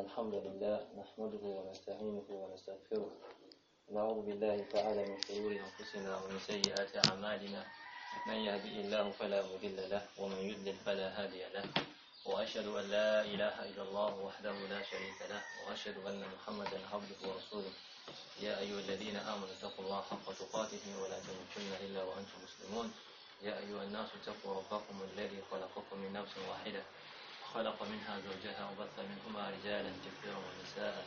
الحمد لله نحمده ونستعينه ونستغفره نعوذ بالله تعالى من شرور أنفسنا ومن سيئات أعمالنا من يهدي الله فلا مضل له ومن يضلل فلا هادي له وأشهد أن لا إله إلا الله وحده لا شريك له وأشهد أن محمدا عبده ورسوله يا أيها الذين آمنوا اتقوا الله حق تقاته ولا تموتن إلا وأنتم مسلمون يا أيها الناس اتقوا ربكم الذي خلقكم من نفس واحدة خلق منها زوجها وبث منهما رجالا كثيرا ونساء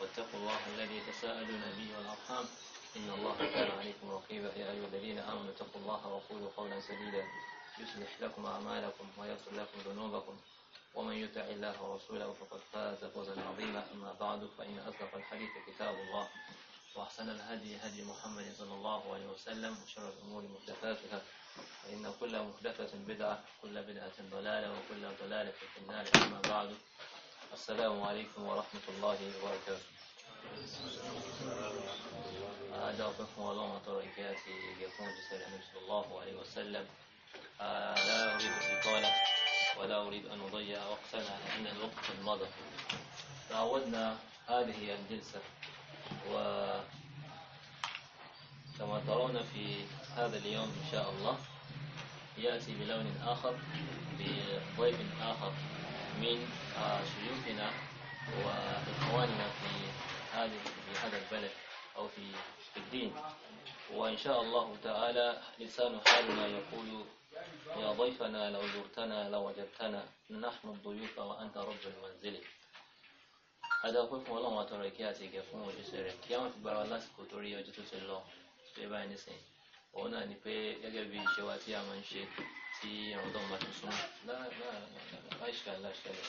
واتقوا الله الذي تساءلون به والأرحام إن الله كان عليكم رقيبا يا أيها الذين آمنوا اتقوا الله وقولوا قولا سديدا يصلح لكم أعمالكم ويغفر لكم ذنوبكم ومن يطع الله ورسوله فقد فاز فوزا عظيما أما بعد فإن أصدق الحديث كتاب الله وأحسن الهدي هدي محمد صلى الله عليه وسلم وشر الأمور محدثاتها فإن كل مخدفة بدعة كل بدعة ضلالة وكل ضلالة في النار أما بعد السلام عليكم ورحمة الله وبركاته أدعوكم الله وتركاته يكون جسر النبي صلى الله عليه وسلم آه، لا أريد الإطالة ولا أريد أن أضيع وقتنا لأن الوقت مضى تعودنا هذه الجلسة و كما ترون في هذا اليوم إن شاء الله يأتي بلون آخر بضيف آخر من آه، شيوخنا وإخواننا في هذا البلد أو في الدين وإن شاء الله تعالى لسان حالنا يقول يا ضيفنا لو زرتنا لوجدتنا نحن الضيوف وأنت رب المنزل هذا هو ọlọ́run àtọrọ ìkẹ́ àti ìgẹ̀ وجسرين òjíṣẹ́ rẹ̀ kí àwọn fi gbára lásìkò torí ona ni pé gẹ́gẹ́ bí iṣẹ́ wa tí a máa ń ṣe tí àwọn tó ń bá ti a ma n láìṣìkà láìṣìkà lọ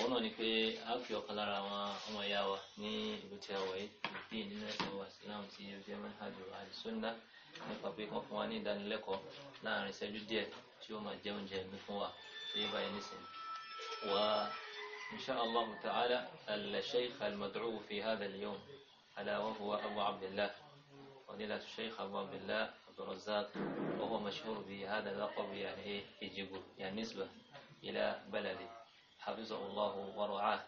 òun náà ni pé a fi ọ̀kan lára àwọn ọmọ ìyá wa ní ìlú tí a wọ̀ yìí ẹmẹ àjò nínú ẹ̀sìn wa Islam tí ó jẹ́ manhajú àdìsúnná nípa pé wọ́n fún wa ní ìdánilẹ́kọ̀ọ́ láàrin ìṣẹ́jú díẹ̀ tí ó máa jẹ́ oúnjẹ mi fún wa tí ó báyìí nísìnyí. wa insha Allah ta'ala al-shaykh al-mad'u fi hadha al-yawm ala wa huwa Abu Abdillah فضيلة الشيخ أبو عبد الله عبد الرزاق وهو مشهور بهذا اللقب يعني إيه إيجيبو يعني نسبة إلى بلده حفظه الله ورعاه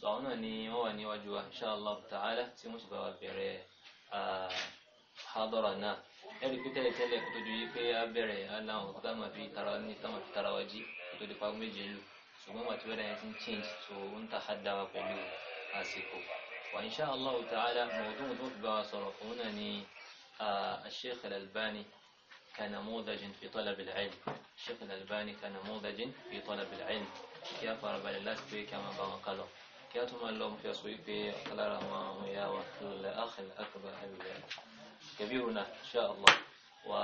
سؤالنا ني هو ني وجوه إن شاء الله تعالى سيموت بوابير حاضرنا ẹ̀rí pé tẹ́lẹ̀ tẹ́lẹ̀ kò tó ju yí pé a bẹ̀rẹ̀ aláwọ̀ tá máa fi tara ní tá máa fi tara wájí kò tó di pa méje lù ṣùgbọ́n wà tí wẹ́rẹ́ yẹn ti ń change so ń ta ha dára pẹ̀lú àsìkò wa insha Allah ta'ala mọ̀ọ́dún tó fi bá wa sọ̀rọ̀ fún náà ni الشيخ الألباني كنموذج في طلب العلم الشيخ الألباني كنموذج في طلب العلم kí a fara balẹ̀ láti pé kí a máa bá wọn kálọ̀ kí a tún máa lọ fi ọ̀sọ̀ wípé lára wọn àwọn ìyá wa lọ́lẹ̀ akhil akbar abilẹ̀ kabiruna insha Allah wa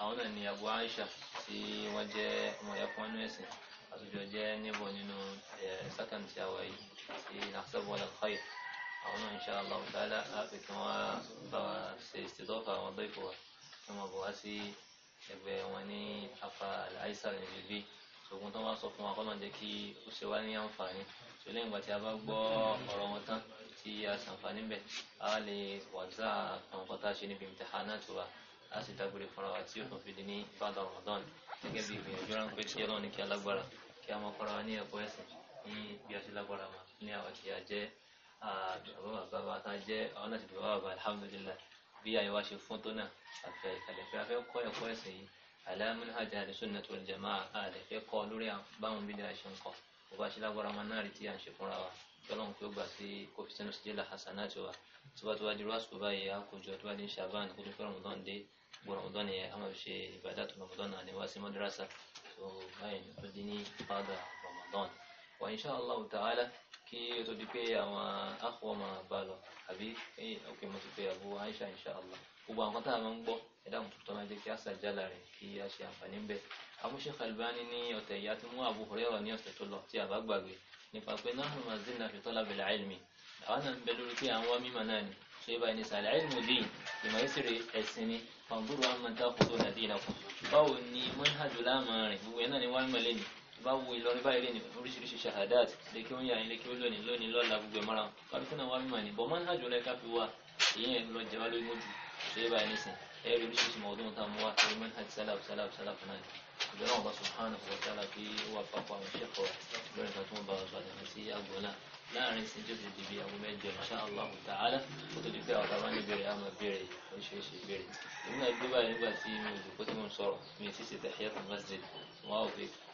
àwọn náà ni Abu Aisha tí wọ́n jẹ́ ọmọ ìyá fún ẹ̀sìn àtúnjọ jẹ́ níbọ̀ nínú sákàntì àwọ̀ yìí tí nàṣẹ́bọ̀ lọ́kọ́ yìí àwọn náà insha Allah ta'ala á pè kí wọ́n bá wa ṣe ìṣèdọ́fà àwọn ọ̀dọ́ ìfọwọ́ kí afa àìsàn ìlú ṣògùn tó wá sọ fún wa kọ́ ló ń jẹ́ kí ó ṣe wá ní àǹfààní tó lẹ́yìn ìgbà tí a bá gbọ́ ọ̀rọ̀ wọn tán tí a ṣàǹfààní bẹ̀ a lè wàzà àwọn kan tá a ṣe níbi ìmìtàhánà tó wa a sì dágbére fúnra wa tí ó fi di ní fada Ramadan gẹ́gẹ́ bí ìgbìyànjú ránpẹ́ tí Ọlọ́run ní kí alágbára kí a mọ fúnra wa ní ẹ̀kọ́ ẹ̀sìn ní bí a ṣe lágbára wa ní àwọn tí a jẹ́ àwọn bàbá ta jẹ́ àwọn náà ti bẹ̀rẹ̀ bàbá alhamdulillah bí ayé wa ṣe fún tó náà àfẹ́ ìkàlẹ̀ fẹ́ afẹ́ kọ́ ẹ̀kọ́ ẹ̀sìn yìí ala manhaj ahli sunnah wal jamaa àlẹ́ fẹ́ kọ́ lórí báwọn bí dáa ṣe ń kọ́ bó bá ṣe lágbára máa náà rí tí à ń ṣe fúnra wa tọ́lọ́run pé ó gbà sí kófí sínú sí jẹ́lá hasana ti wa tó bá tó bá di rú ta'ala kí o tó di pé àwọn áfọwọ́ máa bá lọ àbí òkè mo ti pe àbú Aisha inshàlá gbogbo àwọn kan tá a máa ń gbọ́ ẹ̀dá mùtútù máa jẹ́ kí a ṣàjálà rẹ̀ kí a ṣe àǹfààní ń bẹ̀. amúṣe Albani ní ọ̀tẹ̀ ìyá ti mú Abu Hurairah ní ọ̀sẹ̀ tó lọ tí a bá gbàgbé nípa pé náà mo máa zí náà fi tọ́lá bẹ̀rẹ̀ àìlmi àwọn náà ń bẹ lórí pé àwọn mímọ̀ náà ni ṣé báyìí ní sàlẹ̀ àìlmi dín ìmọ̀ ìṣeré ẹ̀sìn ni fàǹdúró àmọ́ tá a kò tó nàdí ìlàkùn báwo ni mọ́ńhájú láàmú rìn gbogbo ẹ̀ náà ni wọ́n mọ̀ lẹ́nu bá wo Ìlọrin báyìí lè ní oríṣiríṣi shahadat lékè oúnjẹ àyìn lékè olóòní lónìí lọ́la gbogbo ìmọ̀ràn kálukú náà wá mímọ̀ ní bọ́ máa ń hàjọ lẹ́ka fi wá ìyẹn lọ jẹ́ wá lógún jù ṣe é báyìí nísìn ẹ̀rí oríṣiríṣi mọ̀ọ́dún tá a mú wá ẹ̀rí mọ́ hajj sálàbù sálàbù sálàbù náà ìjọ náà bá subhanahu wa ta'ala kí ó wà papọ̀ àwọn ṣẹ́kọ̀ọ́ lórí nǹkan tó ń bá wa sọ̀rọ̀ sí àgbọ̀ náà láàrin sí jésù dìbí àwọn mẹ́jọ insha Allahu ta'ala ó tó di pé àwọn táwọn ní bèrè àmọ́ oríṣiríṣi bèrè èmi náà dúró báyìí nígbà tí mi ò dùn kó tí mo ń sọ̀rọ̀ mi ì sì ṣe tahiyatul masjid wọn á ò fi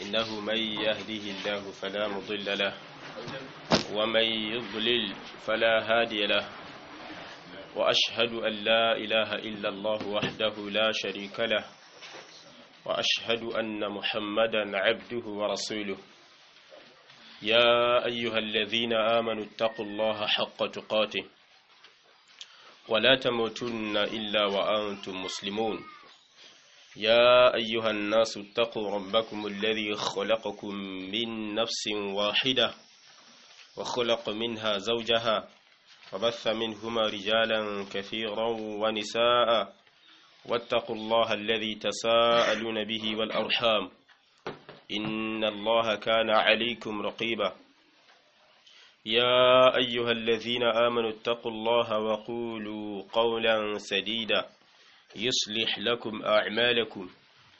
إنه من يهده الله فلا مضل له ومن يضلل فلا هادي له وأشهد أن لا إله إلا الله وحده لا شريك له وأشهد أن محمدا عبده ورسوله يا أيها الذين آمنوا اتقوا الله حق تقاته ولا تموتن إلا وأنتم مسلمون يا أيها الناس اتقوا ربكم الذي خلقكم من نفس واحدة وخلق منها زوجها وبث منهما رجالا كثيرا ونساء واتقوا الله الذي تساءلون به والأرحام إن الله كان عليكم رقيبا يا أيها الذين آمنوا اتقوا الله وقولوا قولا سديدا يصلح لكم أعمالكم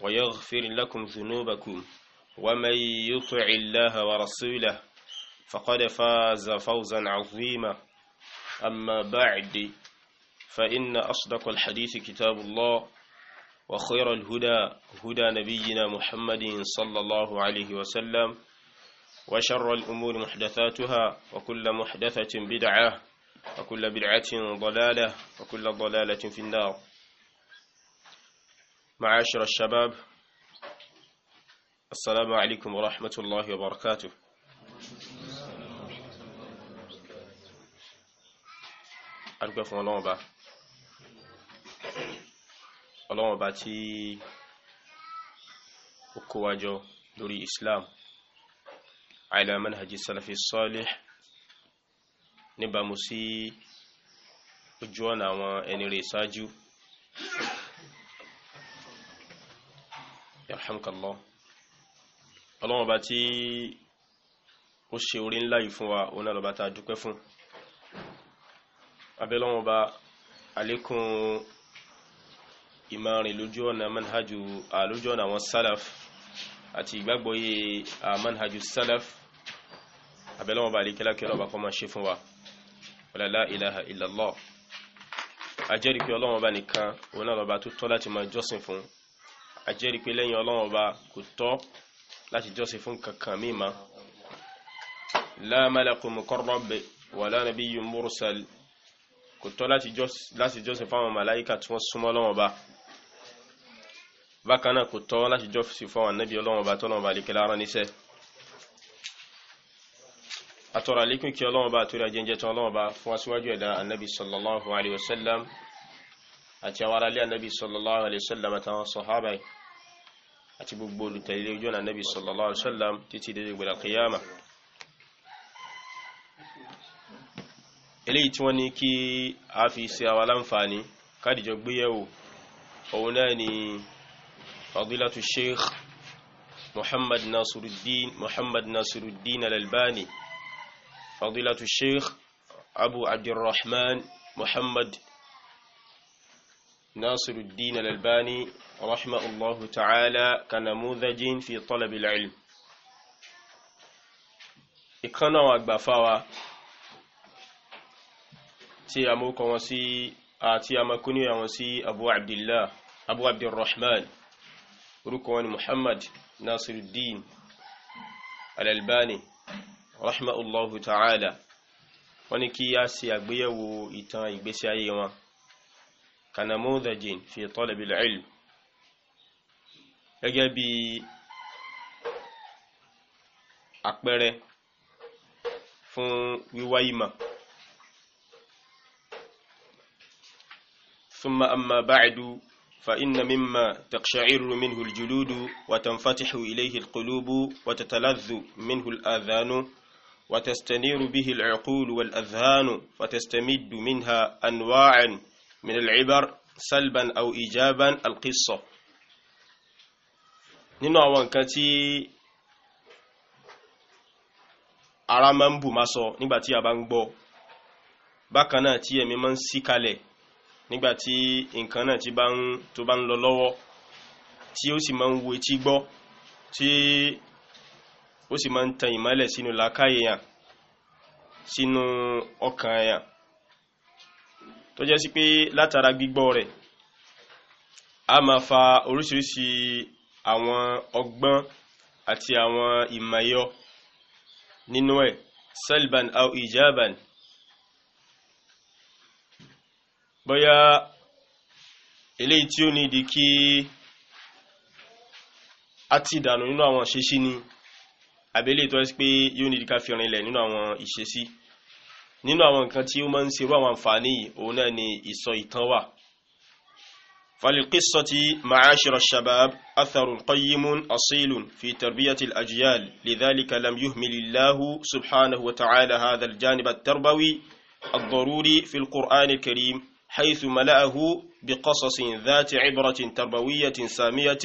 ويغفر لكم ذنوبكم ومن يطع الله ورسوله فقد فاز فوزا عظيما أما بعد فإن أصدق الحديث كتاب الله وخير الهدى هدى نبينا محمد صلى الله عليه وسلم وشر الأمور محدثاتها وكل محدثة بدعة وكل بدعة ضلالة وكل ضلالة في النار معاشر الشباب السلام عليكم ورحمة الله وبركاته أرجو خلنا الله با الله باتي وكواجو على منهج السلف الصالح نبا مسي وجوانا وإنري ساجو yarhamukallah ọlọ́wọ́n bá tí ó ṣe orí ńlá yìí fún wa òun àlọ́bá tá a dúpẹ́ fún abẹ́lọ́wọ́n bá àlékún ìmọ̀rin lójú ọ̀nà manhajú àlójú ọ̀nà àwọn salaf àti ìgbàgbọ́yé manhajú salaf abẹ́lọ́wọ́n bá àlékẹ́lá kí ọlọ́ba kọ́ máa ṣe fún wa wala la ilaha illallah ajẹ́rìí pé ọlọ́wọ́n bá nìkan ajẹ́rìí pé lẹ́yìn ọlọ́run ọba kò tọ́ láti jọ́sìn fún kankan mí ma la malakun muqarrab wala nabiyyun mursal kò tọ́ láti jọ́sìn fáwọn màláíkà tí wọ́n súnmọ́ ọlọ́run ọba bákan náà kò tọ́ láti jọ́sìn fáwọn ànábì ọlọ́run ọba tọ́lọ́run ọba àlékè lára níṣẹ́ atọ́rọ alékún kí ọlọ́run ọba àtúrà jẹ́jẹ́ tán ọlọ́run ọba fún aṣíwájú ẹ̀dá ànábì sallallahu àti àwọn aráalé ànábì sallallahu alaihi wasallam sọ̀hábàá àti gbogbo olùtẹ̀lé ojú ọ̀nà nẹ́bí sallallahu alaihi wasallam títí dé ìgbèrè kìyàmà eléyìí tí wọ́n ní kí a fi ṣe àwa láǹfààní kádìjọ gbéyẹ̀wò òun náà ni fadilatu sheikh muhammad nasiruddin muhammad nasiruddin al-albani fadilatu sheikh abu abdulrahman muhammad ناصر الدين الألباني رحمه الله تعالى كنموذج في طلب العلم ìkánná àwọn àgbàfà wa tí a mọ́kọ wọn sí àti a mọ́kọ ní àwọn sí abu abdullah abu abdulrahman orúkọ wọn ni muhammad nasiruddin alalbani rahmatullahi ta'ala wọ́n ní kí a ṣe àgbéyẹ̀wò ìtàn ìgbésí ayé wọn كنموذج في طلب العلم اجابي أكبر في ويما ثم أما بعد فإن مما تقشعر منه الجلود وتنفتح إليه القلوب وتتلذ منه الآذان وتستنير به العقول والأذهان وتستمد منها أنواعا من العبر سلبا أو إيجابا القصة nínú àwọn nǹkan tí ara máa ń bù máa sọ nígbàtí a bá ń gbọ́ bákan náà tí ẹ̀mí máa ń sí kalẹ̀ nígbàtí nǹkan lọ lọ́wọ́ tí ó sì máa ń wo etí gbọ́ tí ó sì máa ń tan ìmọ́lẹ̀ sínú làákàyè yàn sínú ọkàn yàn tó jẹ́ sí pé látara gbígbọ́ rẹ̀ a máa fa oríṣiríṣi àwọn ọgbọ́n àti àwọn ìmọ̀yọ nínú ẹ̀ salban au ijaban bóyá eléyìí tí ó ní ìdí kí a ti dànù nínú àwọn ìṣesí ni àbí eléyìí tó ẹ́ sí pé yóò ní ìdí ká fi rinlẹ̀ nínú àwọn ìṣesí. Si nínú àwọn nǹkan tí ó máa ń serú àwọn àǹfààní yìí òun náà ni ìsọ ìtàn wà فللقصة معاشر الشباب أثر قيم أصيل في تربية الأجيال لذلك لم يهمل الله سبحانه وتعالى هذا الجانب التربوي الضروري في القرآن الكريم حيث ملأه بقصص ذات عبرة تربوية سامية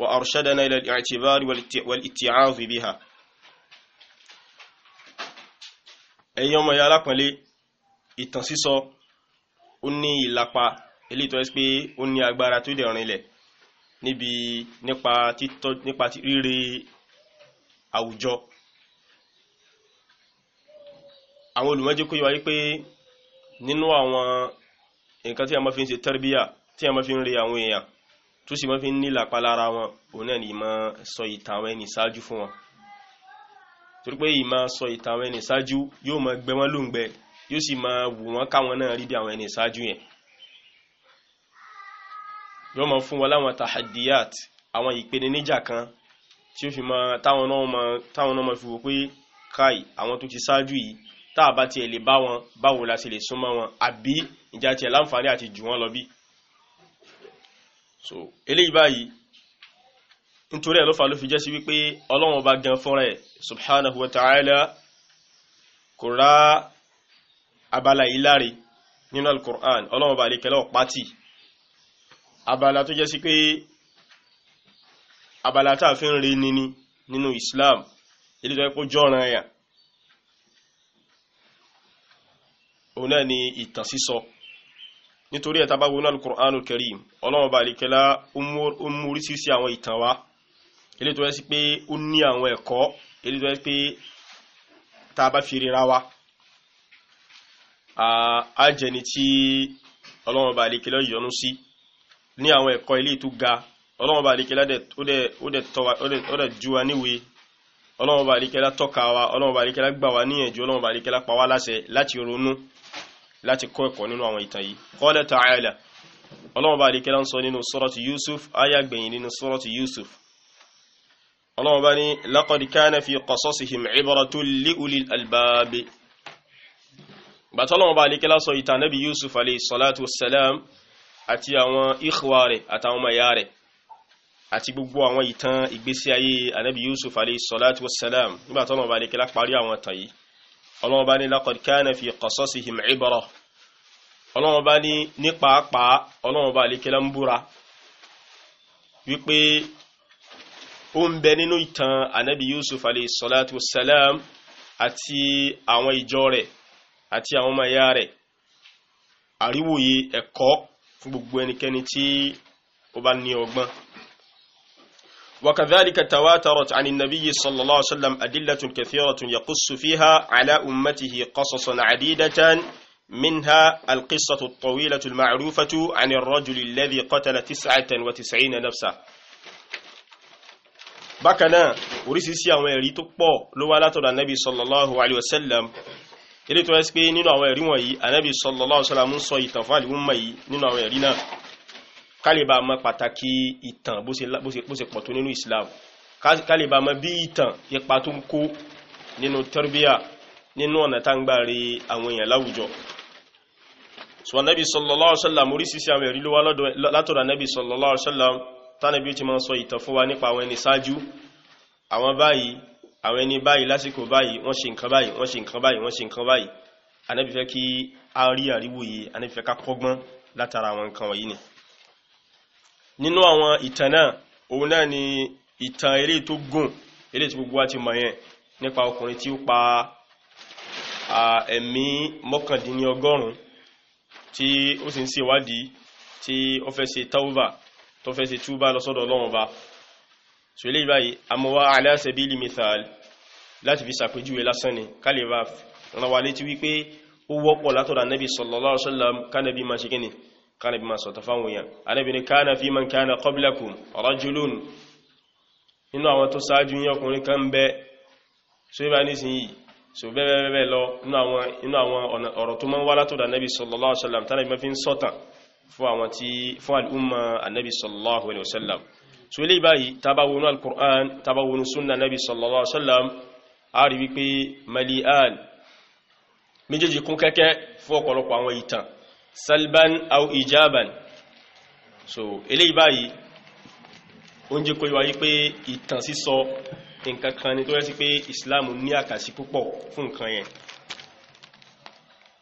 وأرشدنا إلى الاعتبار والاتعاظ بها ẹ̀yin ọmọ ìyá alápọ̀nlé ìtàn sísọ ó ní ìlapa eléyìí tó ẹ́ pé ó ní agbára tó dẹ̀ rinlẹ̀ níbi nípa títọ́ nípa rírè àwùjọ àwọn olùmọ́jẹ́ kó yíwa wípé nínú àwọn nǹkan tí a máa fi ń ṣe tẹ́rbíyà tí a máa fi ń re àwọn èèyàn tó sì máa fi ń nílàpá lára wọn òun náà ni máa sọ ìtàn ẹni ṣáájú fún wọn torí pé ìmọ̀ sọ ìtàn àwọn ẹni ṣáájú yóò máa gbẹ wọ́n lóǹgbẹ yóò sì máa wù wọ́n káwọn náà rí bí àwọn ẹni ṣáájú yẹn yóò máa fún wọn láwọn tahadiyat àwọn ìpèníjà kan tí ó fi máa táwọn náà máa fi wò pé káì àwọn tó ti ṣáájú yìí tá a bá tiẹ̀ lè bá wọn báwo la ṣe lè súnmọ́ wọn àbí ìjà tiẹ̀ láǹfààní àti jù wọ́n lọ bí so eléyìí báyìí nítorí ẹ̀ ló fà ló fi jẹ́ sí wípé ọlọ́run ọba gan fúnra ẹ̀ subhanahu wa ta'ala kò rá abala yìí láre nínú al-Qur'an ọlọ́run ọba àlekẹ́lẹ́ ọ̀pátì abala tó jẹ́ sí pé abala tá a fi ń re nini nínú Islam ilé tó yẹ kó jọ́ran ẹ̀yà òun náà ni ìtàn sísọ nítorí ẹ̀ tá bá wo nínú al-Qur'anul Karim ọlọ́run ọba àlekẹ́lẹ́ ó mú oríṣiríṣi àwọn ìtàn wá ilé tó yẹ sí pé ó ní àwọn ẹ̀kọ́ ilé tó yẹ sí pé tá a bá fi ríra wa a jẹni tí ọlọ́run ọba àdékẹ́lẹ́ yọ́nú sí ní àwọn ẹ̀kọ́ ilé tó ga ọlọ́run ọba àdékẹ́lẹ́ ó dẹ̀ ju wa níwèé ọlọ́run ọba àdékẹ́lẹ́ tọ́ka wa ọlọ́run ọba àdékẹ́lẹ́ gbà wá níyànjú ọlọ́run ọba àdékẹ́lẹ́ pa wá láṣẹ láti ronú láti kọ́ ẹ̀kọ́ nínú àwọn ìtàn yìí qala ta'ala ọlọ́run ọba àdékẹ́lẹ́ ń sọ nínú surati Yusuf ayàgbẹ̀yìn nínú surati Yusuf ọlọ́wọ́ bá ní laqad kana fi qasasihim ibratun li ulil albab bàtọ́lọ́wọ́ bá alékẹ́lá sọ ìtàn nabi yusuf alayhi salatu wassalam àti àwọn ikhwa rẹ̀ àtàwọn ọmọ ìyá rẹ̀ àti gbogbo àwọn ìtàn ìgbésí ayé anabi yusuf alayhi salatu wassalam nígbà tọ́lọ́wọ́ bá alékẹ́lá parí àwọn tàn yìí ọlọ́wọ́ bá ní laqad kana fi qasasihim wípé ó ń bẹ nínú ìtàn anabi yusuf alayhi salatu wassalam àti àwọn ìjọ rẹ̀ àti àwọn ọmọ ìyá rẹ̀ àríwòye ẹ̀kọ́ fún gbogbo ẹnikẹ́ni tí ó bá ní ọgbọ́n وكذلك تواترت عن النبي صلى الله عليه وسلم أدلة كثيرة يقص فيها على أمته قصصا عديدة منها القصة الطويلة المعروفة عن الرجل الذي قتل تسعة وتسعين نفسه bákan náà oríṣiríṣi àwọn ẹ̀rí tó pọ̀ ló wá látọ̀dọ̀ anábì sallallahu alayhi wa sallam ilé tó wáṣí pé nínú àwọn ẹ̀rí wọ̀nyí anábì sallallahu alayhi wa sallam ń sọ ìtàn fún àlùmọ̀ yìí nínú àwọn ẹ̀rí náà kálíbà mọ pàtàkì ìtàn Islam kálíbà mọ bí ìtàn ipa tó ń kó nínú tẹ́rbíà nínú ọ̀nà tá ń gbà sallallahu sallam oríṣiríṣi àwọn ẹ̀rí ló wá látọ̀dọ̀ sallallahu sallam tánàbí ti máa sọ ìtàn fún wa nípa àwọn ẹni ṣáájú àwọn báyìí àwọn ẹni báyìí lásìkò báyìí wọ́n ṣe nǹkan báyìí wọ́n ṣe nǹkan báyìí wọ́n ṣe nǹkan báyìí Ànábì kí a rí àríwò yìí ká kọ́gbọ́n látara àwọn nǹkan wọ̀nyí ni nínú àwọn ìtàn náà òun náà ni ìtàn eré tó gùn eré tí gbogbo wa ti mọ̀ yẹn nípa ọkùnrin tí ó pa ẹ̀mí mọ́kàndínlọ́gọ́rùn-ún tí ó sì ń ṣèwádìí tí ó fẹ́ ṣe tauba tó fẹ́ ṣe túbá lọ sọ́dọ̀ Ọlọ́run ba so ilé ìbáyìí amọ́wá ala sabili mithal láti fi sàpèjúwe lásán ni kálíbà ràn wà létí wípé ó wọ́pọ̀ látọ̀dọ̀ anábì sallallahu alaihi wasallam kánàbí ma ṣe kíni kánàbí ma sọ̀tọ̀ fáwọn èèyàn anábì ni kánà fi man kánà qablakum rajulun nínú àwọn tó sáájú yín ọkùnrin kan bẹ so ibà nísìnyí so bẹ́ẹ̀ bẹ́ẹ̀ lọ nínú àwọn ọ̀rọ̀ tó máa ń sallallahu alaihi wasallam tánàbí ma fi ń fún àwọn tí fún al'umma annabi sallallahu alaihi wasallam so ilé báyìí tabawonu al-qur'an tabawonu sunna annabi sallallahu alaihi wasallam a rí wípé mali'an méjèèjì kún kẹ́kẹ́ fún ọ̀pọ̀lọpọ̀ àwọn ìtàn salban au ijaban so ilé báyìí o ń jẹ́ kó yíwáyí pé ìtàn sísọ nǹkan kan ni tó yẹ sí pé islam ní àkàsí púpọ̀ fún nǹkan yẹn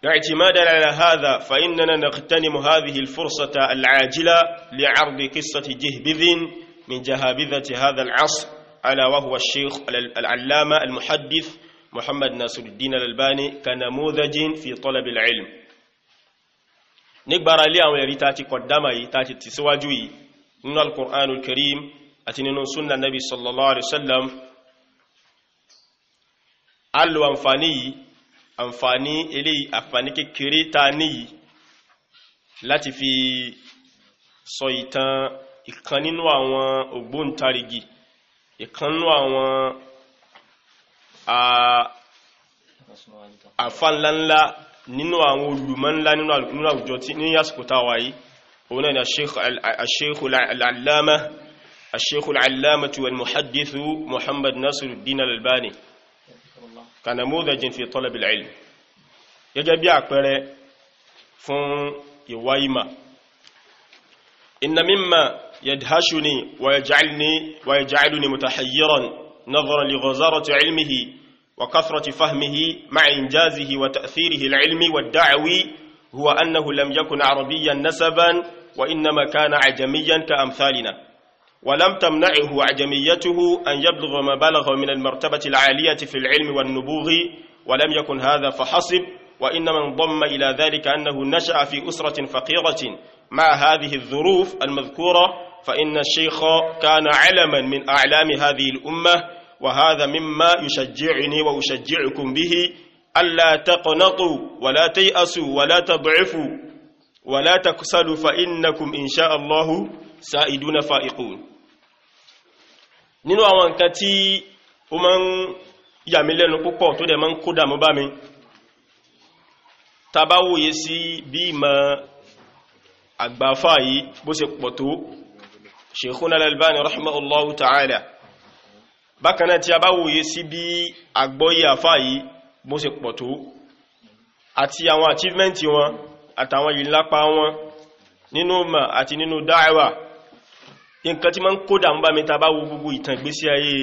اعتمادا على هذا فإننا نغتنم هذه الفرصة العاجلة لعرض قصة جهبذ من جهابذة هذا العصر ألا وهو الشيخ العلامة المحدث محمد ناصر الدين الألباني كنموذج في طلب العلم نكبر لي أن يريتاتي قدامي تاتي تسواجوي من القرآن الكريم أتنين سنة النبي صلى الله عليه وسلم ألو أنفاني àǹfààní eléyìí àǹfààní kékeré ta níyìí láti fi sọ ìtàn ìkan nínú àwọn ògbóǹtarìgì ìkan nínú àwọn àfa ńláńlá nínú àwọn olùmọ̀ ńlá nínú àwùjọ tí ní àsìkò táwa yìí òun náà ni àṣẹ́kù al-allama àṣẹ́kù al-allama wal muhaddithu Muhammad Nasiruddin al-Albani al albani كنموذج في طلب العلم يجب يعقل فن يوايما إن مما يدهشني ويجعلني ويجعلني متحيرا نظرا لغزارة علمه وكثرة فهمه مع إنجازه وتأثيره العلمي والدعوي هو أنه لم يكن عربيا نسبا وإنما كان عجميا كأمثالنا ولم تمنعه عجميته أن يبلغ ما بلغ من المرتبة العالية في العلم والنبوغ ولم يكن هذا فحسب وإنما انضم إلى ذلك أنه نشأ في أسرة فقيرة مع هذه الظروف المذكورة فإن الشيخ كان علما من أعلام هذه الأمة وهذا مما يشجعني وأشجعكم به ألا تقنطوا ولا تيأسوا ولا تضعفوا ولا تكسلوا فإنكم إن شاء الله سائدون فائقون nínú àwọn nǹkan tí ó máa ń yà mí lẹ́nu púpọ̀ tó dẹ̀ máa ń kó dààmú bá mi tá bá sí bí ìmọ̀ àgbàfà yìí bó ṣe pọ̀ tó Sheikhuna rahimahullahu ta'ala bákan náà tí a bá wòye sí bí àgbọ́yé àfà yìí bó ṣe pọ̀ tó àti àwọn achievement wọn àtàwọn ìlápa wọn nínú ma àti nínú dáẹwà nǹkan tí ma ń kó dàmú bá mi ta bá wo gbogbo ìtàn ìgbésí ayé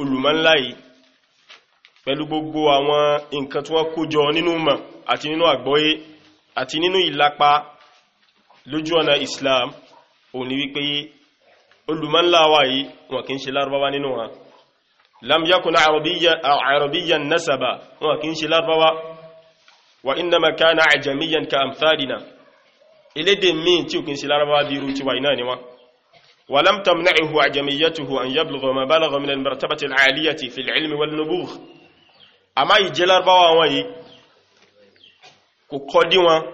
olùmọ́ńlá yìí pẹ̀lú gbogbo àwọn nǹkan tí wọ́n kó nínú mọ̀ àti nínú àgbọ́yé àti nínú ìlapa lójú ọ̀nà Islam ò ní wípé olùmọ́ńlá wa yìí wọn kì í ṣe lárúbáwá nínú wọn lam yakuna arabiyan nasaba wa innama kana ajamiyan ka amthadina elédè míì tí ò kì í ṣe lárúbáwá bí wọn ولم تمنعه عجميته أن يبلغ ما بلغ من المرتبة العالية في العلم والنبوغ أما يجلر بواوي كقديما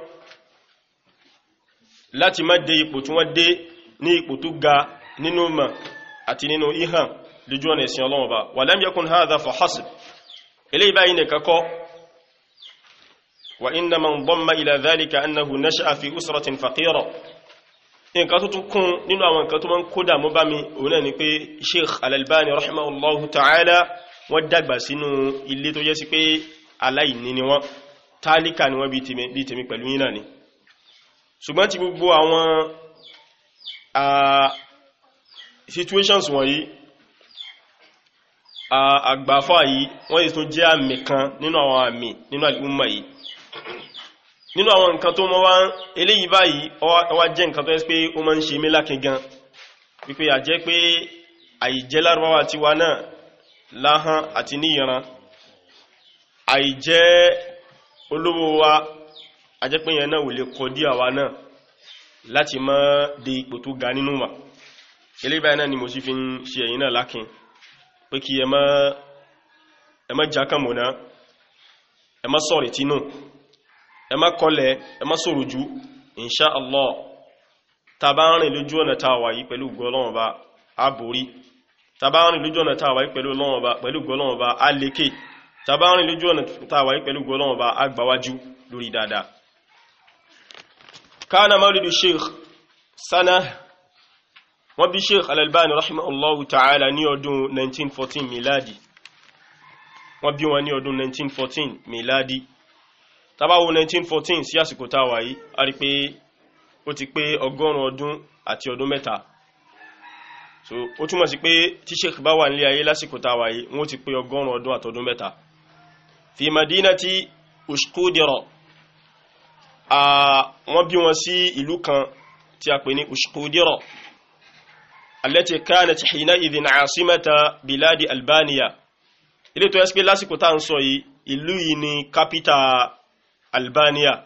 لا تمد يقبط ودي نيقبطوغا ننوما أتي ننو إيها لجوان يسي الله ولم يكن هذا فحسب إلي باينك كو وإن من إلى ذلك أنه نشأ في أسرة فقيرة nǹkan tó tún kún nínú àwọn nǹkan tó máa ń kódà mọ́ bá mi òun náà ni pé Sheikh al rahimahullahu ta'ala wọ́n dàgbà sínú ilé tó jẹ́ sí pé aláìní ni wọ́n tálíkà ni wọ́n bí tèmi pẹ̀lú yínà ni ṣùgbọ́n ti gbogbo àwọn situations wọ̀nyí àgbàfà yìí wọ́n yìí tún jẹ́ àmì kan nínú àwọn àmì nínú àlùmọ̀ yìí nínú àwọn nǹkan tó mọ́ wá ń eléyìí báyìí ọwá jẹ́ nǹkan tó ẹ́ pé ó máa ń ṣe mí lákin gan wípé àjẹ́ pé àìjẹ́ lárúbáwá ti wá náà láhán àti níyànran àìjẹ́ olówó wa àjẹ́ pé yẹn náà ò lè kọ dí àwa náà láti má dé ipò tó ga nínú wa eléyìí náà ni mo sì fi ń ṣe ẹ̀yìn náà lákin pé kí ẹ má jákàmọ̀ná ẹ má sọ̀rètí náà ẹ má kọlẹ̀ ẹ má sọ̀rọ̀ jù insha allah tá bá rìn lójú ọ̀nà tá a wà yìí pẹ̀lú gọlọ́wọ́n bá a borí tá bá rìn lójú ọ̀nà tá a wà yìí pẹ̀lú gọlọ́wọ́n bá a lékè tá bá rìn lójú ọ̀nà tá a wà yìí pẹ̀lú gọlọ́wọ́n bá a gbáwájú lórí dáadáa 1914 miladi wọ́n bí wọn ní ọdún 1914 miladi tabawo 1914 sí àsìkò tá a wà yìí a rí pé ó ti pé ọgọ́rùn-ún ọdún àti ọdún mẹ́ta so ó túmọ̀ sí pé tí sheikh bá wà nílé ayé lásìkò tá a wà yìí wọ́n ti pé ọgọ́rùn-ún ọdún àtọdún mẹ́ta fi madinati ushkudira wọ́n bí wọn sí ìlú kan tí a pè ní ushkudira allati kanat hina idhin asimata biladi albania ilé tó yẹ sí pé lásìkò tá ń sọ yìí ìlú yìí ni kápítà Albania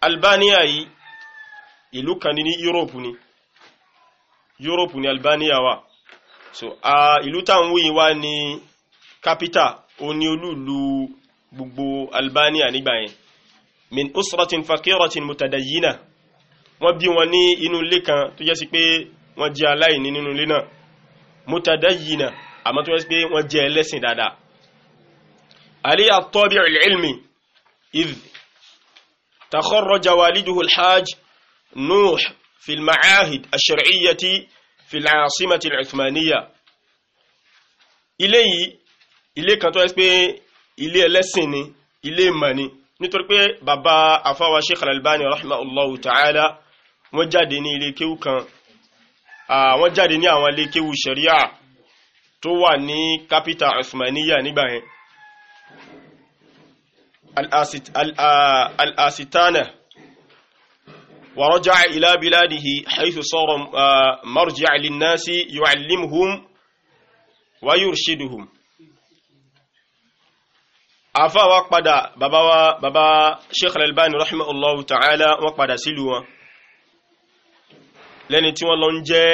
Albania yìí ìlú kan ní Europe ni Europe ni Albania wa, so ìlú táwọn wòye wá ní capital òní olúlu gbogbo Albania nígbà yẹn min usratin fakiratin mutadayyina wọ́n bí wọn ní inú ilé kan tó jẹ́ sí pé wọ́n jẹ́ aláìní nínú ilé náà mutadayyina àmọ́ tó jẹ́ sí pé wọ́n jẹ́ ẹlẹ́sìn dáadáa ali at-tabi' al-ilmi idh تخرج والده الحاج نوح في المعاهد الشرعية في العاصمة العثمانية إليه ilé kan tó yẹ pé ilé ẹlẹ́sìn ni ilé ìmọ̀ ni nítorí pé bàbá àfáwà Sheikh Al-Albani rahimahullahu ta'ala wọ́n jáde ní ilé kéwú kan wọ́n jáde ní àwọn ilé kéwú sharia tó wà ní kápítà Usmaniya nígbà yẹn الآستانة ورجع إلى بلاده حيث صار مرجع للناس يعلمهم ويرشدهم afa wa padà bàbá wa bàbá sheikh al-albani rahimahullahu ta'ala wọ́n padà sílùú wọn lẹ́ni tí wọ́n lọ ń jẹ́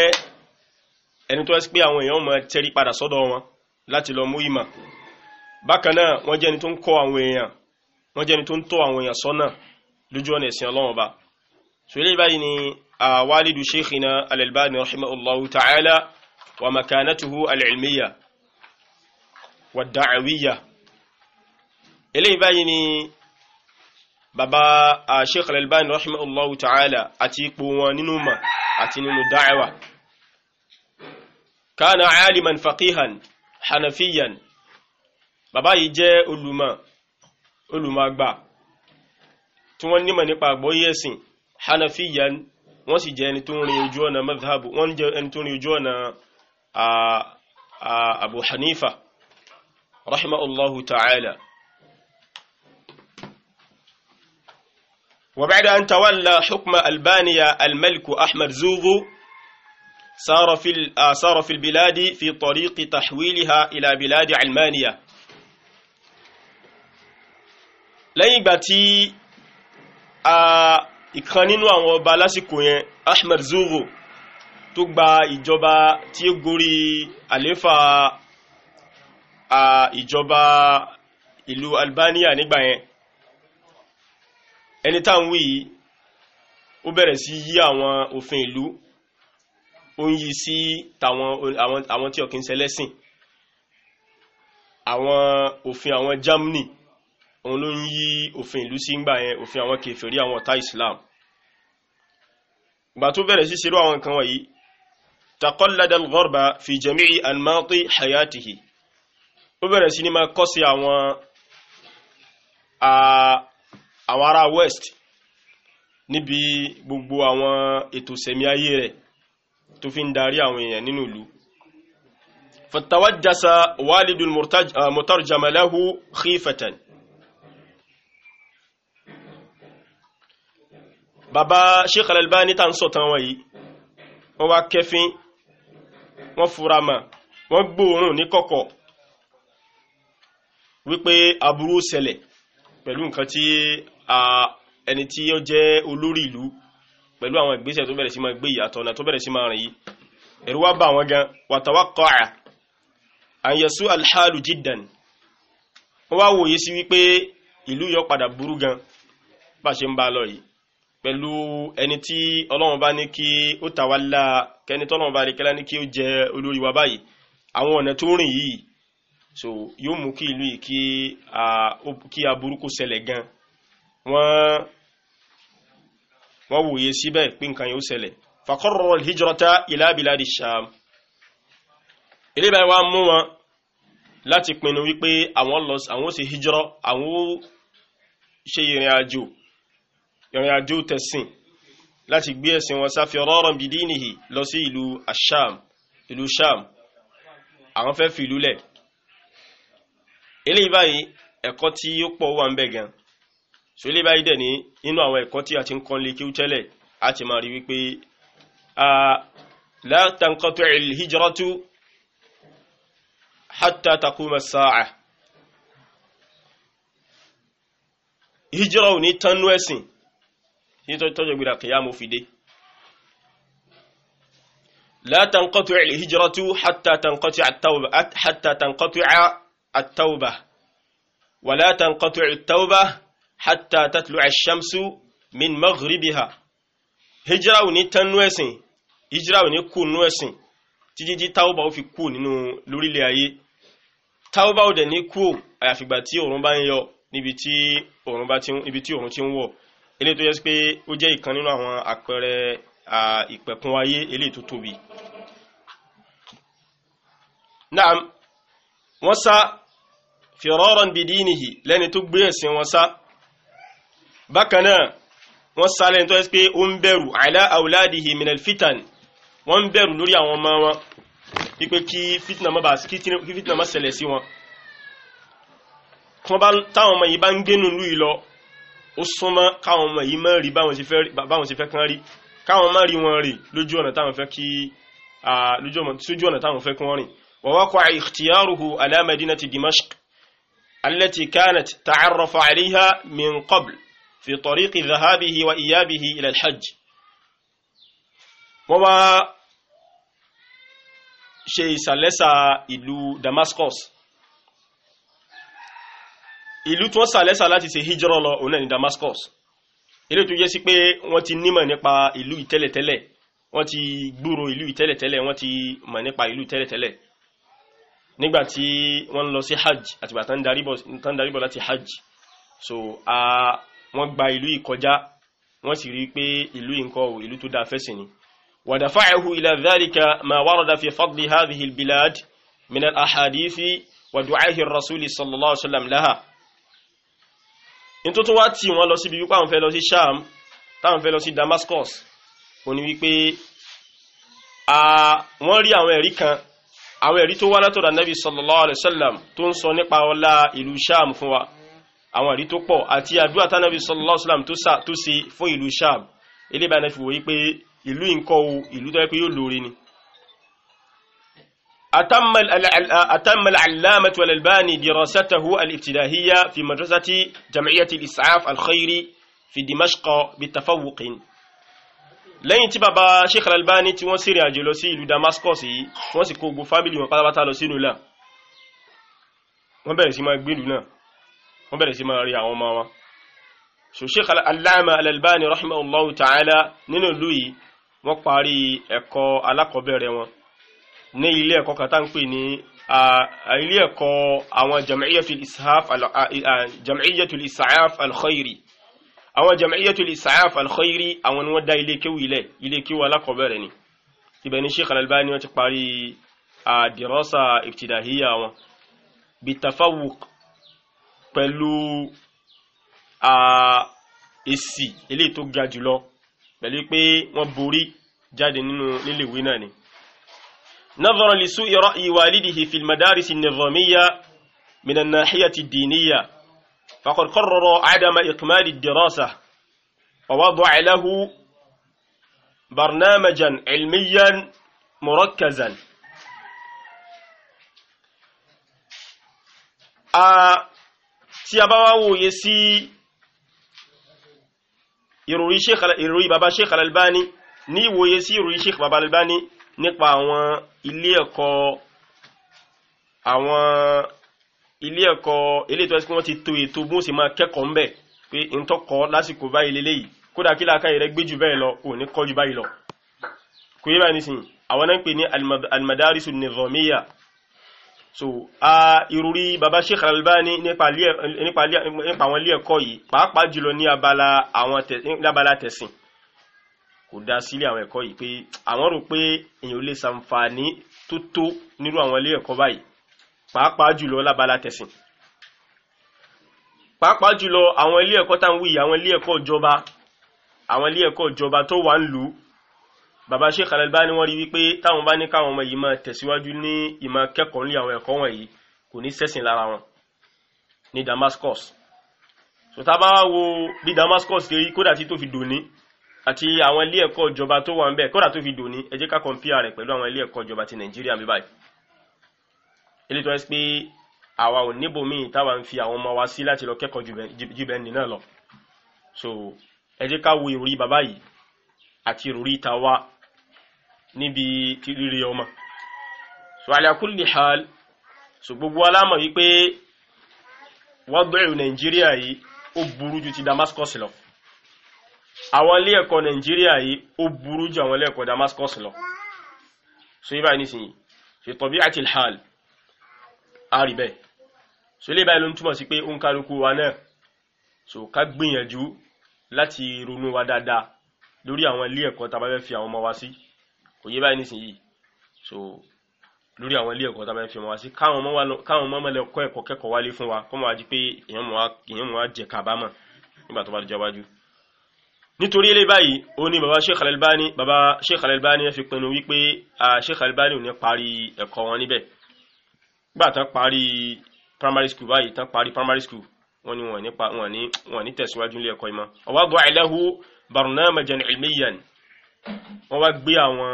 ẹni tó ẹ́sí pé àwọn èèyàn máa tẹ́rí padà sọ́dọ̀ wọn láti lọ mú ìmọ̀ bákan wọ́n jẹ́ ẹni tó ń kọ́ àwọn èèyàn wọ́n jẹ́ni tó ń tọ́ àwọn èèyàn sọ́nà lójú ọ̀nà ẹ̀sìn ọlọ́run ọba so eléyìí báyìí ni walidu sheikhina al-Albani rahimahullahu ta'ala wa makanatuhu al-ilmiya wa da'awiyya eléyìí báyìí ni bàbá sheikh al-Albani rahimahullahu ta'ala àti ipò wọn nínú mà àti nínú da'awa kana aliman faqihan hanafiyan bàbá yìí jẹ́ olùmọ̀ olùmọ̀gbà tí wọ́n nímọ̀ nípa àgbọ́yé ẹ̀sìn hanafiya wọ́n sì jẹ́ ẹni tó ń rin ojú ọ̀nà mazhabu wọ́n jẹ́ ẹni tó ń rin ojú ọ̀nà abu hanifa rahimahullahu ta'ala wà أن تولى حكم ألبانيا الملك أحمد زوفو سار في, سار في البلاد في طريق تحويلها إلى بلاد lẹ́yìn ìgbà tí ìkan nínú àwọn ọba lásìkò yẹn Ahmed Zogo tó gba ìjọba tí ó gorí àléfà ìjọba ìlú Albania nígbà yẹn ẹni tá ń wí yìí ó bẹ̀rẹ̀ sí yí àwọn òfin ìlú ó ń yí sí àwọn tí ọ̀kìn ṣẹlẹ́sìn àwọn òfin àwọn Germany òun ló ń yí òfin ìlú sí ńgbà yẹn òfin àwọn kèfèrí àwọn ọ̀tá Islam ìgbà tó bẹ̀rẹ̀ sí ṣerú àwọn nǹkan wọ̀nyí takọ́ládàl gọ́rbà fi jami'i almati hayatihi ó bẹ̀rẹ̀ sí ní máa kọ́ sí àwọn àwọn ará west níbi gbogbo àwọn ètò sẹ̀mí ayé rẹ̀ tó fi ń darí àwọn èèyàn nínú ìlú fatawajjasa walidul mutarjamalahu khifatan bàbá Sheikh Al-Albani tá ń sọ̀tàn wọn yìí wọ́n wá kẹfín wọ́n fura mà wọ́n gbóòórùn ní kọ̀kọ̀ wípé aburú ṣẹlẹ̀ pẹ̀lú nǹkan tí ẹni tí ó jẹ́ olórí ìlú pẹ̀lú àwọn ìgbésẹ̀ tó bẹ̀rẹ̀ sí máa gbé ìyàtọ̀ ọ̀nà tó bẹ̀rẹ̀ sí máa rìn yìí ẹ̀rù wá bà wọ́n gan watawaqqa'a an yasu'a al-halu jiddan wọ́n wá wòye sí wípé ìlú yọ padà burú gan bá ṣe ń bá lọ yìí pẹ̀lú ẹni tí ọlọ́run bá ní kí ó tàwálà kẹni tọ́lọ́run bá rí kẹ́lá ní kí ó jẹ olórí wa báyìí àwọn ọ̀nà tó rìn yìí so yóò mú kí ìlú yìí kí aburú kó ṣẹlẹ̀ gan wọ́n wọ́n wòye síbẹ̀ pé nǹkan yóò ṣẹlẹ̀ fàkọ́rọ̀ hijrata ila biladi sham ilé báyìí wá mú wọn láti pinnu wípé àwọn lọ àwọn ó ṣe hijrọ àwọn ó ṣe ìrìn àjò ìrìn àjò tẹ̀sìn láti gbé ẹ̀sìn wọn sáfẹ́ rọ́rùn bí dínìhì lọ sí ìlú asham ìlú sham àwọn fẹ́ fi ìlú lẹ̀ eléyìí báyìí ẹ̀kọ́ tí ó pọ̀ wà ń bẹ̀ gan so eléyìí báyìí dẹ̀ ní inú àwọn ẹ̀kọ́ tí a ti ń kọ́ lé kíú tẹ́lẹ̀ a ti máa rí wípé la tanqatu' al-hijratu hatta taquma ò ní tánú ẹ̀sìn tọ́jọ́ gbéra kìyàmù fi dé la tanqatu' al-hijratu hatta tanqatu' at-tawba hatta tanqatu' at-tawba wa la tanqatu' at-tawba hatta tatlu'a ash-shamsu min maghribiha hijira ò ní tán nú ẹ̀sìn hijira ò ní kú nú ẹ̀sìn títí tí tawba ó fi kú nínú lórílẹ̀ ayé tawba ò dẹ̀ ní kú àyàfìgbà tí òòrùn bá ń yọ níbi tí òòrùn ti ń wọ̀ ilé tó yẹ pé ó jẹ́ ìkan nínú àwọn àpẹẹrẹ ìpẹ̀kun ayé ilé tó tóbi náà wọ́n sá firaran bidinihi lẹ́ni tó gbé ẹ̀sìn wọn sá bákan náà wọ́n sá lẹ́ni tó yẹ pé ó ń bẹ̀rù ala auladihi minal fitan wọ́n ń bẹ̀rù lórí àwọn ọmọ wọn wípé kí fitna má bàá kí fitna má ṣẹlẹ̀ sí wọn táwọn ọmọ yìí bá ń gbénu lú yìí lọ ó súnmọ́ káwọn ọmọ yìí máa rí báwọn ṣe fẹ́ kán rí káwọn máa rí wọn rí lójú ọ̀nà táwọn fẹ́ kí lójú ọ̀nà táwọn fẹ́ kí wọ́n rìn wa waqa'a ikhtiyaruhu ala madinati dimashq allati kanat ta'arrafa 'alayha min qabl fi tariqi dhahabihi wa iyabihi ila hajj wọ́n wá ṣe ìsàlẹ́sà ìlú Damascus ìlú tí wọ́n sàlẹ́sà láti ṣe hijrọ́ lọ òun náà ní Damascus ilé tó jẹ́ sí pé wọ́n ti nímọ̀ nípa ìlú ìtẹ́lẹ̀tẹ́lẹ̀ wọ́n ti gbúrò ìlú ìtẹ́lẹ̀tẹ́lẹ̀ wọ́n ti mọ̀ nípa ìlú ìtẹ́lẹ̀tẹ́lẹ̀ nígbà tí wọ́n lọ sí hajj àtìgbà tán darí bọ̀ láti hajj so wọ́n gba ìlú yìí kọjá wọ́n sì rí pé ìlú yìí ńkọ́ ìlú tó dáa fẹ́sìn ni ودفعه إلى ذلك ما ورد في فضل هذه البلاد من الأحاديث ودعاه الرسول صلى الله عليه وسلم لها ní tó tún wá tì wọ́n lọ síbi wípé àwọn fẹ́ lọ sí sham táwọn fẹ́ lọ sí damascus ó ní wípé wọ́n rí àwọn ẹ̀rí kan àwọn ẹ̀rí tó wá látọ̀dọ̀ nabi sallallahu alayhi sallam tó ń sọ nípa ọlá ìlú sham fún wa àwọn ẹ̀rí tó pọ̀ àti àdúrà tánàbí sallallahu alayhi wa sallam tó ṣe fún ìlú sham eléyìí bá náà fi wòye pé ìlú nǹkan o ìlú tó yẹ pé yóò lóore ni أتم العلامة والألباني دراسته الابتدائية في مدرسة جمعية الإسعاف الخيري في دمشق بتفوق lẹ́yìn tí bàbá Sheikh Al-Albani tí wọ́n sìrìn àjò lọ sí ìlú Damascus yìí wọ́n sì kó gbogbo fámìlì wọn pátápátá lọ sínú náà wọ́n bẹ̀rẹ̀ sí máa gbé ìlú náà wọ́n bẹ̀rẹ̀ sí máa rí àwọn ọmọ wọn so Sheikh Al-Allama Al-Albani ta'ala nínú ìlú yìí wọ́n parí ẹ̀kọ́ alákọ̀ọ́bẹ̀rẹ̀ wọn ní ilé ẹ̀kọ́ kan tá ń pè ní ilé ẹ̀kọ́ àwọn jam'iyyatul ishaf jam'iyyatul ishaf al-khairi àwọn jam'iyyatul ishaf al-khairi àwọn ni wọ́n dá ilé kéwù ilẹ̀ ilé kéwù alákọ̀ọ́bẹ̀rẹ̀ ni ibẹ̀ ni Sheikh Al-Albani wọ́n ti parí àdìrọ́sà ibtidahiya wọn bitafawuq pẹ̀lú èsì eléyìí tó ga jùlọ pẹ̀lú pé wọ́n borí jáde nínú níléèwé náà ni. نظرا لسوء رأي والده في المدارس النظامية من الناحية الدينية فقد قرر عدم إكمال الدراسة ووضع له برنامجا علميا مركزا آه، سيابا a bá wá يروي sí ìròrí bàbá Sheikh Al-Albani ní ìwòye sí nípa àwọn ilé ẹ̀kọ́ àwọn ilé ẹ̀kọ́ eléyìí tó ẹ́ sí pé wọ́n ti to ètò bó ṣe máa kẹ́kọ̀ọ́ ńbẹ̀ pé ń tọ́kọ̀ lásìkò báyìí lélẹ́yìí kódà kí láàkáyì rẹ gbé jù bẹ́ẹ̀ lọ kò ní kọ́ jù báyìí lọ kò yé báyìí nísìnyí àwọn náà ń pè ní almadarisu nizamiya so a ìrúrí baba sheikh Albani nípa àwọn ilé ẹ̀kọ́ yìí pàápàá jùlọ ní abala tẹ̀sìn kò dá sílé àwọn ẹ̀kọ́ yìí pé àwọn rò pé èèyàn lè ṣàǹfààní tó tó nírú àwọn ilé ẹ̀kọ́ báyìí pàápàá jùlọ lábala tẹ̀sìn pàápàá jùlọ àwọn ilé ẹ̀kọ́ tá ń wí àwọn ilé ẹ̀kọ́ ìjọba àwọn ilé ẹ̀kọ́ ìjọba tó wà ń lù ú bàbá Sheikh Al-Albani wọ́n rí wípé táwọn bá ní káwọn ọmọ yìí máa tẹ̀síwájú ní ìmọ̀ kẹ́kọ̀ọ́ nílé àwọn ẹ̀kọ́ wọ̀nyí kò ní sẹ́sìn lára wọn ní Damascus so tá a bá wo bí Damascus ṣe rí kódà tí tó fi dòní àti àwọn ilé ẹ̀kọ́ ìjọba tó wà ń bẹ̀ kọ́dà tó fi dòní ẹ jẹ́ ká kọ̀ǹpìà rẹ̀ pẹ̀lú àwọn ilé ẹ̀kọ́ ìjọba ti nàìjíríà bí báyìí ilé tó ẹ́ pé àwa ò níbòmíì táwa ń fi àwọn ọmọ wa sí láti lọ kẹ́kọ̀ọ́ jù bẹ́ẹ̀ ní náà lọ so ẹ jẹ́ ká wo ìròrí bàbá yìí àti ìròrí tàwa níbi rírí ọmọ so ala kulli hal so gbogbo alámọ̀ wípé wọ́n gbẹ̀rù nàìjíríà yìí ó burú ju ti Damascus lọ àwọn ilé ẹ̀kọ́ nàìjíríà yìí ó burú ju àwọn ilé ẹ̀kọ́ Damascus lọ so ibà nísìnyí fi tabi'ati al-hal àrí bẹ́ẹ̀ so ilé ìbáyìí ló ń túmọ̀ sí pé ó ń kálukú wa náà so ká gbìyànjú láti ronú wa dáadáa lórí àwọn ilé ẹ̀kọ́ tá a bá fẹ́ fi àwọn ọmọ wa sí kò yé báyìí nísìnyí so lórí àwọn ilé ẹ̀kọ́ tá a bá fẹ́ fi ọmọ wa sí káwọn ọmọ lọ kọ́ ẹ̀kọ́ kẹ́kọ̀ọ́ wálé fún wa kó máa di pé èèyàn mọ̀ wá jẹ̀ kábàámọ̀ nígbà tó bá dé jọba jù nítorí ilé báyìí ó ní baba Sheikh Al-Albani baba Sheikh Al-Albani fi pinnu wípé a Sheikh Al-Albani ò ní parí ẹ̀kọ́ wọn níbẹ̀ gbà tán parí primary school báyìí tán parí primary school wọn ni wọn ní pa wọn ní wọn ní tẹ̀síwájú ilé ẹ̀kọ́ ìmọ̀ ọ̀wá bọ̀ àìlẹ́hu barnamajan ilmiyan wọn wá gbé àwọn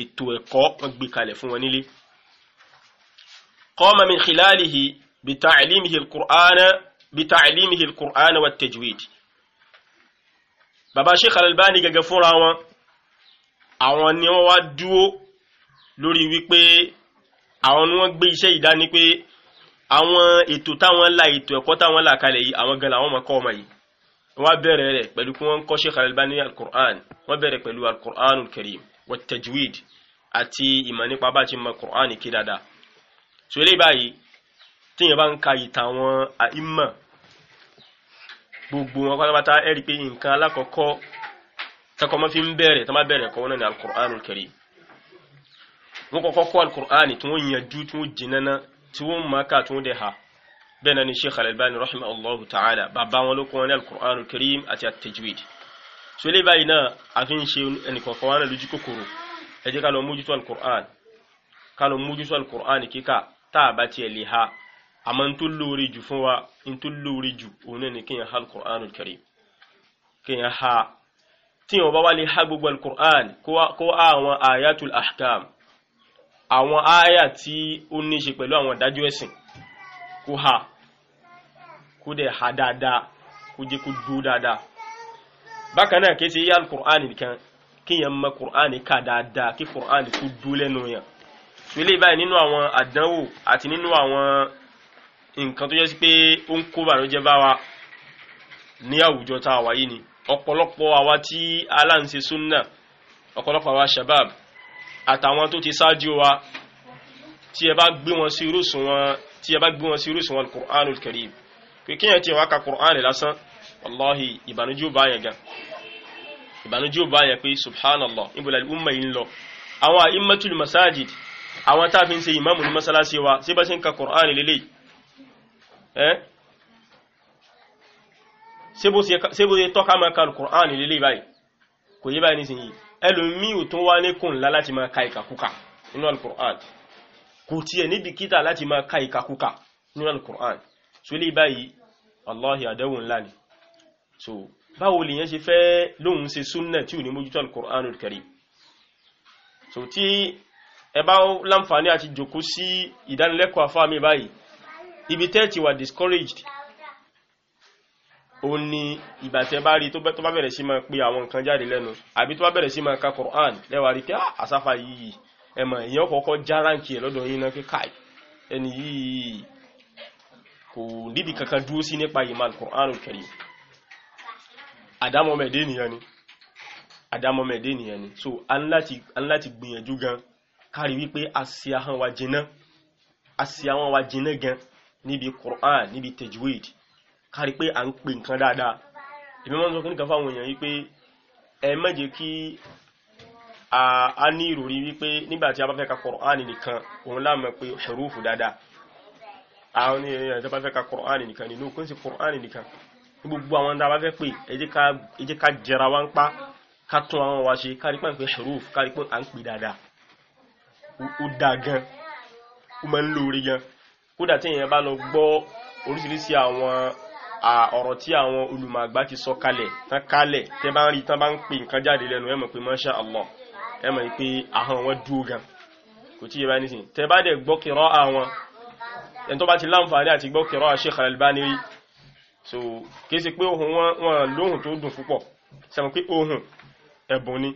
ètò ẹ̀kọ́ wọn gbé kalẹ̀ fún wọn nílé qama min khilalihi bita'limihi al-Qur'ana bita'limihi al-Qur'ana bàbá Sheikh Al-Albani fúnra wọn àwọn ni wọ́n wá dúó lórí wípé àwọn ni wọ́n gbé iṣẹ́ ìdání pé àwọn ètò táwọn la ètò ẹ̀kọ́ táwọn là kalẹ̀ yìí àwọn gan làwọn máa kọ́ ọmọ yìí wọ́n bẹ̀rẹ̀ rẹ̀ pẹ̀lú kí wọ́n kọ́ Sheikh Al-Albani al-Qur'an wọ́n bẹ̀rẹ̀ pẹ̀lú al-Qur'an al-Karim wa tajwid àti ìmọ̀ nípa bá ti mọ Qur'an kí dáadáa so eléyìí báyìí tíyẹn bá ń ka ìtàn àwọn àìmọ̀ gbogbo wọn pátápátá ẹ̀rí pé nǹkan alákọ̀ọ́kọ́ tọkọ ma fi ń bẹ̀rẹ̀ tọ́ ma bẹ̀rẹ̀ kọ́ wọn ní alukur'anul karim wọn kọ́kọ́ kọ́ alukur'an tí wọ́n yanjú tí wọ́n jìnnà tí wọ́n maka tí wọ́n dẹ̀ ha bẹ́ẹ̀ náà ni sheikh al rahma allah ta'ala bàbá wọn ló kọ́ wọn ní alukur'anul karim àti at-tajwid so ilé báyìí náà a fi ń ṣe ẹnìkọ̀ọ̀kan wọn lójú kòkòrò ẹ jẹ́ ká lọ mójútó alukur'an ká lọ mójútó alukur'an kíkà tá a bá tiẹ̀ lè ha Aman n tó lóore jù fún wa n tó lóore jù òun náà ni kéèyàn ha alukur'anul karim kéèyàn ha tíyàn bá wá lè ha gbogbo alukur'an kó àwọn ayatul ahkam àwọn aya tí ó ní ṣe pẹ̀lú àwọn ìdájọ́ ẹ̀sìn kó ha kó dẹ̀ ha dáadáa kó jẹ́ kó dúró dáadáa bákan náà kí ṣe yá alukur'an nìkan kíyàn mọ kur'an ká dáadáa kí kur'an kó dúró lẹ́nu yẹn nílé báyìí nínú àwọn àdánwò àti nínú àwọn nǹkan tó yẹ sí pé ó ń kó bànújẹ́ bá wa ní àwùjọ tá a wà yìí ni ọ̀pọ̀lọpọ̀ àwa tí aláǹṣe súnà ọ̀pọ̀lọpọ̀ àwa shabab àtàwọn tó ti ṣáájú wa tí ẹ bá gbé wọn sí irúsùn wọn tí ẹ bá gbé wọn sí irúsùn wọn Qur'anul Karim pé kíyàn tí wọ́n ka Qur'an lásán wallahi ìbànújẹ́ ò bá yẹn gan ìbànújẹ́ ò bá yẹn pé subhanallah ibùdó umma yìí ń lọ àwọn immatul masajid àwọn tá a ṣe ìmáàmù ní masalasi wa sí bá ṣe ń ka Qur'an lélẹ́yìí ẹ́ eh? ṣé bó ṣe tọ́ka máa ka alukur'an lélẹ́ báyìí kò yé báyìí nísìnyí ẹlòmíì ò tún wá ní kùn ńlá láti máa ka ìkàkùkà nínú alukur'an kò tiẹ̀ níbi kíta láti máa ka ìkàkùkà nínú alukur'an so lè báyìí allahi àdẹ́wò ńlá ni so báwo lèyàn ṣe fẹ́ lóhun ṣe súnnà tí ò ní mójútó alukur'anul karim so tí ẹ bá láǹfààní àti jòkó sí ìdánilẹ́kọ̀ọ́ afáàmì báyìí ibi tẹ́ ti wà discouraged ó ní ìgbà tẹ́ bá rí tó bá bẹ̀rẹ̀ sí máa pe àwọn nǹkan jáde lẹ́nu àbí tó bá bẹ̀rẹ̀ sí máa ka Quran lẹ́wà rí pé ah, àsáfà yìí ẹ̀mọ̀ èèyàn kọ́kọ́ já ráǹkì ẹ̀ lọ́dọ̀ yín náà pé káì ẹni yìí kò níbi kankan dúró sí nípa ìmọ̀ Quran kẹrì àdámọ́mẹ̀dé nìyẹn ni àdámọ́mẹ̀dé nìyẹn ni so aláti gbìyànjú gan kárí wípé àsì ahọ́n wa jìnnà gan níbi Qur'an níbi tajwid kárí pé à ń pè nǹkan dáadáa èmi máa ń sọ kí nìkan fáwọn èèyàn wípé ẹ má kí a ní ìròrí wípé nígbà a bá fẹ́ ka Qur'an nìkan òun la máa pé hurufu dáadáa àwọn ní ẹ̀yà bá fẹ́ ka Qur'an nìkan nínú kò ń Qur'an nìkan ní gbogbo àwọn tá a bá fẹ́ pa ká tún àwọn wa ṣe kárí pé à kódà tí èèyàn bá lọ gbọ́ oríṣiríṣi àwọn ọ̀rọ̀ tí àwọn olùmọ̀gbà ti sọ kalẹ̀ tán kalẹ̀ tẹ́ bá ń rí tán bá ń pè nǹkan jáde lẹ́nu ẹ mọ̀ pé masha Allah ẹ mọ̀ pé ahọ́n wọn dúró gan kò tí yẹ bá nísìn tẹ́ bá dẹ̀ gbọ́ kírọ́ àwọn ẹni tó bá ti láǹfààní àti gbọ́ kírọ́ Sheikh Al-Albani rí so kìí ṣe pé ohun wọn lóhùn tó dùn púpọ̀ sẹ́wọ̀n pé ohun ẹ̀bùn ni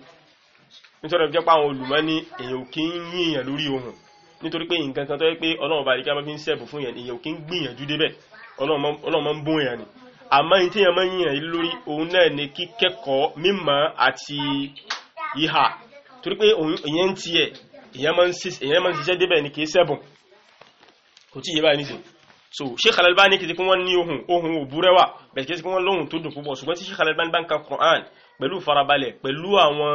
nítorí ọjọ́ nítorí pé nǹkan kan tó yẹ pé ọlọ́run bá àríkà máa fi ń sẹ́ẹ̀bù fún yẹn èèyàn kì í gbìyànjú débẹ̀ ọlọ́run máa ń bún yẹn ni àmọ́ yìí tí yẹn máa ń yàn lórí òun náà ni kíkẹ́kọ̀ọ́ mímọ̀ àti ìhà torí pé èèyàn ń tiẹ̀ èèyàn máa ń ṣiṣẹ́ débẹ̀ ni kì í sẹ́ẹ̀bùn kò tí yẹ báyìí nísìnyí so Sheikh Al-Albani kìí kí wọ́n ní ohun ohun òbúrẹ́wà bẹ̀rẹ̀ kìí kí wọ́n lóhun tó dùn púpọ̀ ṣùgbọ́n tí Sheikh Al-Albani bá ń ka Quran pẹ̀lú farabalẹ̀ pẹ̀lú àwọn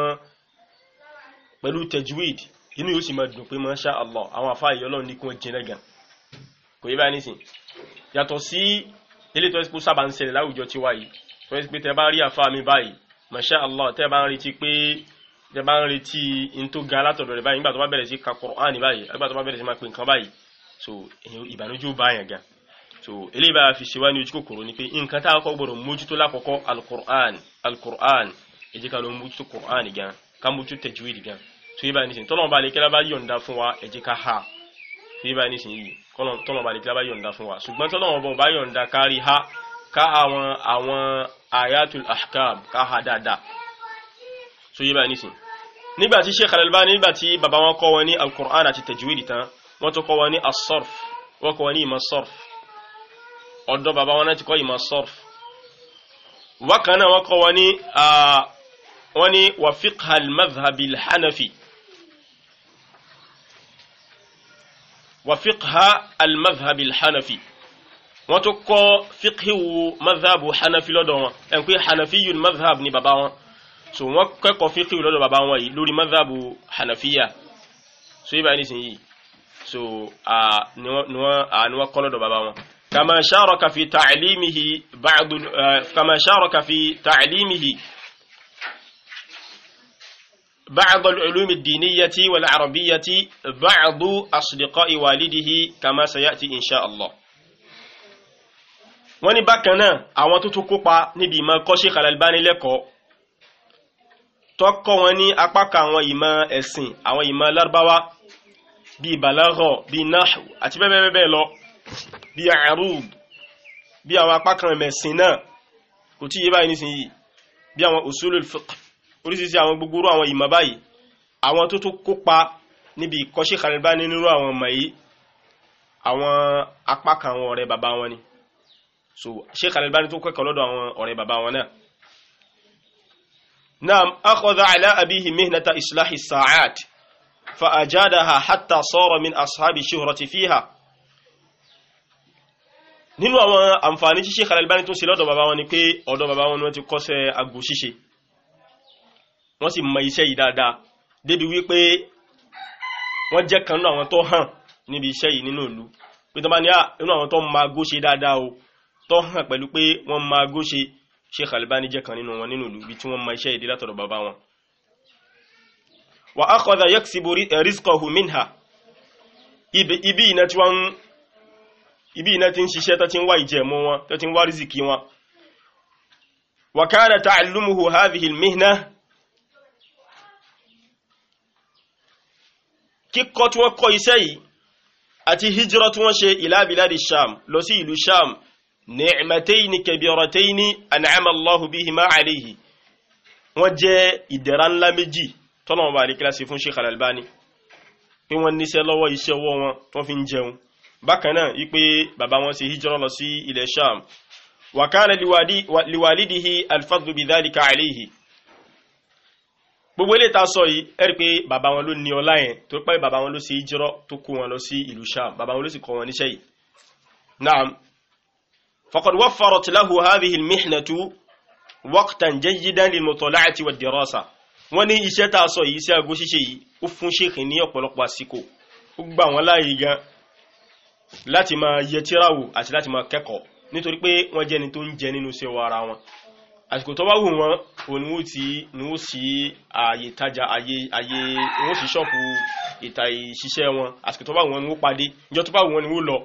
pẹ̀lú tajwid inú yóò sì máa dùn pé masha Allah àwọn afá yìí ọlọ́run ní kí wọ́n jìnà gan kò yẹ báyìí nísìn yàtọ̀ sí ilé tó ẹ pé sábà ń ṣẹlẹ̀ láwùjọ tiwa yìí tó ẹ pé tẹ bá rí afá mi báyìí masha Allah tẹ bá ń retí pé tẹ bá ń retí n tó ga látọ̀dọ̀ rẹ̀ báyìí nígbà tó bá bẹ̀rẹ̀ sí ka Kùránì báyìí nígbà tó bá bẹ̀rẹ̀ sí máa pè nǹkan báyìí so ìbànújẹ́ ó bá yàn gan so a kọ́ gbọ́dọ̀ mójútó lákọ̀ọ́kọ́ alukur'an alukur'an ẹ jẹ́ ká lọ mójútó kur'an gan ká mójútó tajwid gan tó yíba nísìnyí tọ́lọ́n bá lè kí lábá yọ̀ǹda fún wa ẹ̀jẹ̀ ká ha tó yíba nísìnyí tọ́lọ́n bá lè kí lábá yọ̀ǹda fún wa ṣùgbọ́n tọ́lọ́n bá bá yọ̀ǹda kárí ha ká àwọn àwọn ayatul ahkam ká ha dáadáa tó yíba nísìnyí nígbà tí Sheikh al nígbà tí bàbá wọn kọ́ wọn ní al àti tajwid tán wọ́n tó kọ́ wọn ní as wọ́n kọ́ wọn ní ìmọ̀ sarf ọ̀dọ̀ bàbá wọn ti kọ́ ìmọ̀ sarf wákan náà kọ́ wọn ní ah, wọ́n ní wa hanafi wa fiqha al-madhhab al-hanafi wọ́n tún kọ́ fiqhiwu madhhabu hanafi lọ́dọ̀ wọn ẹn pé hanafiyun madhhab ni bàbá wọn so wọ́n kẹ́kọ̀ọ́ fiqhiwu lọ́dọ̀ bàbá wọn yìí lórí madhhabu hanafiya so yìí báyìí nísìnyí so ni wọ́n kọ́ lọ́dọ̀ bàbá wọn. kama sharaka fi ta'limihi ba'du kama sharaka fi ta'limihi بعض العلوم الدينية والعربية بعض أصدقاء والده كما سيأتي إن شاء الله wọ́n ní bákan náà àwọn tó tún kópa níbi ìmọ̀ kọ́ Sheikh lẹ́kọ̀ọ́ tọ́kọ́ wọn ní apá kan àwọn ìmọ̀ ẹ̀sìn àwọn ìmọ̀ lárúbáwá bíi balagha bíi nahwu àti bẹ́ẹ̀ bẹ́ẹ̀ bẹ́ẹ̀ lọ bíi arud bíi àwọn apá kan ẹ̀mẹ̀sìn náà kò tí ì yé báyìí nísìnyí bíi àwọn usulul fiqh oríṣiríṣi àwọn gbogbo àwọn ìmọ̀ báyìí àwọn tó tó kópa níbi ìkọ́ṣe kàrẹ́bá nínú àwọn ọmọ yìí àwọn apá kan àwọn ọ̀rẹ́ bàbá wọn ni so Sheikh Al-Albani tó kẹ́kọ̀ọ́ lọ́dọ̀ àwọn ọ̀rẹ́ bàbá wọn náà naam akhadha ala abihi mihnata islahi sa'ad fa ajadaha hatta sara min ashabi shuhrati fiha nínú àwọn àǹfààní tí Sheikh Al-Albani tó ṣe lọ́dọ̀ bàbá wọn ni pé ọ̀dọ̀ bàbá wọn ni wọ́n ti kọ́ṣẹ́ àgbò ṣíṣe wọ́n sì mọ iṣẹ́ yìí dáadáa débi wípé wọ́n jẹ́ kan nínú àwọn tó hàn níbi iṣẹ́ yìí nínú ìlú pé tó bá ní inú àwọn tó máa góṣe dáadáa o tó hàn pẹ̀lú pé wọ́n máa góṣe Sheikh Albani jẹ́ kan nínú wọn nínú ìlú ibi tí wọ́n mọ iṣẹ́ yìí dé látọ̀dọ̀ bàbá wọn. wa akhadha yaksibu eh, rizqahu minha ibi iná tí ibi iná tí ń ṣiṣẹ́ tó ti ń wá ìjẹ̀mú wọn tó ti ń wá rìzìkì wọn. wa kana ta'allumuhu hadhihi al-mihna kíkọ́ tí wọ́n kọ́ iṣẹ́ yìí àti hijira tí wọ́n ṣe ila biladi sham lọ sí ìlú sham ni'matayni kabiratayni an'ama Allahu bihima alayhi wọ́n jẹ́ ìdẹ̀ra ńlá méjì tọ́nà wọn bá rí kíláàsì fún Sheikh Al-Albani pé wọ́n níṣẹ́ lọ́wọ́ iṣẹ́ ọwọ́ wọn wọ́n fi ń jẹun bákan náà wípé bàbá wọn ṣe hijira lọ sí ilẹ̀ sham wa liwalidihi al-fadlu bidhalika gbogbo eléta sọ yìí ẹ̀rí pé bàbá wọn ló ní ọlá yẹn tó pẹ́ bàbá wọn ló sì jírọ́ tó kó wọn lọ sí ìlú Sham bàbá wọn ló sì kọ́ wọn níṣẹ́ yìí naam faqad waffarat lahu hadhihi al-mihnatu waqtan jayyidan lil-mutala'ati wad-dirasa wọ́n ní iṣẹ́ tá a sọ yìí iṣẹ́ aago ṣíṣe yìí ó fún ṣèkì ní ọ̀pọ̀lọpọ̀ àsìkò ó gbà wọ́n láàyè gan láti máa yẹ àti láti máa kẹ́kọ̀ọ́ nítorí pé wọ́n jẹ́ni tó ń jẹ nínú iṣẹ́ ara wọn àsìkò tó bá wù wọ́n òun ó ti ní ó sí ààyè ìtajà ààyè ààyè wọ́n sì ṣọ́ọ̀pù ìta ìṣiṣẹ́ wọn àsìkò tó bá wù wọ́n ni ó pàdé ìjọ tó bá wù wọ́n ni ó lọ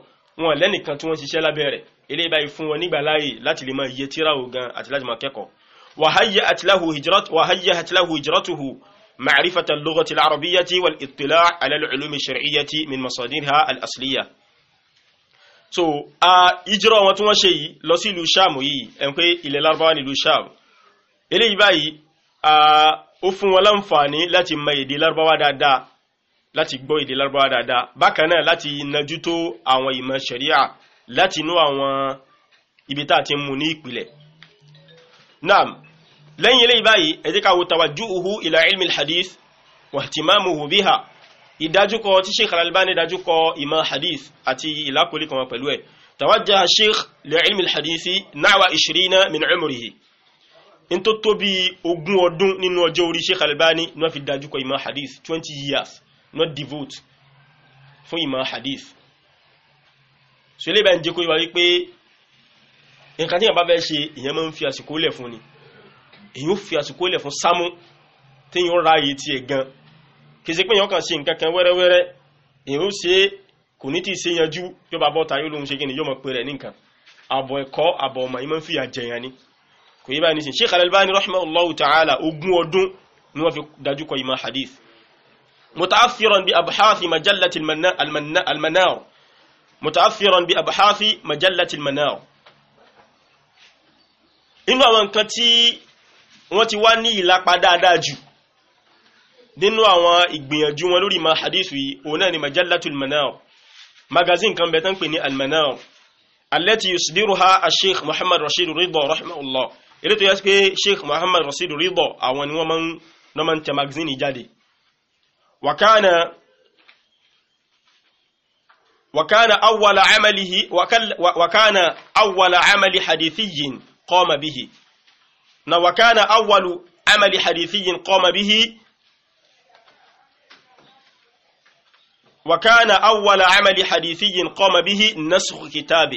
wọn lẹ́nìkan tí wọ́n ṣiṣẹ́ lábẹ́ rẹ̀ eléyìí báyìí fún wọn nígbà láàyè láti lè máa yẹ tíra o àti láti máa kẹ́kọ̀ọ́ wàháyé àtìláhù hijratuhu ma'rifata al-lughati al-arabiyyati wal so a ìjírọ̀ wọn tí wọ́n ṣe yìí lọ sí ìlú Ṣáàmù yìí ẹ̀ ń pé ilẹ̀ lárúbáwá ní ìlú Ṣáàmù eléyìí báyìí ó fún wọn láǹfààní láti mọ èdè lárúbáwá dáadáa láti gbọ́ èdè lárúbáwá dáadáa bákan náà láti najú tó àwọn ìmọ̀ ṣẹ̀ríà láti inú àwọn ibi tá a ti mú ní ìpìlẹ̀ naam lẹ́yìn eléyìí báyìí ẹ jẹ́ ká wo tawajjuhu ila ilmi al-hadith wa ihtimamuhu biha ìdájúkọ tí sheikh al-albani dájúkọ ìmọ̀ hadith àti ìlàkùlé kan pẹ̀lú ẹ̀ tawajjaha sheikh li'ilmi al-hadithi na'wa ishrina min umrihi in tó tó bí ogún ọdún nínú ọjọ́ orí sheikh al-albani fi dájúkọ ìmọ̀ hadith 20 years not devote fún ìmọ̀ hadith so ilé ìbẹ̀ǹjẹ́ kó yíwa wípé nǹkan tí yàn bá fẹ́ ṣe èyàn máa ń fi àsìkò lẹ̀ fún ni èyàn ó fi àsìkò lẹ̀ fún sámú tí yàn ráyè tiẹ̀ gan kìí pé yàn kàn ṣe nǹkan kan wẹ́rẹ́wẹ́rẹ́ èyàn ó ṣe kò ní ti ṣe yanjú yóò bá bọ́ta yóò lóun ṣe kíni yóò mọ̀ pé rẹ̀ ní nǹkan àbọ̀ ẹ̀kọ́ àbọ̀ ọmọ yìí máa ń fìyà jẹyàn ni kò yí báyìí nísìn Sheikh Al-Albani rahimahullahu ta'ala ogún ọdún ni wọ́n fi dájú kọ ìmọ̀ hadith متأثرا بأبحاث مجلة المنار متأثرا بأبحاث مجلة المنار inú àwọn nǹkan tí wọ́n ti wá ní ìlapa dáadáa jù nínú àwọn ìgbìyànjú wọn lórí ma hadith yìí òun náà ni majallatul manar magazine kan bẹ̀ tán pè ní almanar allati yusdiruha al-sheikh muhammad rasheed ridha rahimahullah ilé tó yẹ pé sheikh muhammad rasheed ridha àwọn ni wọ́n máa tẹ magazine jáde wakana وكان أول عمله وكان أول عمل حديثي قام به وكان أول عمل حديثي قام به وكان أول عمل حديثي قام به نسخ كتاب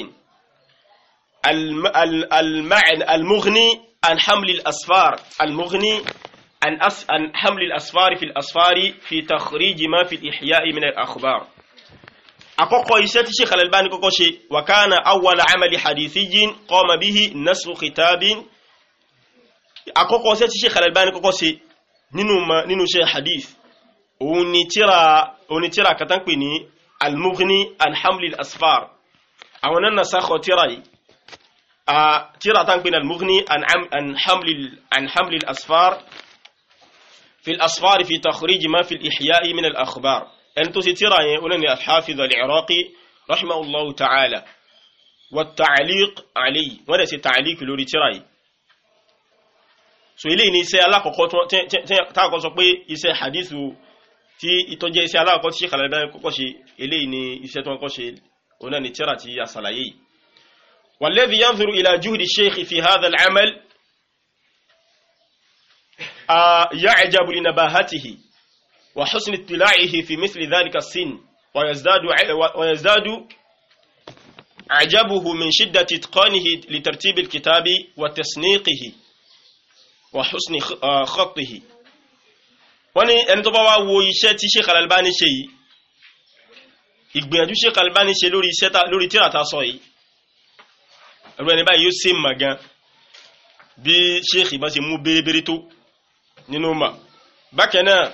المعنى المغني عن حمل الأسفار المغني عن, حمل الأسفار في الأسفار في تخريج ما في الإحياء من الأخبار أقوى يسات الشيخ الألباني كوكوشي وكان أول عمل حديثي قام به نسخ كتاب أقوى يسات الشيخ الألباني كوكوشي نينو ما نينو شيخ حديث ونترى oni tíra ka tán pè ní al-mughni an hamli al-asfar àwọn nan sa sáxọ tíra yìí tíra tán pè ní al-mughni an hamli an al-asfar fi al-asfar fi takhrij ma fi al-ihya'i min al-akhbar ẹni tó ṣe tíra yẹn òun ni al-hafiz al-iraqi rahimahullahu ta'ala wa ta'aliq alayhi wọ́n dẹ̀ ṣe ta'aliq lórí tíra yìí so eléyìí ni iṣẹ́ alákọ̀ọ́kọ́ tí a kọ́ sọ pé iṣẹ́ hadithu tí ìtọ́jẹ́ iṣẹ́ aláàkọ́ tí Sheikh Al-Albani kọ́kọ́ ṣe eléyìí ni iṣẹ́ tó ń kọ́ ṣe ọ̀nà ni tíra ti àṣàlàyé yìí والذي ينظر إلى جهد الشيخ في هذا العمل يعجب لنباهته وحسن اطلاعه في مثل ذلك السن ويزداد ويزداد أعجبه من شدة إتقانه لترتيب الكتاب وتسنيقه وحسن خطه wọ́n ní ẹni tó bá wá wo iṣẹ́ tí Sheikh Al-Albani ṣe yìí ìgbìyànjú Sheikh Al-Albani ṣe lórí iṣẹ́ ta lórí tíra ta sọ yìí ẹ̀rọ ẹni báyìí yóò ṣe mà gan bí Sheikh bá ṣe mú bérebére tó nínú mà bákan náà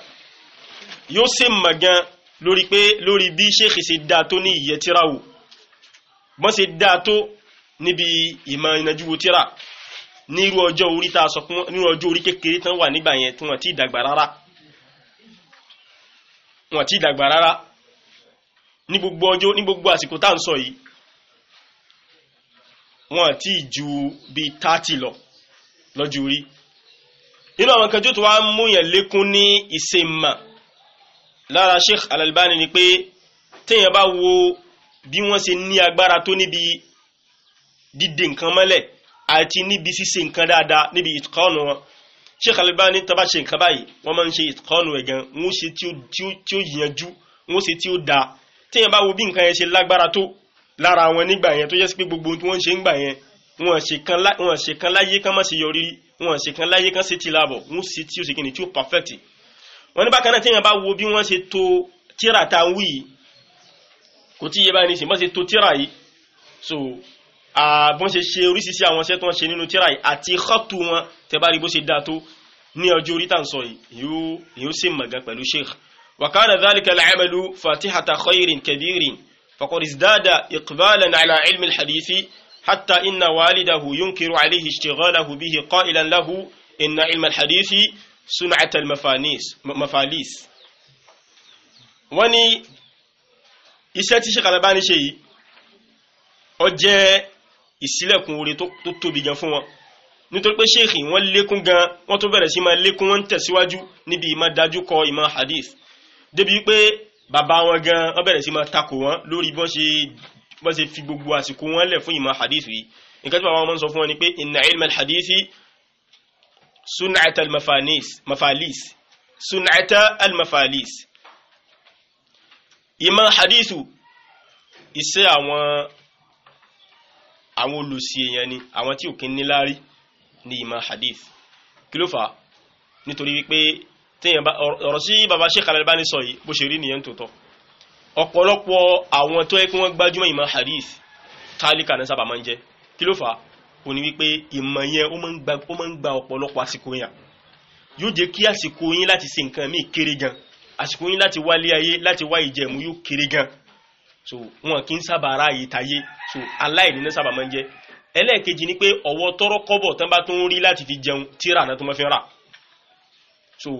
yóò ṣe mà gan lórí pé lórí bí Sheikh ṣe dáa tó ní ìyẹ́ tíra wò bọ́n ṣe dáa tó níbi ìmọ̀ ìnajú wo tíra ní irú ọjọ́ orí kékeré tán wà nígbà yẹn tí wọ́n ti dàgbà rárá wọn ti dàgbà rárá ní gbogbo ọjọ́ ní gbogbo àsìkò tá à ń sọ yìí wọn ti ju bí tààtì lọ lọ́jọ́ orí nínú àwọn kan tó wá ń múyàn lékún ní ìsèmà lára Sheikh Al-Albani ni pé téèyàn bá wo bí wọ́n ṣe ní agbára tó níbi dídè nǹkan mọ́lẹ̀ àti níbi ṣíṣe nǹkan dáadáa níbi ìtọ́nù wọn Sheikh Albani tó bá ṣe nǹkan báyìí wọ́n máa ń ṣe ìkọ́nù ẹ̀ gan wọ́n ṣe tí ó yànjú wọ́n ṣe tí ó dáa téèyàn bá wo bí nǹkan yẹn ṣe lágbára tó lára wọn nígbà yẹn tó yẹ sí pé gbogbo ohun tí wọ́n ṣe ń gbà yẹn wọ́n ṣe kan láyé kán má ṣe yọrí wọ́n ṣe kan láyé kán ṣe ti láàbọ̀ wọ́n ṣe tí ó ṣe kìnnì tí ó perfect wọ́n ní bákan náà téèyàn bá wo bí wọ́n ṣe to tíra tá ń wí yìí kò tí yé báyìí ní sìn bọ́n ṣe to tíra yìí so bọ́n ṣe ṣe oríṣiríṣi àwọn iṣẹ́ tó ń ṣe nínú tíra yìí àti xọ́tù wọn tẹ́ bá rí bó ṣe dáa tó ní ọjọ́ orí tàn sọ yìí yóò sì mọ̀gá pẹ̀lú sheikh wakana dhalika al'amalu fatihata khairin kabirin faqad izdada iqbalan ala ilmi alhadithi hatta inna walidahu yunkiru alayhi ishtighalahu bihi qailan lahu inna ilma alhadithi sun'at almafalis wani iṣẹ́ tí sheikh Albani ṣe yìí ó jẹ́ ìṣílẹ̀kùn orí tó tóbi gan fún wọn nítorí pé ṣéèkì wọ́n lékún gan wọ́n tó bẹ̀rẹ̀ sí máa lékún wọ́n tẹ̀síwájú níbi ìmọ̀ dájú kọ ìmọ̀ hadith débi pé bàbá wọn gan wọ́n bẹ̀rẹ̀ sí máa takò wọn lórí bọ́n ṣe bọ́n ṣe fi gbogbo àsìkò wọn lẹ̀ fún ìmọ̀ hadith yìí nǹkan tí bàbá wọn sọ fún wọn ni pé inna ilm hadith sun'at al-mafalis mafalis sun'at hadith iṣẹ́ àwọn àwọn olùsí èèyàn ni àwọn tí ò kí ń níláárí ní ìmọ̀ hadith kí ló fà á nítorí wípé téèyàn bá ọ̀rọ̀ sí baba Sheikh Al-Albani sọ yìí bó ṣe rí nìyẹn tó tọ́ ọ̀pọ̀lọpọ̀ àwọn tó yẹ kí gbájúmọ̀ ìmọ̀ hadith tálíkà náà sábà máa ń jẹ́ kí ló fà á ó ní wípé ìmọ̀ yẹn ó máa ń gba ọ̀pọ̀lọpọ̀ àsìkò yẹn yóò jẹ́ kí àsìkò yín láti ṣe nǹkan míì kéré gan àsìkò yín láti wálé ayé láti wá ìjẹ̀mú yóò kéré gan so wọn kì í sábà ráàyè táyé so aláìní náà sábà máa ń jẹ́ ẹlẹ́ẹ̀kejì ni pé ọ̀wọ́ tọ́rọ́ kọ́bọ̀ tán bá tó ń rí láti fi jẹun tíra náà tó mọ́ fi rà so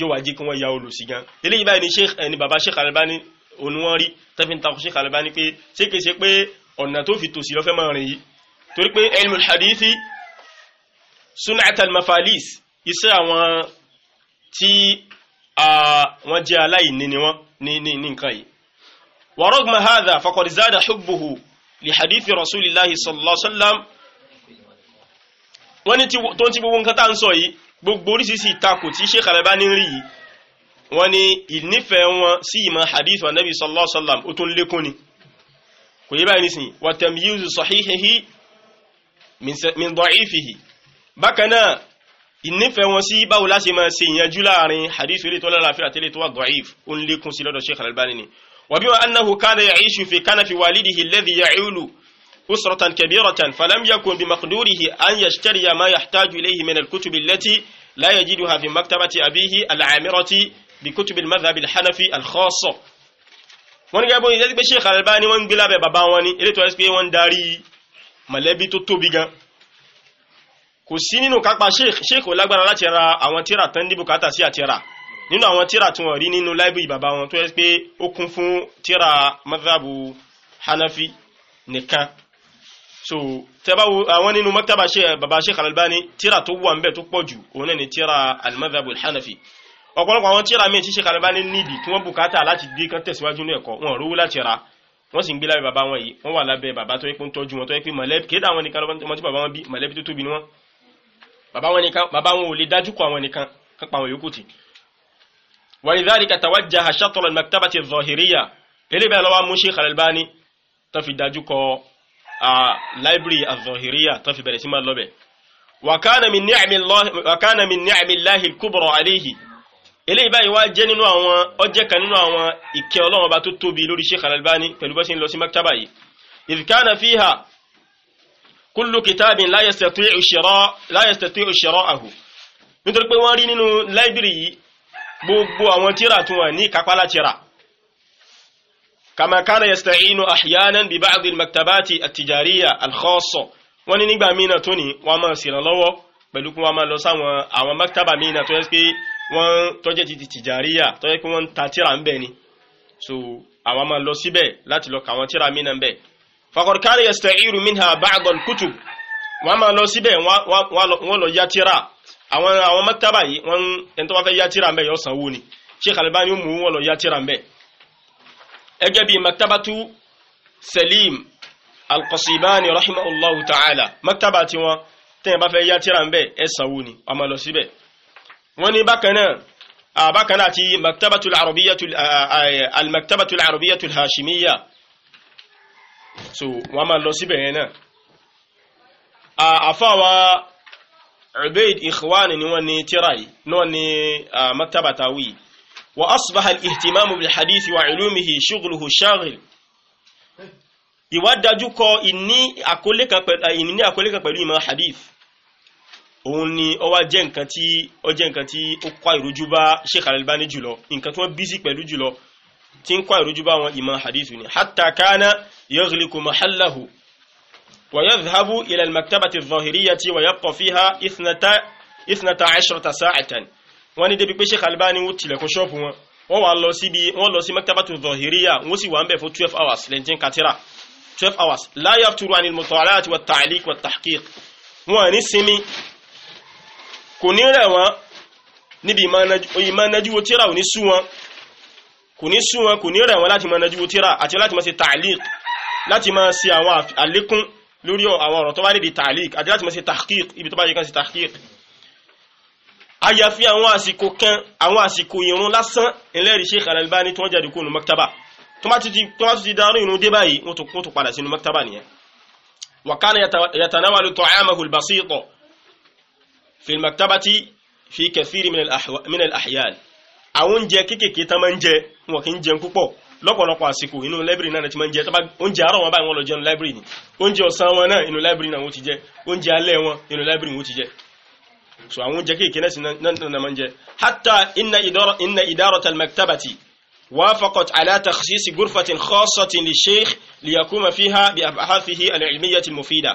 yóò wá jẹ́ kí wọ́n ya olùsí gan eléyìí báyìí ni sheikh ẹni eh, baba sheikh Albani onuwọn rí tẹ́fi ń takò sheikh Albani pé ṣékèṣe pé ọ̀nà tó fi tòsí lọ́fẹ́ máa rìn yìí torí pé ilmul hadithi sunat al iṣẹ́ àwọn tí wọ́n jẹ́ aláìní ni wọ́n ní nǹkan yìí wa rogma hadha lihadithi rasulillahi sallallahu alaihi wasallam wọ́n ní tó ń ti gbogbo nǹkan tá ń sọ yìí gbogbo oríṣiríṣi ìtakò tí Sheikh Albani rí yìí wọ́n ní ìnífẹ̀ẹ́ wọn sí ìmọ̀ hadith wa nabi sallallahu alaihi wasallam ó tó ń lékún ni kò yí báyìí nísìnyí wa tamyizu sahihihi min da'ifihi bákan náà ìnífẹ̀ẹ́ wọn sí báwo láti máa ṣe ìyanjú láàrin hadith eré tó lálàáfíà tẹ́lẹ̀ tó wà da'if ó ń lékún sí lọ́dọ̀ Sheikh Albani ni وبما أنه كان يعيش في كنف والده الذي يعول أسرة كبيرة فلم يكن بمقدوره أن يشتري ما يحتاج إليه من الكتب التي لا يجدها في مكتبة أبيه العامرة بكتب المذهب الحنفي الخاصة wọ́n ní gẹ́gbọ́n ìjẹ́ pé Sheikh Al-Albani wọ́n ń gbé lábẹ́ bàbá wọn ní ilé tó ẹ́sì pé wọ́n ń darí mọ̀lẹ́bí tó tóbi gan kò sí nínú kápá Sheikh Sheikh ò lágbára láti ra àwọn tíra tán ní bùkátà sí àti nínú àwọn tíra tí wọ́n rí nínú láìbírì bàbá wọn tó yẹ pé ó kún fún tíra madhabu hanafi nìkan so tẹ́báwo àwọn nínú maktaba bàbá Sheikh Al-Albani tíra tó wà ńbẹ̀ tó pọ̀ jù òun náà ni tíra al hanafi ọ̀pọ̀lọpọ̀ àwọn tíra míì tí Sheikh Al-Albani níbi tí wọ́n bùkátà láti gbé kan tẹ̀síwájú ní ẹ̀kọ́ wọn rówó láti ra wọ́n sì ń gbé lábẹ́ bàbá wọn yìí wọ́n wà lábẹ́ bàbá tó yẹ pé ń tọ́jú wọn tó yẹ pé mọ̀lẹ́bí kéde àwọn nìkan lọ́wọ́ tí bàbá wọn bí mọ̀lẹ́bí tó tóbi ni ولذلك توجه شطر المكتبة الظاهرية إلي بأن لو شيخ الألباني تفي داجوكو آه لايبري الظاهرية تفي برسيما اللوبي وكان من نعم الله وكان من نعم الله الكبرى عليه إلي بأي واجن نينو أوان أجه كان نينو أوان إكي الله وبا تتوبي لوري شيخ الألباني فلبسين لو سي مكتبة إذ كان فيها كل كتاب لا يستطيع شراء لا يستطيع شراءه nítorí بواري نو rí gbogbo àwọn tíra tún wà ní ìkápá láti rà kama kana yasta'inu ahyanan bi ba'd al-maktabati at-tijariyya al-khassa wọ́n ní nígbà míì náà tó ní wọ́n máa ṣèràn lọ́wọ́ pẹ̀lú kí wọ́n máa lọ sáwọn àwọn maktaba míì náà tó yẹ pé wọ́n tọ́jẹ́ ti ti tìjàríyà tó yẹ pé wọ́n ta tíra ń bẹ̀ ni so àwọn máa lọ síbẹ̀ láti lọ kàwọn tíra míì náà ń bẹ̀ faqad kana yasta'iru minha ba'd al-kutub wọ́n máa lọ síbẹ̀ wọ́n lọ yá tíra àwọn àwọn maktaba yìí wọ́n ẹni tó wá fẹ́ yátira mbẹ́ yọ sanwó ni Sheikh Albani ó mú wọn lọ yátira mbẹ́ ẹgẹ́ bíi maktabatu Salim Al-Qasibani rahimahullahu ta'ala maktaba tí wọ́n tẹ́yìn bá fẹ́ yátira mbẹ́ ẹ sanwó ni ọmọ lọ síbẹ̀ wọ́n ní bákan náà bákan náà ti maktabatu al-arabiyatul al-maktabatu al so wọ́n máa lọ síbẹ̀ yẹn náà àfọwọ́ ubaid إخواني ni تراي ní tírà yìí ni wọ́n ní maktaba tawi wa asbaha al-ihtimamu bil hadith wa ulumihi shughluhu shaghil ìwà dájú kọ ìní àkọlé kan pẹ̀lú ìmọ̀ hadith òun ni ó wá jẹ́ nǹkan tí ó jẹ́ nǹkan tí ó kọ́ Sheikh Al-Albani jùlọ nǹkan tí wọ́n bí sí pẹ̀lú jùlọ tí wọn ìmọ̀ hadith ni hatta kana yaghliqu ويذهب إلى المكتبة الظاهرية ويبقى فيها إثنتا عشرة ساعة wọ́n ní débi pé Sheikh Albani wọ́n tilẹ̀kùn ṣọ́ọ̀pù wọn wọ́n wá lọ síbi wọ́n lọ sí maktabatu zọ̀hìríyà wọ́n sì wà ń bẹ̀ fún twelve hours lẹ́ntín katira twelve hours la yafturu anil mutalaati wa ta'liq wa tahqiq wọn ní sinmi kò ní rẹ̀ wọ́n níbi ìmọ̀nájú wo tíra ò ní sú wọn kò ní sú wọn kò ní rẹ̀ wọ́n láti mọ̀nájú wo tíra àti láti máa ṣe ta'liq láti máa ṣe àwọn àlékún lórí àwọn ọ̀rọ̀ tó bá nídi tààlík àti láti mọ́ sí tàkík ibi tó bá yẹ kan sí tàkík àyàfi àwọn àsìkò kan àwọn àsìkò ìrun lásán ẹlẹ́rìí Sheikh Al-Albani tí wọ́n jáde kó nu maktaba tó má tún ti darú ìrun dé báyìí wọ́n tún padà sínú maktaba nìyẹn wa kana yatanawalu ta'amahu al-basita fi al-maktabati fi kathiri min al àwọn oúnjẹ kéékèèké tán máa ń jẹ wọn kì í jẹun púpọ̀ lọ́pọ̀lọpọ̀ àsìkò inú library náà ti máa ń jẹ oúnjẹ àárọ̀ wọn báyìí wọ́n lọ jẹun library ni oúnjẹ ọ̀sán wọn náà inú library náà wọ́n ti jẹ oúnjẹ alẹ́ wọn inú library wọ́n ti jẹ so àwọn oúnjẹ kéèké náà sì náà máa ń jẹ hatta inna idarata al-maktabati وافقت على تخصيص غرفة خاصة للشيخ ليقوم فيها بأبحاثه العلمية المفيدة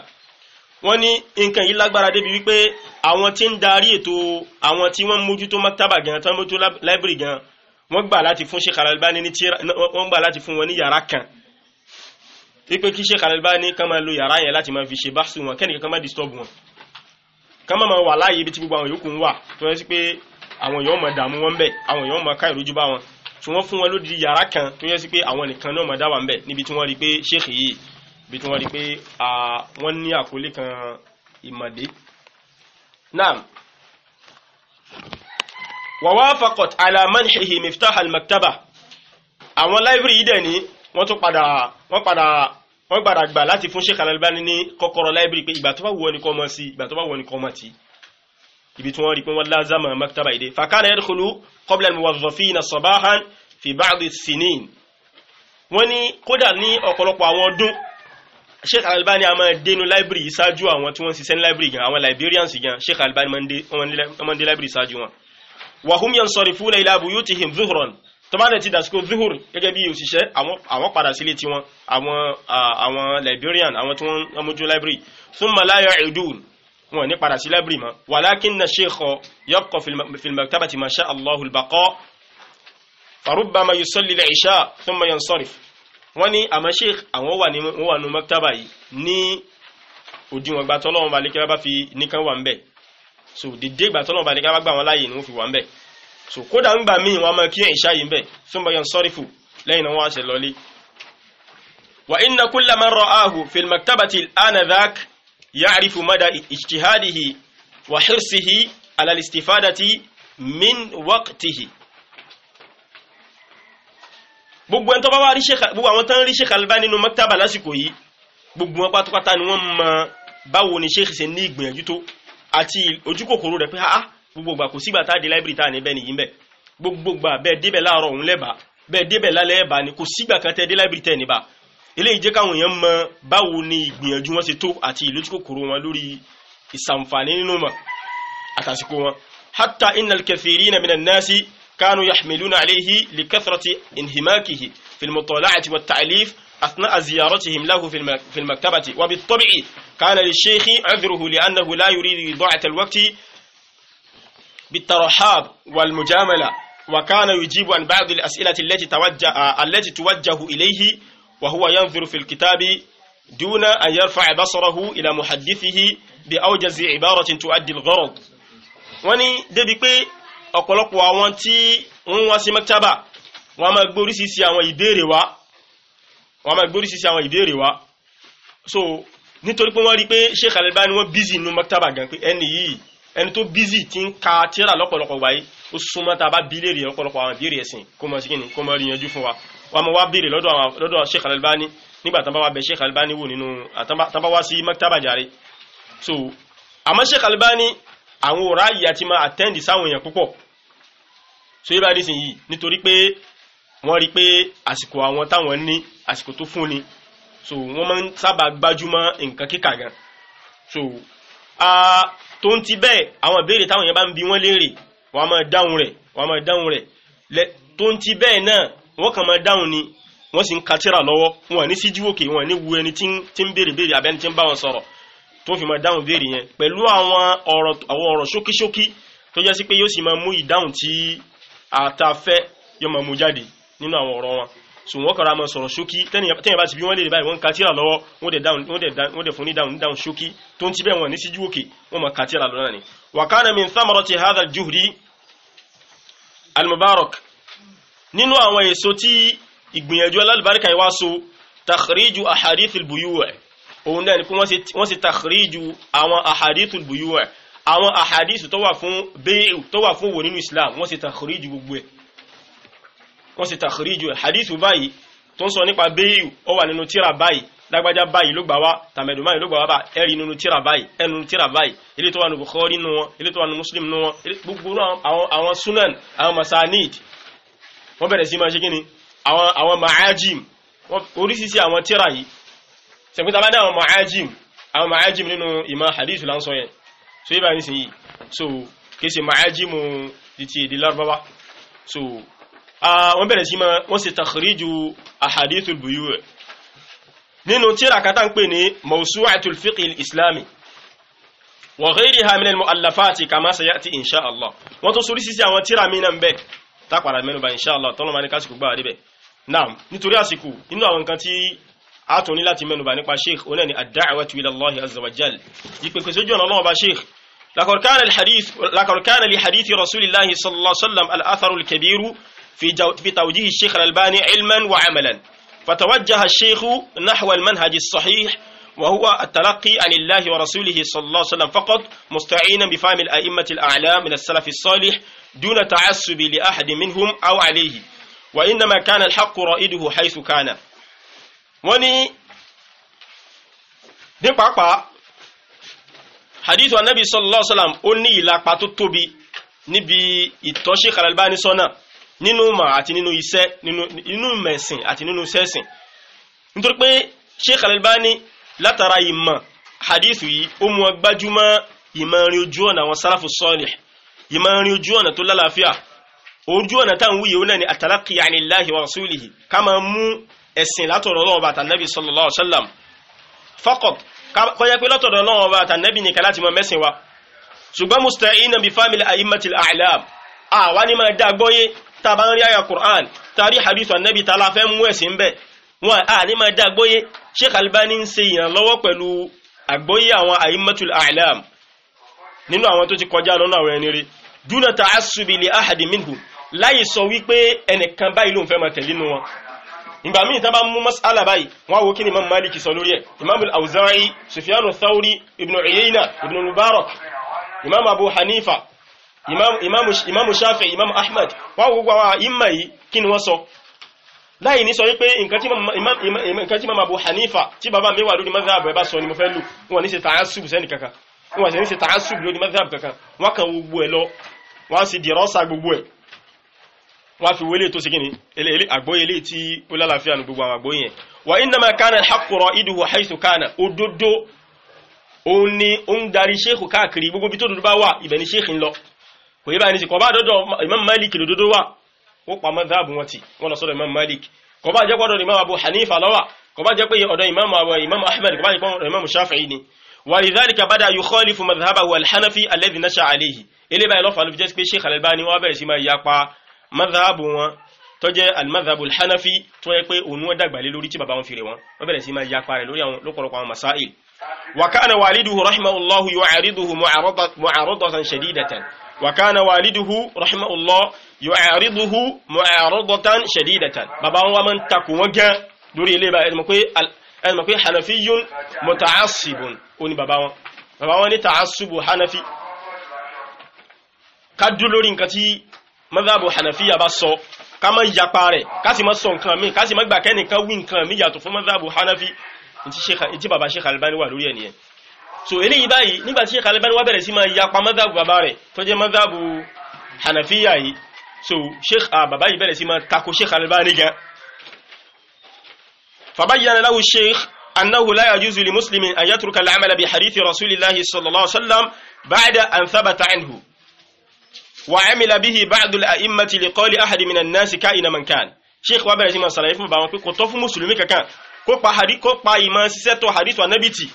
wọ́n ní nǹkan yìí lágbára débi wípé àwọn tí ń darí ètò àwọn tí wọ́n mójútó maktaba gan tán mójútó library gan wọ́n gbà láti fún Sheikh Al-Albani ní tírà wọ́n gbà láti fún wọn ní yàrá kan wípé kí Sheikh Al-Albani kan máa lo yàrá yẹn láti máa fi ṣe báṣu wọn kẹ́nìkan kan máa disturb wọn kan máa wà láàyè ibi tí gbogbo àwọn yòókù ń wà tó yẹ sí pé àwọn èèyàn máa dààmú wọn bẹ̀ àwọn èèyàn máa ká ìrújú bá wọn tí wọ́n fún wọn lódìdí yàrá kan tó yẹ sí pé àwọn nìkan náà máa dá wà ń bẹ̀ níbi tí wọ́n rí pé Sheikh yìí ibi tí wọ́n rí pé wọ́n ní àkólé kan ìmọ̀dé wàwáfàkọ̀t alamanhihi miftah almaktaba àwọn láìbírì yìí dẹ̀ ní wọ́n tún padà wọ́n padà wọ́n padà gbà láti fún Sheikh Al-Albani ní kọ́kọ́rọ́ láìbírì pé ìgbà tó bá wù ọ́ ní kọ́ mọ́ sí ìgbà tó bá wù ọ́ kọ́ mọ́ tí ibi tí wọ́n rí pé wọ́n lázàmà maktaba ìdè fakana yadkhulu qabla almuwazzafina sabahan fi ba'd as-sinin wọ́n ní kódà ní ọ̀pọ̀lọpọ̀ àwọn ọdún Sheikh al a máa dénú láìbírì yìí ṣáájú àwọn tí wọ́n ṣiṣẹ́ ní láìbírì gan àwọn librarians gan Sheikh al máa ń dé láìbírì ṣáájú wọn wàhùn yẹn sọ̀rọ̀ fún ilẹ̀ abuyutihim zuhuran tó bá dẹ̀ ti dàsíkò zuhur gẹ́gẹ́ bí òṣìṣẹ́ àwọn padà sílé tiwọn àwọn àwọn librarian àwọn tí wọ́n mójú library thumma la ya'udun wọn ní padà sí library mọ́ walakinna sheikha yabqa fil maktabati ma sha Allahu al-baqa farubbama yusalli al-isha thumma yansarif wọ́n ní àmọ́ sheikh àwọn wà nínú maktaba yìí ní òdiwọ̀n gbàtọ́lọ́wọ́n balẹ̀ kí wọ́n bá fi nìkan wà ń so dédé ìgbà tọ́lọ̀ bá ní ká bá gbà wọn láàyè ni wọ́n fi wà ń so kódà ń gbà míì wọn máa kí ìṣá yìí ń bẹ̀ súnmọ́ yẹn sọ́rífù lẹ́yìn náà wọ́n á ṣe lọ́lé. wa inna kulla man ra'ahu fil maktabati anadhak ya'rifu mada ijtihadihi wa hirsihi ala al-istifadati min waqtihi. gbogbo ẹni tó bá wá rí Sheikh gbogbo àwọn tó ń rí Sheikh Albani nínú maktaba lásìkò yìí gbogbo wọn pátápátá ni wọ́n mọ báwo ni Sheikh àti ojú kòkòrò rẹ̀ pé ah, ah gbogbo ìgbà kò sígbà tá a dé library tá a ní bẹ́ẹ̀ nìyí bẹ́ẹ̀ gbogbo ìgbà bẹ́ẹ̀ débẹ̀ láàárọ̀ òun lẹ́bàá bẹ́ẹ̀ débẹ̀ lálẹ́ ẹ̀bà ni kò sígbà kan tẹ́ dé library tẹ́ níbà eléyìí jẹ́ káwọn èèyàn mọ báwo ni ìgbìyànjú wọn ṣe tó àti ìlójú wọn lórí ìsànfàní nínú mọ̀ àtàsìkò wọn hatta innal kathirina minan nasi كانوا يحملون عليه لكثرة انهماكه في المطالعة والتعليف أثناء زيارتهم له في المكتبة وبالطبع كان للشيخ عذره لأنه لا يريد إضاعة الوقت بالترحاب والمجاملة وكان يجيب عن بعض الأسئلة التي توجه, التي توجه إليه وهو ينظر في الكتاب دون أن يرفع بصره إلى محدثه بأوجز عبارة تؤدي الغرض wani débi pé ọ̀pọ̀lọpọ̀ àwọn tí wọ́n wá sí maktaba wọ́n máa gbóríṣiríṣi àwọn ìbéèrè wá wọ́n so nítorí pé wọ́n rí pé Sheikh Al-Albani wọ́n bízì inú maktaba gan pé ẹni yìí ẹni tó bízì ti ń ka tíra lọ́pọ̀lọpọ̀ wáyé ó súnmọ́ tá a bá bí léèrè lọ́pọ̀lọpọ̀ àwọn ìbéèrè ẹ̀sìn kó mọ̀ sí kí ni kó mọ̀ rí yanjú fún wa wọ́n mọ̀ wá béèrè lọ́dọ̀ Sheikh Al-Albani nígbà tán bá wá bẹ Sheikh Al-Albani wò nínú tán bá wá sí maktaba jàre so àmọ́ Sheikh Al-Albani àwọn òrá yìí àti máa attend sáwọn èèyàn púpọ̀ so yíba nísìnyí nítorí pé wọ́n rí pé àsìkò àwọn táwọn ní so wọ́n máa ń sábà gbájúmọ́ nǹkan kíkà gan so tó ń ti bẹ́ẹ̀ àwọn ìbéèrè táwọn èèyàn bá ń bi wọ́n léèrè wọ́n á máa dáhùn rẹ̀ wọ́n á máa dáhùn rẹ̀ tó ń ti bẹ́ẹ̀ náà wọ́n kàn máa dáhùn ni wọ́n sì ń katira lọ́wọ́ wọn ní síjú òkè wọn ní wu ẹni tí ń béèrè béèrè abẹ́ni tí ń bá wọn sọ̀rọ̀ tó fi máa dáhùn béèrè yẹn pẹ̀lú àwọn ọ̀rọ̀ ṣókíṣókí tó jẹ́ sí pé yóò sì máa mú ìdáhùn tí àtàfẹ́ yóò máa mú jáde nínú àwọn ọ̀rọ̀ wọn sùnwọ́n kọ́ra mọ́ sọ̀rọ̀ ṣókí tẹ́yìn bá ti bí wọ́n lè báyìí wọ́n kàtíra lọ́wọ́ wọ́n dẹ̀ fún ní dáhùn dáhùn ṣókí tó ń ti bẹ́ẹ̀ wọ́n ní síjú òkè wọ́n mọ̀ kàtíra lọ́wọ́ náà ni wa kana min thamarati hadha al-juhdi mubarak nínú àwọn èso tí ìgbìyànjú alálùbáríkà yìí wá so takhriju ahadith al-buyu' òun náà ni pé wọ́n sì takhriju àwọn ahadith al-buyu' àwọn ahadith tó wà fún bẹ́ẹ̀ tó wà fún wò nínú Islam wọ́n sì takhriju gbogbo ẹ̀ kọ́ sí tàkìríjù ẹ̀ hadithu báyìí tó ń sọ nípa béèyù ó wà nínú tíra báyìí lágbájá báyìí ló gbà wá tàmẹ̀dù báyìí ló gbà wá bá ẹ̀rí nínú tíra báyìí ẹnu tíra báyìí ilé tó wà nínú Bukhari nínú wọn ilé tó wà nínú Muslim nínú wọn gbogbo àwọn sunan àwọn masanid wọ́n bẹ̀rẹ̀ sí máa ṣe kíni àwọn ma'ajim oríṣiríṣi àwọn tíra yìí sẹ̀kúta bá ní àwọn ma'ajim àwọn ma'ajim nínú ìmọ̀ hadith lánsọ yẹn so yíba nísìnyí so kìí ṣe ma'ajimu ti ti èdè lárúbáwá so Ah, wọ́n bẹ̀rẹ̀ sí máa wọ́n sì takhriju ahadithul buyu' nínú tíra kata ń pè ní mawsu'atul fiqhil islami wa ghayriha minal mu'allafati kama sayati insha Allah wọ́n tó sórí sísí àwọn tíra mìíràn bẹ́ẹ̀ tápàdà mẹ́nuba insha Allah tọ́lọ́ máa ní kásìkò gbáà débẹ̀ naam nítorí àsìkò inú àwọn nǹkan tí a tún ní láti لقد كان الحديث لقد كان لحديث رسول الله صلى الله عليه وسلم الأثر الكبير في في توجيه الشيخ الألباني علما وعملا فتوجه الشيخ نحو المنهج الصحيح وهو التلقي عن الله ورسوله صلى الله عليه وسلم فقط مستعينا بفهم الأئمة الأعلام من السلف الصالح دون تعسب لأحد منهم أو عليه وإنما كان الحق رائده حيث كان وني دي بابا حديث النبي صلى الله عليه وسلم أني لا باتو توبي نبي إتوشي خلال باني al nínú mọ̀ àti nínú iṣẹ́ nínú mẹ̀sìn àti nínú sẹ́sìn nítorí pé Sheikh Al-Albani látara ìmọ̀ hadith yìí ó mú gbájúmọ́ ìmọ̀rin ojú ọ̀nà àwọn sálàfù sọ́ọ̀lẹ̀ ìmọ̀rin ojú ọ̀nà tó lálàáfíà ojú ọ̀nà táwọn wúyẹ̀ ó náà ni àtàlákì àníláhi wa rasulihi ká máa mú ẹ̀sìn látọ̀rọ̀ Ọlọ́run bàtà nẹ́bí sallallahu alaihi wasallam faqat pé látọ̀rọ̀ Ọlọ́run bàtà nẹ́bí nìkan láti mọ mẹ́sìn wa ṣùgbọ́n musta'ina bi family a'immatil a'lam àwa ni máa dá gbọ́yé tàbá ń rí àyà Qur'an tàrí hadith anabi tàlà fẹ́ mú ẹ̀sìn bẹ́ẹ̀ wọn a ní máa dá agbóyé Sheikh Albani ń ṣe ìrànlọ́wọ́ pẹ̀lú agbóyé àwọn a'immatul a'lam nínú àwọn tó ti kọjá lọ́nà àwọn ẹni rí dúnà ta'assubi li ahadi minhu láyé sọ wípé ẹnìkan báyìí ló ń fẹ́ máa tẹ̀lé nu wọn ìgbà míì tán mú mas'ala báyìí wọ́n á kí ni imam malik sọ lórí ẹ̀ imam al-awza'i sufyan al ibn uyayna ibn mubarak imam abu hanifa imamu shafi imamu ahmad wọ́n gbogbo àwọn imma yìí kí ni wọ́n sọ láì ní sọ wípé nǹkan tí mama abu hanifa tí bàbá mi wà lórí mazhab ẹ̀bá sọ ni mo fẹ́ lù wọ́n ní ṣe tààsùbù sẹ́ni kankan wọ́n sì ní ṣe tààsùbù lórí mazhab kankan wọ́n kan gbogbo ẹ̀ lọ wọ́n sì dìrọ́sà gbogbo ẹ̀ wọ́n fi wọlé tó sí gini àgbóyé lè tí ó lálàáfíà ní gbogbo àwọn àgbóyé yẹn wà innama kana al-haqqu iduhu haythu kana òdodo òun ni ó ń darí ṣéèkù káàkiri gbogbo bí tó dúdú bá wà ibẹ̀ ni ṣéèkì ń lọ kò yí báyìí ní sí kọ̀bá àdọ́dọ̀ imam malik lòdòdó wà ó pa madhabu wọn ti wọ́n lọ sọ́dọ̀ imam malik kọ̀bá jẹ́ pọ́dọ̀ imam abu hanifa lọ́wà kọ̀bá jẹ́ pé ọ̀dọ̀ imam abu imam ahmed kọ̀bá jẹ́ pọ́dọ̀ imam shafi'i ni wa lidhalika bada yukhalifu madhhabahu al-hanafi alladhi nasha alayhi ilé báyìí lọ́fà ló fi jẹ́ pé sheikh al-albani wọ́n bẹ̀rẹ̀ sí máa yapa madhhabu wọn tó jẹ́ al-madhhabu al-hanafi tó yẹ pé òun wọn dàgbà lé lórí tí bàbá wọn fi rè wọn wọ́n bẹ̀rẹ̀ sí máa yapa rẹ̀ lórí àwọn lọ́pọ̀lọpọ̀ àwọn masáìl wa kana waliduhu rahimahullahu yu'ariduhu mu'aradatan shadidatan وكان والده رحمه الله يعارضه معارضة شديدة بابا هو من تكون جا دوري لي بقى المكوي كوي حنفي متعصب وني بابا هو بابا هو تعصب حنفي كدو لوري nǹkan tí madhabu hanafiya bá sọ ká má yapa rẹ̀ ká sì má sọ nǹkan mi ká sì má gbà kẹ́nìkan wí nǹkan mi yàtọ̀ fún madhabu hanafi nti sheikh sheikh albani wà lórí ènìyàn so eléyìí báyìí nígbà tí Sheikh Al-Albani wá bẹ̀rẹ̀ sí máa yapa mọ́dàbù bàbá rẹ̀ tó jẹ́ mọ́dàbù hànàfíyà yìí so sheikh ah, bàbá yìí bẹ̀rẹ̀ sí máa tako Sheikh Al-Albani gan fabayyana lahu sheikh annahu la yajuzu li muslimin an yatruka al-amala bi hadithi rasulillahi sallallahu alaihi wasallam ba'da an thabata anhu wa amila bihi ba'd al-a'immati li qawli ahad min an-nas ka'ina man kan sheikh wá bẹ̀rẹ̀ sí máa ṣàlàyé fún bàbá wọn kò tọ́ fún mùsùlùmí kankan kó pa hadith kó pa ìmọ̀ ṣiṣẹ́ tó hadith wa nabiti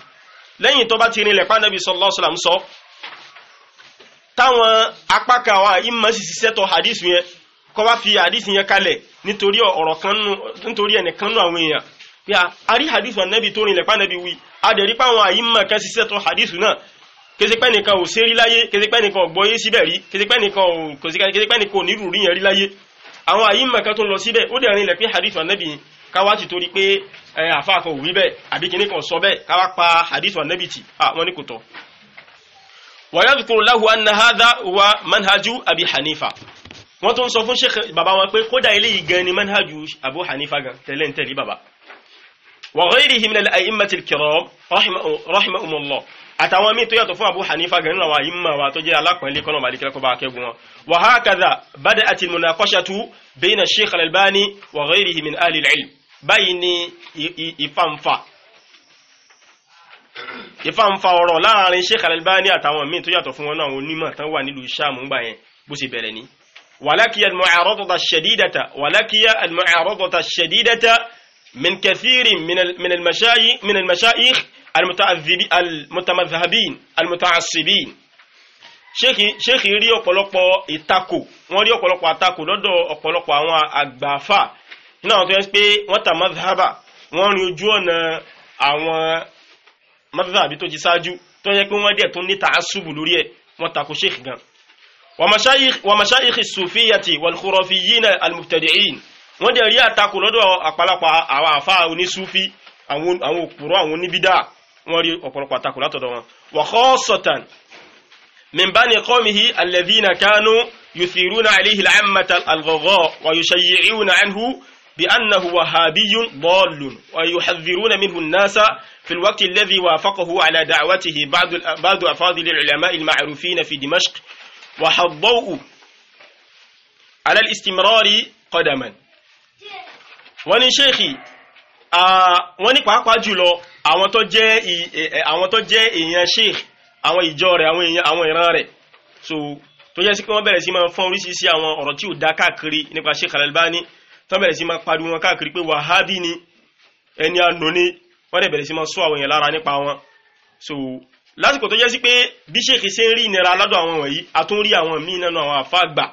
lẹ́yìn tó bá ti rinlẹ̀ pánàbí sallallahu alaihi wasallam sọ táwọn apáka wa ìmọ̀ sì ṣiṣẹ́ tó hadith yẹn kọ́ wá fi hadith yẹn kalẹ̀ nítorí ọ̀rọ̀ kan nù nítorí ẹnìkan nù àwọn èèyàn pé a rí hadith ànábì tó rinlẹ̀ pánàbí wí adẹ̀rí páwọn àyímọ̀ kan ṣiṣẹ́ tó hadith náà kesepẹ́ nìkan ò ṣe rí láyé kesepẹ́ nìkan ò gbọ́yé síbẹ̀ rí kesepẹ́ nìkan ò kesepẹ́ nìkan ò nírú rí yẹn rí láyé àwọn àyímọ̀ kan tó lọ síbẹ̀ ó dẹ̀ rinlẹ̀ pé hadith ànábì yẹn káwá ti torí pé àfa kan ò wí bẹ́ẹ̀ àbí kinní kan sọ bẹ́ẹ̀ káwá pa hadith anabi tì wọ́n ní kò tọ́. wa yadhkuru lahu anna hadha wa manhaju abi hanifa wọ́n tún sọ fún sheikh baba wọn pé kódà eléyìí gan ni manhaju abu hanifa gan tẹ̀lé ń tẹ̀lé baba. wa ghayrihi min al-a'immatil kiram rahimahumullah àtàwọn míì tó yàtọ̀ fún Abu Hanifa gẹ̀rẹ́ náà wà yìí mọ̀ wà tó jẹ́ alápẹ̀lẹ́ kọ́nà báyìí ni ìfàǹfà ìfàǹfà ọ̀rọ̀ láàrin Sheikh Al-Albani àtàwọn míì tó yàtọ̀ fún wọn náà àwọn onímọ̀ tán wà nílùú Ṣáàmù ńgbà yẹn bó ṣe bẹ̀rẹ̀ ni walakiya al-mu'aradata ash-shadidata walakiya al-mu'aradata ash-shadidata min kathirin min al-mashayikh min al-mashayikh al-mutamadhhabin al-muta'assibin Sheikh rí ọ̀pọ̀lọpọ̀ ìtakò wọ́n rí ọ̀pọ̀lọpọ̀ àtakò lọ́dọ̀ ọ̀pọ̀lọpọ̀ àwọn àgbààfà nínú àwọn tó yẹ pé wọ́n ta madhaba wọ́n rin ojú ọ̀nà àwọn madhabi tó ti ṣáájú tó yẹ pé wọ́n dẹ̀ tó ní tàásùbù lórí ẹ̀ wọ́n takò sheikh gan wa mashayikh sufiyati wal khurafiyina al mubtadi'in wọ́n dẹ̀ rí àtakò lọ́dọ̀ àpàlàpà àwọn àfa onísúfí àwọn òpùrọ̀ àwọn oníbídà wọ́n rí ọ̀pọ̀lọpọ̀ àtakò látọ̀dọ̀ wọn wa khassatan min bani qawmihi alladhina kanu yuthiruna alayhi al-ammata al بأنه وهابي ضال ويحذرون منه الناس في الوقت الذي وافقه على دعوته بعض بعض أفاضل العلماء المعروفين في دمشق وحضوا على الاستمرار قدما wọ́n ní ṣéèkì wọ́n ní àwọn tó jẹ́ àwọn tó jẹ́ èèyàn ṣéèkì àwọn ìjọ rẹ̀ àwọn èèyàn àwọn ìran rẹ̀ so tó jẹ́ sí pé wọ́n bẹ̀rẹ̀ sí máa fọ́n oríṣiríṣi àwọn ọ̀rọ̀ tí ò dá káàkiri nípa ṣéèkì al tó bẹ̀rẹ̀ sí máa pariwo wọn káàkiri pé wàhábì ni ẹni àná ni wọ́n dẹ̀ bẹ̀rẹ̀ sí máa sọ àwọn èèyàn lára nípa wọn so lásìkò tó jẹ́ sí pé bí ṣèkì ṣe ń rí ìnira aládùn àwọn wọ̀nyí a tún rí àwọn míì nínú àwọn àfa àgbà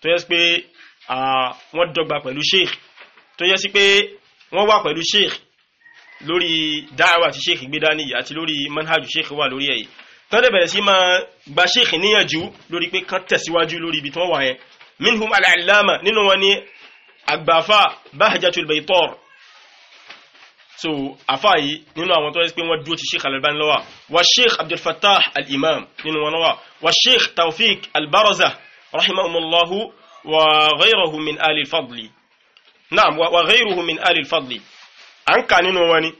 tó jẹ́ sí pé wọ́n dọ́gba pẹ̀lú ṣèkì tó jẹ́ sí pé wọ́n wà pẹ̀lú ṣèkì lórí dáhàwá tí ṣèkì gbé dání àti lórí manhajù ṣèkì wà lórí èyí tó dẹ̀ bẹ̀rẹ̀ sí máa gba ṣèkì níyànjú lórí pé kán tẹ̀síwájú lórí ibi tí wọ́n wà yẹn minhum al-allama nínú wọn ni agbafa bahjatul baytor so afa yi nínú àwọn tó yẹ pé wọ́n dúró ti sheikh al-Albani ló wà wa sheikh abdul fattah al-imam nínú wọn ló wà wa sheikh tawfiq al-baraza rahimahumullahu wa ghayruhu min ali al-fadli naam wa ghayruhu min ali al-fadli an ka nínú wani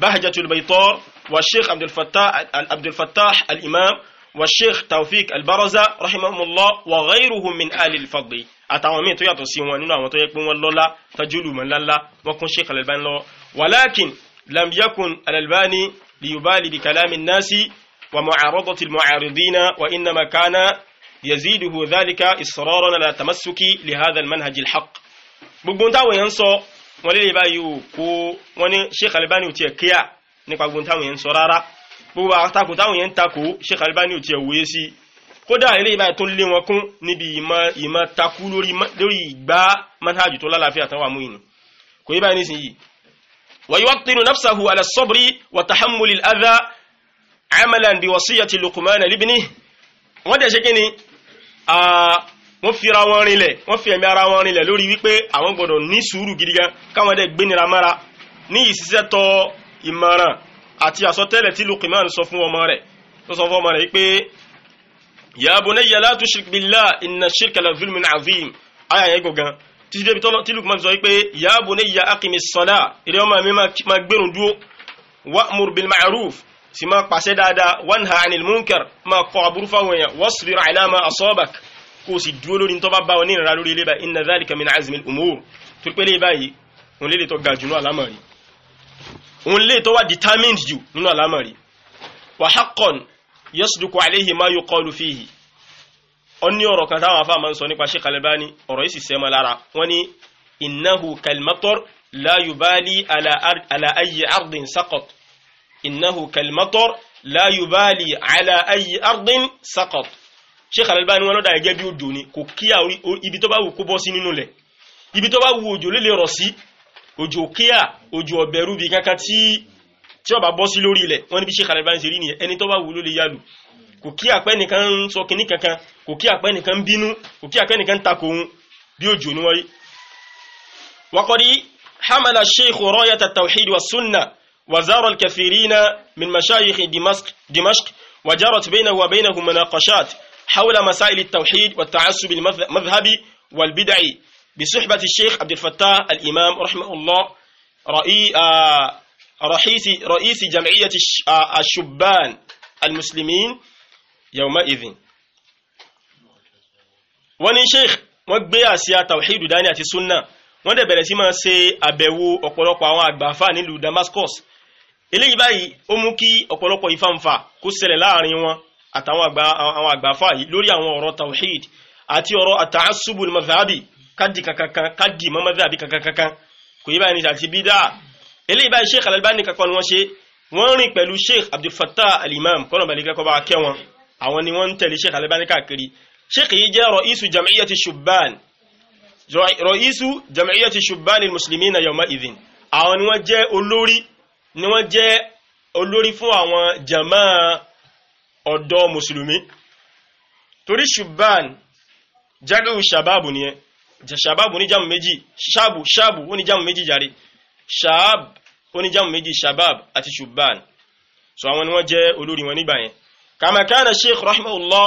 bahjatul baytor wa sheikh abdul fattah abdul fattah al-imam wa sheikh tawfiq al-baraza rahimahumullahu wa ghayruhu min ali fadli àtàwọn míì tó yàtọ̀ sí wọn nínú àwọn tó yẹ pé wọ́n lọ́lá tajúlùmọ̀ ńláńlá wọ́n kún Sheikh Al-Albani lọ́wọ́ walakin lam yakun Al-Albani liyubali bi kalami nasi wa mu'aradati al-mu'aridina wa innama kana yaziduhu dhalika israran ala tamassuki li hadha al-manhaj al-haq gbogbo táwọn yẹn sọ wọn lè báyìí o kó wọn ní Sheikh al ò tiẹ̀ kíyà nípa gbogbo táwọn yẹn sọ rárá gbogbo àtakò táwọn yẹn takò Sheikh al ò tiẹ̀ wòye sí kódà ilé ìbáyìí tó lé wọn kún níbi ìmọ̀ takú lórí ìgbà manhajù tó lálàáfíà tán wà mú ìní kò yí báyìí nísìnyí ويوطن نفسه على الصبر وتحمل الأذى عملا بوصية لقمان لابنه wọ́n dẹ̀ ṣe kí ni wọ́n fi ara wọn rinlẹ̀ wọ́n fi ẹ̀mí ara wọn rinlẹ̀ lórí wípé àwọn gbọ́dọ̀ ní sùúrù gidi gan káwọn dẹ̀ gbénira mára ní ìṣiṣẹ́ tọ ìmọ̀ràn àti àsọtẹ́lẹ̀ tí Luqman sọ fún ọmọ rẹ̀ sọ fún ọmọ rẹ̀ wípé ya bunayya la tushrik billah inna shirka la zulmun azim aya yẹn gọ̀gán títí débi tọ́lọ́ tí lukman sọ wípé ya bunayya aqimis salah eré ọmọ mi máa gbẹ̀rùn dúró wa'mur bil ma'ruf sì máa pàṣẹ dáadáa wanha anil munkar máa kọ àbúrú fáwọn èèyàn wasbir ala ma asabak kó o sì dúró lórí tó bá bá wọn ní ìrora lórí ilé inna dhalika min azmil umur torí pé lè báyìí òun lè tó ga jù nínú àlámọ̀rí òun lè tó wà determined jù nínú àlámọ̀rí wa haqqan yasduku alayhi ma yuqalu fihi on ní ọ̀rọ̀ kan táwọn afa máa ń sọ nípa Sheikh Al-Albani ọ̀rọ̀ yìí sì sẹ́mọ́ lára wọ́n ní innahu kalmatar la yubali ala ayi ardin saqat innahu kalmatar la yubali ala ayi ardin saqat Sheikh wọn lọ́dà ẹgẹ́ bí odò ni kò kí ibi tó bá wù kó bọ́ sí nínú lẹ̀ ibi tó bá wù òjò lè rọ̀ sí òjò kíá òjò ọ̀bẹ̀rú bí kankan tí tí ọba bọ́ sí lórí ilẹ̀ wọ́n ní bí Sheikh Al-Albani ṣe rí nìyẹn ẹni tó bá wù ló lè yálù kò kí àpẹ́ nìkan ń sọ kìíní kankan kò kí àpẹ́ nìkan ń bínú kò kí àpẹ́ nìkan ń takò òun bí òjò ní wọ́n rí. waqad hamala Sheikh rayata at-tawhid wa sunna wa zara al-kathirina min mashayikh Dimashq wa jarat baynahu wa baynahum munaqashat hawla masail tawhid wa at-ta'assub al-madhhabi wal bi suhbati Sheikh Abd al imam rahimahullah ra'i ah, رئيس رئيس جمعية الشبان المسلمين يومئذ wọ́n ní sheikh wọ́n gbé àsíá tawhidu dání àti sunna wọ́n dẹ̀ bẹ̀rẹ̀ sí máa ṣe àbẹ̀wò ọ̀pọ̀lọpọ̀ àwọn àgbààfà nílùú Damascus eléyìí báyìí ó mú kí ọ̀pọ̀lọpọ̀ ìfàǹfà kó ṣẹlẹ̀ láàrin wọn àtàwọn àgbààfà yìí lórí àwọn ọ̀rọ̀ tawhid àti ọ̀rọ̀ àtàásùbù madhabi kádì kankan kádì mọ́ madhabi kankan kankan kò yí báyìí ní àti bídà eléyìí báyìí sheikh al-Albani kankan ni wọ́n ṣe wọ́n rìn pẹ̀lú sheikh abdulfatah al-imam kọ́nà balẹ̀ kọ́ bá kẹ́ wọn àwọn ni wọ́n ń tẹ̀lé sheikh al-Albani káàkiri sheikh yìí jẹ́ rọ̀ísù jam'iyyati shubban rọ̀ísù jam'iyyati shubban al-muslimina yawma idhin àwọn ni wọ́n jẹ́ olórí ni wọ́n jẹ́ olórí fún àwọn jamaa ọ̀dọ́ mùsùlùmí torí shubban jagu shababu ni ẹ shababu ní jàmù méjì shabu shabu ó ní jàmù méjì jàre ṣàáb oníjàmù méjì shabab àti ṣùgbọ́n so àwọn ni wọ́n jẹ́ olórí wọn nígbà yẹn kama kana sheikh rahimahullah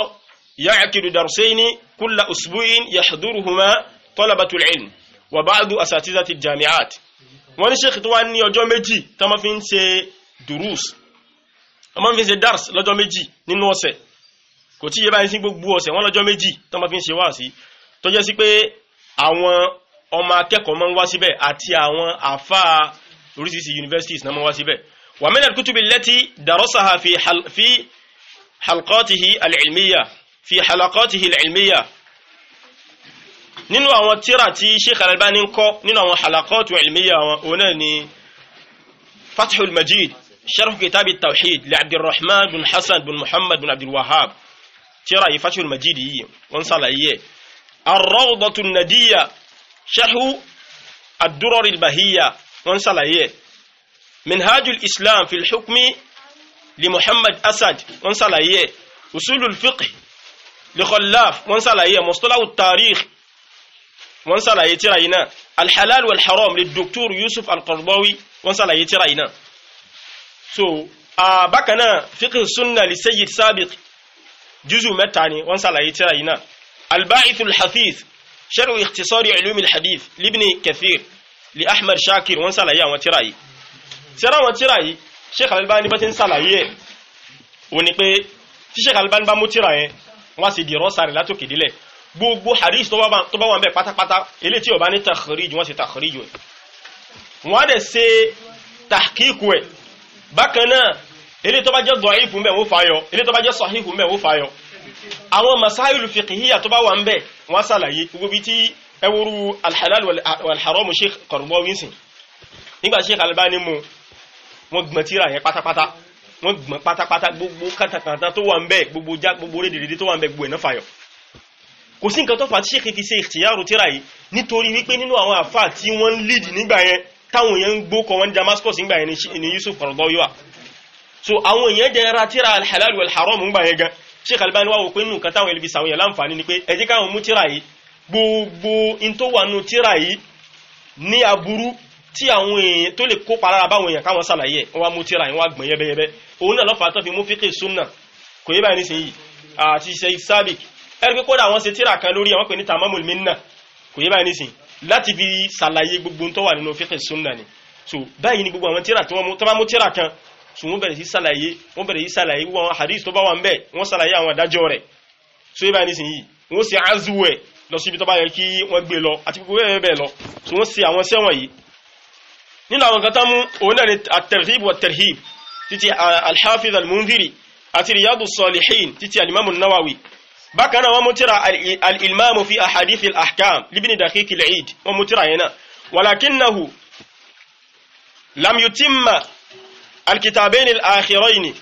ya'qidu darsaini kulla usbu'in yahduruhuma talabatul ilm wa ba'du asatizati jami'at wọ́n ní sheikh tó wá ní ọjọ́ méjì tó máa fi ń ṣe durus wọ́n máa fi ń ṣe dars lọ́jọ́ méjì nínú ọ̀sẹ̀ kò tí yẹ báyìí sí gbogbo ọ̀sẹ̀ wọ́n lọ́jọ́ méjì tó máa fi ń ṣe wá sí tó jẹ́ sí pé àwọn ọmọ akẹ́kọ̀ọ́ máa ń wá síbẹ̀ àti àwọn àfa oríṣiríṣi universities náà máa ń wá síbẹ̀ wa min al-kutubi allati darasaha fi fi halqatihi al-ilmiya fi halaqatihi al-ilmiya nínú àwọn tíra tí Sheikh Al-Albani ń kọ́ nínú àwọn halaqatu al-ilmiya wọn òun náà ni Fathul Majid sharh kitab at-tawhid li Abdurrahman bin Hasan bin Muhammad bin Abdul tíra yìí Fathul Majid yìí wọ́n sàlàyé ar-rawdatu شرح الدرر البهية من bahiyya منهاج الإسلام في الحكم لمحمد أسد من ونساليه أصول الفقه لخلاف من ونساليه مصطلح التاريخ من ونساليه رأينا الحلال والحرام للدكتور يوسف القرباوي القرضاوي ونساليه تراينا so abakana fiqh sunna li sayyid sabiq juzu matani ونساليه تراينا الباعث الحثيث sharh اختصار علوم الحديث hadith كثير kathir شاكر ahmed shakir wọ́n ṣàlàyé àwọn tírà yìí tírà àwọn tírà yìí sheikh al-albani bá ti ń ṣàlàyé ẹ̀ wọ́n ní pé tí sheikh al-albani bá mú tírà yẹn wọ́n sì dìrọ́ sáré látòkè délẹ̀ gbogbo hadith tó bá wà ń bẹ pátápátá eléyìí tí ó bá ní takhrij wọ́n sì takhrij ẹ̀ wọ́n dẹ̀ ṣe tahqiqu ẹ̀ bákan náà eléyìí tó bá jẹ́ da'if ń bẹ fàyọ eléyìí tó bá jẹ́ sahih ń fàyọ àwọn masáìlù fiqhiyya tó bá wà ń bẹ̀ wọ́n sàlàyé gbogbo bí tí ẹwúrú alhalal walharamu sheikh Qaradawi nígbà sheikh Albani mú wọ́n gbọ́n tíra yẹn pátápátá wọ́n gbọ́n pátápátá gbogbo kátàkátà tó wà ń bẹ̀ gbogbo já gbogbo rédèrèdè tó wà ń bẹ̀ gbogbo ẹ̀nà fàyọ̀ kò sí nǹkan tó fà tí sheikh fi ṣe ìtìyàrò tíra yìí nítorí wípé nínú àwọn àfà tí wọ́n ń lead nígbà yẹn táwọn èèyàn ń gbó kọ wọn Damascus nígbà yẹn ni Yusuf Qaradawi wà so àwọn èèyàn jẹ́ ra tíra alhalal walharamu nígbà yẹn gan Sheikh Albani wá wò pé nǹkan táwọn ẹlẹ́bi sàwọn yẹn láǹfààní ni pé ẹ jẹ́ káwọn mú tíra yìí gbogbo in tó wà nù tíra yìí ní aburú tí àwọn èèyàn tó lè kópa lára báwọn èèyàn káwọn sàlàyé wọn wá mú tíra yìí wọn wá gbọ̀n yẹbẹyẹbẹ òun náà lọ́fàá tó fi mú fíkì súnà kò yé báyìí nísìnyí àti Sheikh Sabiq ẹni pé kódà wọn ṣe tíra kan lórí àwọn pè ní Tamamul Minna kò yé báyìí nísìnyí láti fi sàlàyé gbogbo tó ni so báyìí ni gbogbo àwọn tíra tí wọn so wọ́n bẹ̀rẹ̀ sí ṣàlàyé wọ́n bẹ̀rẹ̀ sí ṣàlàyé wọ́n hadith tó bá wà ń bẹ̀ wọ́n ṣàlàyé àwọn adájọ́ rẹ̀ so ibà nísìnyí wọ́n sì azuwẹ̀ lọ síbi tó bá yẹ kí wọ́n gbé lọ àti gbogbo bẹ́ẹ̀ bẹ́ẹ̀ lọ so wọ́n sì àwọn sẹ́wọ̀n yìí nínú àwọn kan tán mú òun náà ni wa at-tarhib títí al-hafiz riyadu salihin títí al nawawi bákan náà mú tírà al fi ahadith al-ahkam libni daqiq al mú tírà yẹn náà walakinahu lam yutimma الكتابين الآخرين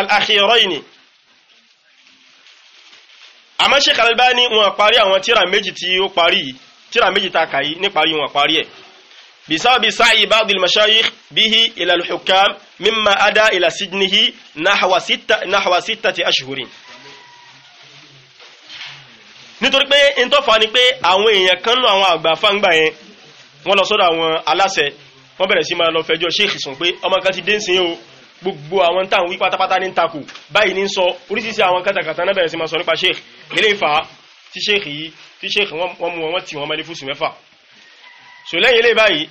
الأخيرين àmọ́ Sheikh Albani wọn parí àwọn tíra méjì tí ó parí tíra méjì ta kàyí ní parí wọn parí ẹ̀ bisabi sa'i ba'dil mashayikh bihi ila al-hukam mimma ada ila sijnihi nahwa sita nahwa sittati ashhurin nítorí pé in tó fa ni pé àwọn èèyàn kan nú àwọn àgbà fáńgbà yẹn wọ́n lọ sọ́dọ̀ àwọn aláṣẹ wọ́n bẹ̀rẹ̀ sí máa lọ fẹjọ́ sheikh sùn pé ọmọ kan ti dé sí o gbogbo àwọn táwọn wí pátápátá ní takò báyìí ní sọ oríṣiríṣi àwọn kátàkátà náà bẹ̀rẹ̀ sí máa sọ nípa sheikh lélẹ́ ìfà tí sheikh yìí tí sheikh wọ́n mú wọn tì wọ́n mẹ́lẹ́ fúsù mẹ́fà so lẹ́yìn ilé báyìí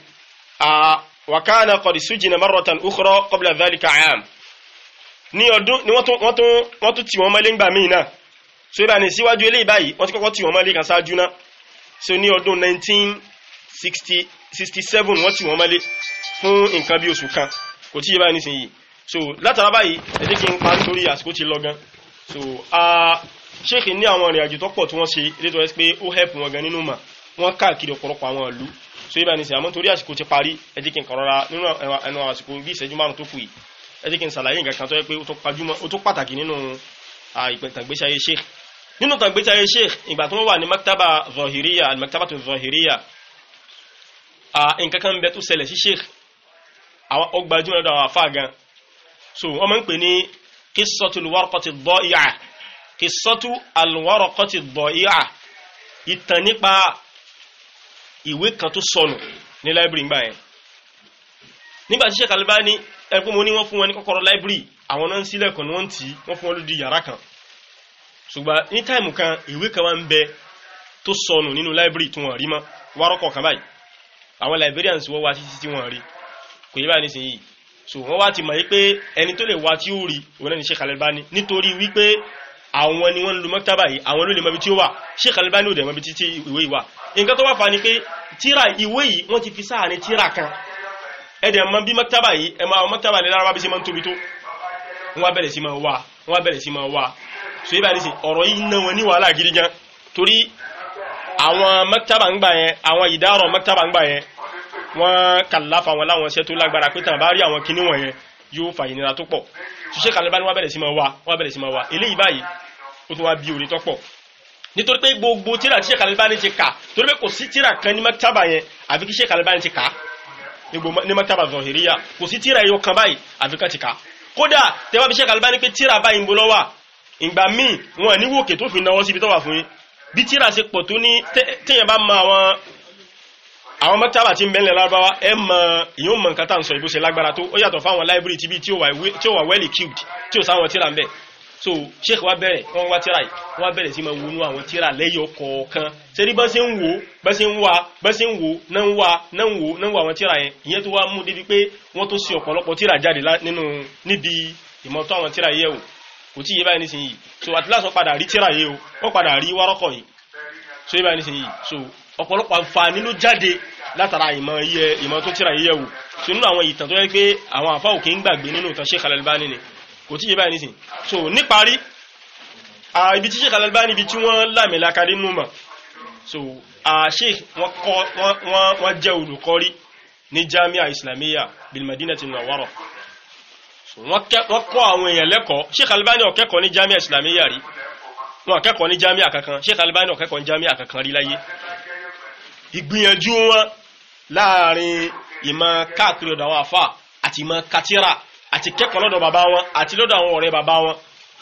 wakana qad sujina marratan ukhra qabla dhalika aam ní ọdún ni wọ́n tún tì wọ́n mẹ́lẹ́ ńgbà míì náà so ibà ní síwájú ilé báyìí wọ́n ti kọ́kọ́ tì wọ́n mẹ́lẹ́ kan ṣáájú náà so ní ọdún 1960 Sixty-seven. wọ́n tì wọ́n mọ́lé fún nǹkan bí oṣù kan kò tí yé báyìí nísìnyí so látara báyìí ẹ jẹ́ kí n parí torí àsìkò ti lọ so ṣéèkì ní àwọn ìrìnàjò tó pọ̀ tí wọ́n ṣe létò ẹ́ pé ó help wọn gan nínú mà wọ́n káàkiri ọ̀pọ̀lọpọ̀ àwọn ìlú so yé báyìí nísìnyí àmọ́ torí àsìkò ti parí ẹ jẹ́ kí n kọ̀rọ̀ra nínú ẹnu àsìkò bí ìṣẹ́jú márùn tó kù yìí ẹ jẹ́ kí n ṣàlàyé nǹkan kan tó yẹ pé ó tó pàtàkì nínú ìtàgbésí ayé ṣéèkì nínú tàgbésí ayé sheikh ìgbà tó wà ní maktaba zahiriya al-maktabatu zahiriya nǹkan kan bẹ tó ṣẹlẹ̀ sí sheikh ọgbàjúmọ̀ lọ́dọ̀ àwọn afá gan so wọ́n máa ń pè ní qissatu alwarqati ad-da'i'a qissatu alwarqati ad-da'i'a ìtàn nípa ìwé kan tó sọnù ní library gbà yẹn nígbà tí sheikh Albani ẹkún mo ní wọ́n fún wọn ní kọ́kọ́rọ́ library àwọn náà ń sílẹ̀kùn ní wọ́n tì wọ́n fún wọn lódì yàrá kan ṣùgbọ́n ní táìmù kan ìwé kan wá ń bẹ tó sọnù nínú library tí wọ́n rí mọ́ wárọ́kọ̀ kan báyìí àwọn Liberians wọ́n wá títí tí wọ́n rí kò yí báyìí nísìnyí so wọ́n wá ti mọ̀ yí pé ẹni tó lè wá tí ó rí òun náà ni Sheikh Al-Albani nítorí wípé àwọn ni wọ́n ń lu mọ́kítàbà yìí àwọn ló lè mọbi tí ó wà Sheikh Al-Albani ò dẹ̀ mọbi títí ìwé yìí wà nǹkan tó wà fà ni pé tíra ìwé yìí wọ́n ti fi sáàrin tíra kan ẹ̀dẹ̀ mọ bí mọ́kítàbà yìí ẹ̀ máa mọ́kítàbà lè lára wá bí ṣe máa ń so yí báyìí nísìnyí ọ̀rọ̀ yìí náà wọn ní wàhálà torí àwọn maktaba ń gbà yẹn àwọn ìdárọ̀ maktaba ń gbà yẹn wọ́n kàláfà wọn láwọn iṣẹ́ tó lágbára pé tàn bá rí àwọn kinní wọ̀nyẹn yóò fà ìnira tó pọ̀ ṣiṣẹ́ kàlẹ́bá ni wọ́n bẹ̀rẹ̀ sí máa wá wọ́n bẹ̀rẹ̀ sí máa wá eléyìí báyìí ó tún wá bí orí tó pọ̀ nítorí pé gbogbo tíra tíṣẹ́ kàlẹ́bá ni ti kà torí pé kò sí tíra kan ní maktaba yẹn àfi kíṣẹ́ kàlẹ́bá ni ti kà ní maktaba zọ̀hìríyà kò sí tíra yóò kan báyìí àfi kan ti kà kódà tẹ́wọ́ bí ṣe kàlẹ́bá ni pé tíra báyìí ń bolọ́ wà ìgbà míì wọn ní wòkè tó fi náwó síbi tó wà fún yín bí tíra ṣe pọ̀ tó ní téèyàn bá mọ àwọn àwọn mọ́tàbà tí ń bẹ́ńlẹ̀ lárúbáwá ẹ mọ ìyóò mọ nǹkan tá à ń sọ ìbò ṣe lágbára tó ó yàtọ̀ fáwọn láìbírì tí bí tí ó wà well equipped tí ó sáwọn tíra ń bẹ̀ so sheikh wa bẹ̀rẹ̀ wọ́n wá tíra yìí wọ́n bẹ̀rẹ̀ sí ma wọnú àwọn tíra lẹ́yọ kọ̀ọ̀kan sẹ́rí bá ṣe ń wò bá ṣe ń wà bá ṣe ń wò náà ń wà náà ń wò náà ń wà àwọn tíra yẹn ìyẹn tó wá mú débi pé wọ́n tó ṣe ọ̀pọ̀lọpọ̀ tíra jáde níbi ìmọ̀tọ́ àwọn tíra yẹ̀ wò kò tí yé báyìí nísìnyí so at last wọ́n padà rí tíra yìí wọ́n padà rí wárọ́kọ̀ yìí so yé báyìí nísìnyí so ọ̀pọ̀lọpọ̀ àǹfààní ló jáde látara ìmọ̀ iye ìmọ̀ tó tíra yìí yẹ̀wò so nínú àwọn ìtàn tó yẹ pé àwọn àfa òkè ń gbàgbé nínú ìtàn Sheikh al ni kò tí yé báyìí so níparí ibi tí Sheikh Al-Albani ibi tí wọ́n lámìlaka nínú mọ̀ so Sheikh wọ́n jẹ́ olùkọ́rí ní Jamia Islamiyya bil Madinati Munawwara wọ́n kọ́ àwọn èèyàn lẹ́kọ̀ọ́ Sheikh Albani ò kẹ́kọ̀ọ́ ní jami'a islamiyya rí wọn ò kẹ́kọ̀ọ́ ní jami'a kankan Sheikh Albani ò kẹ́kọ̀ọ́ ní jami'a kankan rí láyé ìgbìyànjú wọn láàrin ìmọ̀ káàkiri ọ̀dọ̀ àwọn afá àti ìmọ̀ katira àti kẹ́kọ̀ọ́ lọ́dọ̀ bàbá wọn àti lọ́dọ̀ àwọn ọ̀rẹ́ bàbá wọn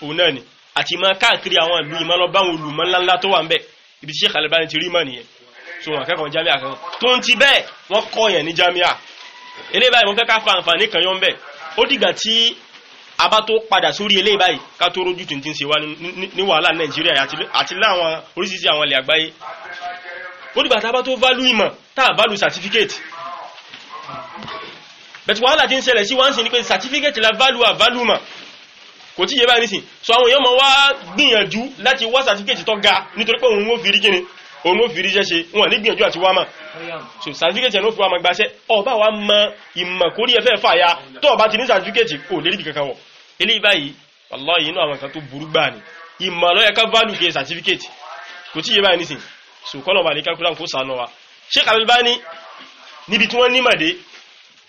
òun náà ni àti ìmọ̀ káàkiri àwọn ìlú ìmọ̀ lọ báwọn olùmọ̀ ńláńlá tó wà ń bẹ̀ ibi tí Sheikh Albani ti rí mọ̀ nìyẹn so wọn akẹ́kọ̀ọ́ jami'a kan tó ń ti bẹ́ẹ̀ wọ́n kọ́ yẹn ní jami'a eléyìí báyìí mo fẹ́ ká fa àǹfààní kan yọ ń bẹ́ẹ̀ ó dìgbà tí a bá tó padà sórí eléyìí báyìí ká tó rójú tuntun ṣe wá ní wàhálà nàìjíríà àti láwọn oríṣiríṣi àwọn ilẹ̀ àgbáyé ó dìgbà tá a bá tó válù ìmọ̀ tá a válù certificate bẹ̀tù wàhálà tí ń ṣẹlẹ̀ sí wáńsì ní pé certificate la válù àválù mọ̀ kò tí yé báyìí nísìn so àwọn èèyàn máa wá gbìyànjú láti wá certificate tó ga nítorí pé òun ó fi rí kíni òun ó fi ríṣẹ́ ṣe wọn ní gbìyànjú àti wámà so certificate ẹ̀ ló fi wámà gbaṣẹ́ ọba wa mọ ìmọ̀ kórí ẹfẹ́ fàyà tó ọba ti ní certificate kò lérí bí kankan wọ̀ eléyìí báyìí wallahi inú àwọn kan tó burú gbà ní ìmọ̀ lọ́yẹ ká value ke certificate kò tí yé báyìí nísìn so kọ́nà wà ní kákúlà kó sànà wa Sheikh Albani níbi tí wọ́n nímọ̀dé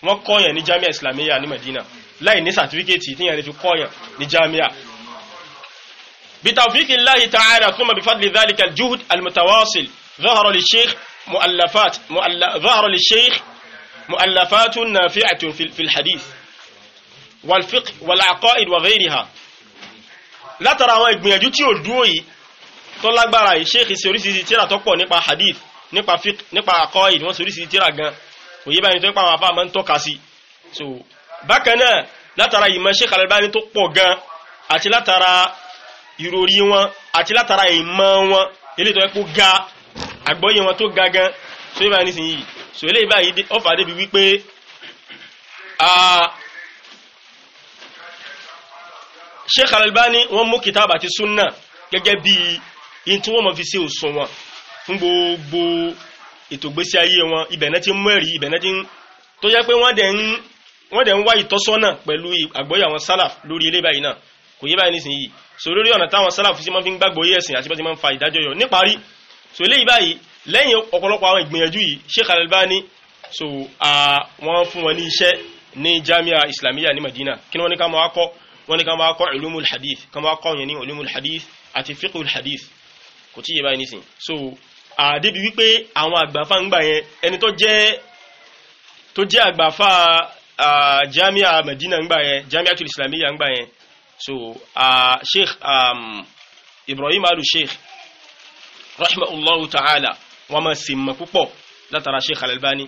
wọ́n kọ́yàn ní Jamia Islamiyya ní Madina láì ní certificate tí yẹn fi kọ́yàn ní Jamia بتوفيق الله تعالى ثم بفضل ذلك الجهد المتواصل ظهر للشيخ مؤلفات مؤل... ظهر للشيخ مؤلفات نافعة في الحديث والفقه والعقائد وغيرها لا ترى àwọn ìgbìyànjú tí ó dúró yìí tó lágbára yìí sheikh ṣe oríṣiríṣi tírà tó pọ̀ nípa hadith nípa fiqh nípa aqaid wọ́n ṣe oríṣiríṣi tírà gan òye báyìí tó pa àwọn afá máa ń tọ́ka sí so bákan náà látara ìmọ̀ sheikh Albani tó pọ̀ gan àti látara ìròrí wọn àti látara ìmọ̀ wọn ilé tó ẹ́kú ga àgbọ́yé wọn tó ga gan so ibà ní sìnyí so ilé ibà yìí ọfà débi wípé Sheikh Al-Albani wọ́n mú kìtàbà àti súnà gẹ́gẹ́ bí i tí wọ́n mọ̀ fi sí òsùn wọn fún gbogbo ètò gbésí ayé wọn ibẹ̀ náà ti mú ẹ̀rí ibẹ̀ ti ń tó jẹ́ pé wọ́n dẹ̀ ń wá ìtọ́sọ́nà pẹ̀lú àgbọ́yé àwọn sálà lórí ilé báyìí náà kò yé báyìí nísìnyí so lórí ọ̀nà táwọn sálàfù sí máa fi ń gbàgbọ́ yé ẹ̀sìn àti bá ti máa ń fa ìdájọ́ yọ níparí so eléyìí báyìí lẹ́yìn ọ̀pọ̀lọpọ̀ àwọn ìgbìyànjú yìí Sheikh al so wọ́n fún wọn ní iṣẹ́ ní Jamia Islamiyya ní Madina kí ni wọ́n ní ká máa kọ́ wọ́n ní ká máa kọ́ ulumul hadith ká máa kọ́ yẹn ní ulumul hadith àti fiqhul hadith kò tí yé báyìí nísìn so àdébi wípé àwọn àgbàfà ń gbà yẹn ẹni tó jẹ́ tó jẹ́ àgbàfà Jamia Madina ń gbà yẹn Jamiatul Islamiyya ń gbà yẹn so uh, sheikh um, ibrahim alu sheikh rahimahullahu ta'ala wọ́n máa ṣe mọ̀ púpọ̀ látara sheikh al-albani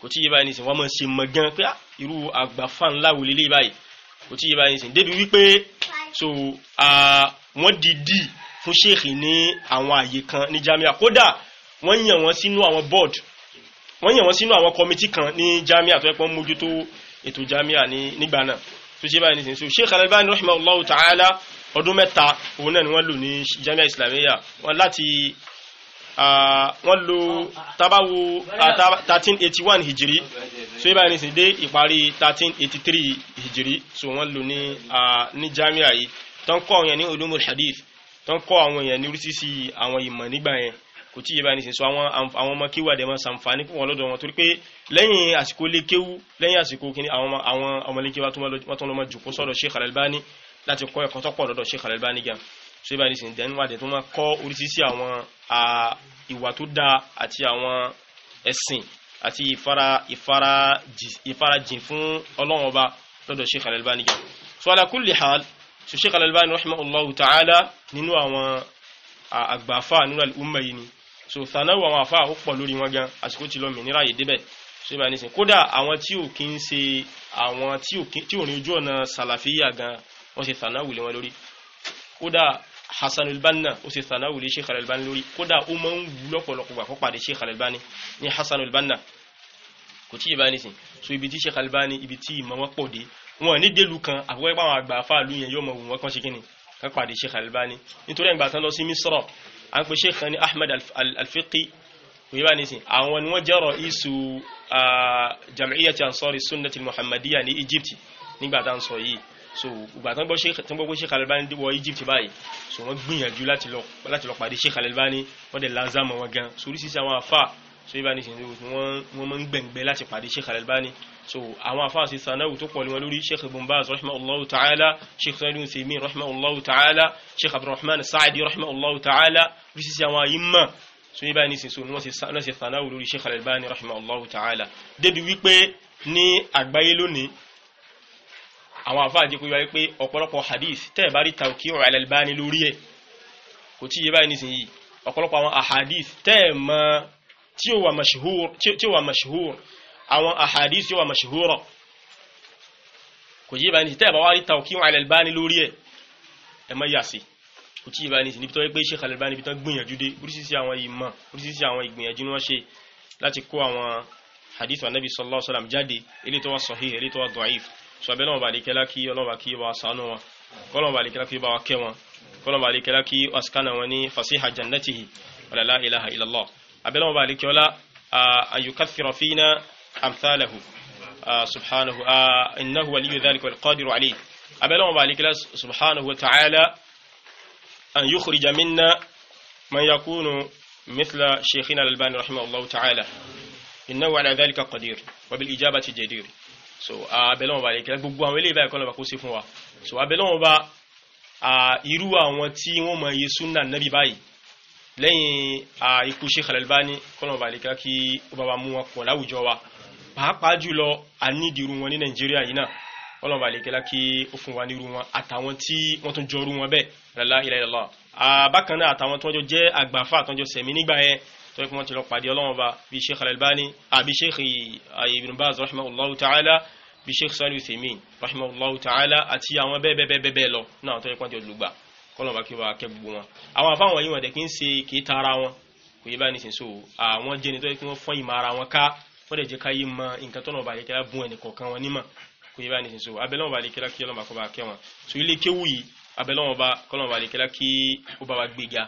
kò tí yé báyìí nísìn wọ́n máa ṣe mọ̀ gan pé ah, irú àgbàfà ńlá wò lélẹ́ báyìí kò tí yé báyìí nísìn débi wípé so uh, wọ́n dìdí fún sheikh ní àwọn àyè kan ní jamia kódà wọ́n yàn wọ́n sínú àwọn board wọ́n yàn wọ́n sínú àwọn committee kan ní jamia tó yẹ pé mójútó ètò jamia nígbà náà so ṣe báyìí nísìnyí so Sheikh Al-Albani rahimahullahu ta'ala ọdún mẹ́ta òun náà ni wọ́n lò ní Jami'a Islamiyya wọ́n láti wọ́n lò tabawo 1381 hijiri so ṣe báyìí nísìnyí dé ìparí 1383 hijiri so wọ́n lò ní ní Jami'a yìí tó ń kọ́ àwọn èèyàn ní ulumul hadith tó ń kọ́ àwọn èèyàn ní oríṣiríṣi àwọn ìmọ̀ nígbà kò tí yẹba nísìnyí so àwọn àwọn ọmọ kéwú àdẹ̀mọ́ sàǹfààní fún wọn lọ́dọ̀ wọn torí pé lẹ́yìn àsìkò lé kéwú lẹ́yìn àsìkò kíní àwọn àwọn ọmọléke wa tó lọ́mọ jòkó sọ́dọ̀ Sheikh Al-Albani láti kọ́ ẹ̀kọ́ tọ́pọ̀ lọ́dọ̀ Sheikh Al-Albani gan so yẹba nísìnyí dẹ́nu wà dẹ̀ tó máa kọ́ oríṣiríṣi àwọn ìwà tó dáa àti àwọn ẹ̀sìn àti ìfarajìn fún Ọlọ́run lọ́dọ̀ Sheikh al so ala kulli hal so Sheikh Al-Albani rahimahullahu ta'ala nínú àwọn àgbàfà nínú al-umma ni so thanáwó àwọn àfa ó pọ̀ lórí wọn gan àsìkò tí lọ́mì níráyè débẹ̀ so ìbá nísìn kódà àwọn tí ò kí ń ṣe àwọn tí ò ní ojú ọ̀nà sàlàfíyà gan wọ́n ṣe thanáwó lé wọn lórí kódà Hasan al-Banna ó ṣe thanáwó lé Sheikh al-Albani lórí kódà ó máa ń wú lọ́pọ̀lọpọ̀ gbà kó pàdé Sheikh al-Albani ní Hasan al-Banna kò tí ìbá nísìn so ibi tí Sheikh al-Albani ibi tí ìmọ̀ wọn pọ̀ dé wọn ní délùú kan àkọ́kọ́ pàwọn àgbà àfáà lù yẹn yóò mọ̀ wù wọn kán ṣe kíni ká pàdé Sheikh al-Albani nítorí ẹ̀gbà tán lọ sí Misra à ń pè sheikh kan ní ahmed alfiqi kò yíba nísìn àwọn ni wọ́n jẹ́rọ isu jam'iyyati ansari sunnati muhammadiyya ní egypt nígbà tá à ń sọ yìí so ìgbà tán gbọ́ wọ egypt báyìí so wọ́n gbìyànjú láti lọ pàdé sheikh al-albani wọ́n dẹ̀ lanzama wọn gan so oríṣiríṣi àwọn àfà so yíba nísìn wọ́n mọ́ ń gbẹ̀ngbẹ́ láti pàdé sheikh al so àwọn afáàsì sanáwù tó pọ̀lú wọn lórí sheikh ibn baz rahimahullahu ta'ala sheikh salim seimin rahimahullahu ta'ala sheikh abdulrahman sa'adi rahimahullahu ta'ala bísí àwọn ayímọ̀ so yíba ní sinso wọ́n sì sanáwù lórí sheikh al-albani rahimahullahu ta'ala débi wípé ní àgbáyé lónìí àwọn afáà jẹ́ kó yíwa wípé ọ̀pọ̀lọpọ̀ hadith tẹ́ẹ̀ bá rí tawqi'u al-albani lórí ẹ̀ kò tí yíba ní sin ọ̀pọ̀lọpọ̀ àwọn ahadith tẹ́ẹ̀ mọ́ tí ó wà mashhur àwọn àhàdís yóò wà mashhura kò jí ìbánisí tẹ́ ìbáwárí tawqīʿ ʿalā Albani lórí ẹ̀ ẹ má yà sí kò jí ìbánisí níbi tó yẹ pé Sheikh Albani níbi tó gbìyànjú dé oríṣiríṣi àwọn ìmọ̀ oríṣiríṣi àwọn ìgbìyànjú ni wọ́n ṣe láti kó àwọn hadith wa nabi sallallahu alaihi wasallam jáde ilé tó wà sahih ilé tó wà amthalahu subhanahu innahu waliyu dhalika wal qadiru alayhi abẹ́lẹ́ wọn bá alikila subhanahu wa ta'ala an yukhrija minna man yakunu mithla sheikhina al-albani rahimahullahu ta'ala innahu ala dhalika qadir wa bil ijabati jadir so abẹ́lẹ́ wọn bá alikila gbogbo àwọn eléyìí báyìí kọ́ lọ́ba kó wa so abẹ́lẹ́ wọn bá irú àwọn tí wọ́n mọ̀ iye súnà nàbí báyìí lẹ́yìn ikú sheikh al-albani kọ́ lọ́ba alikila kí ó bá wa mú wọn pọ̀ láwùjọ wa pàápàá jùlọ ànídìrú wọn ní nàìjíríà yìí náà ọlọ́mọba àlekẹ́lá kí ó fún wa nírú wọn àtàwọn tí wọ́n tún jọrú wọn bẹ́ẹ̀ lálá ilẹ̀ ìlọ́lá bákan náà àtàwọn tí wọ́n jọ jẹ́ àgbàfà àtọ́jọ sẹ̀mí nígbà yẹn tó yẹ kí wọ́n ti lọ pàdé ọlọ́mọba bíi sheikh alalbani àbí sheikh ibn baz rahimahullahu ta'ala bíi sheikh sani uthaymin rahimahullahu ta'ala àti àwọn bẹ́ẹ̀ bẹ́ẹ̀ bẹ́ẹ̀ lọ náà tó yẹ kí wọ́n ti lùgbà kọ́lọ́mọba kí wọ́n kẹ́ gbogbo wọ́n dẹ̀ jẹ́ ká yí ma nǹkan tọ́nà ọba àlekẹ́lá bún ẹnì kọ̀ọ̀kan wọn nímọ̀ kò yẹ bá ní sísọ abẹ́lẹ́ ọba àlekẹ́lá kí ọlọ́mọba kọ́ kẹ́ wọn so ilé kéwù yìí abẹ́lẹ́ ọba kọ́lọ́mọba àlekẹ́lá kí ó bá wa gbé ga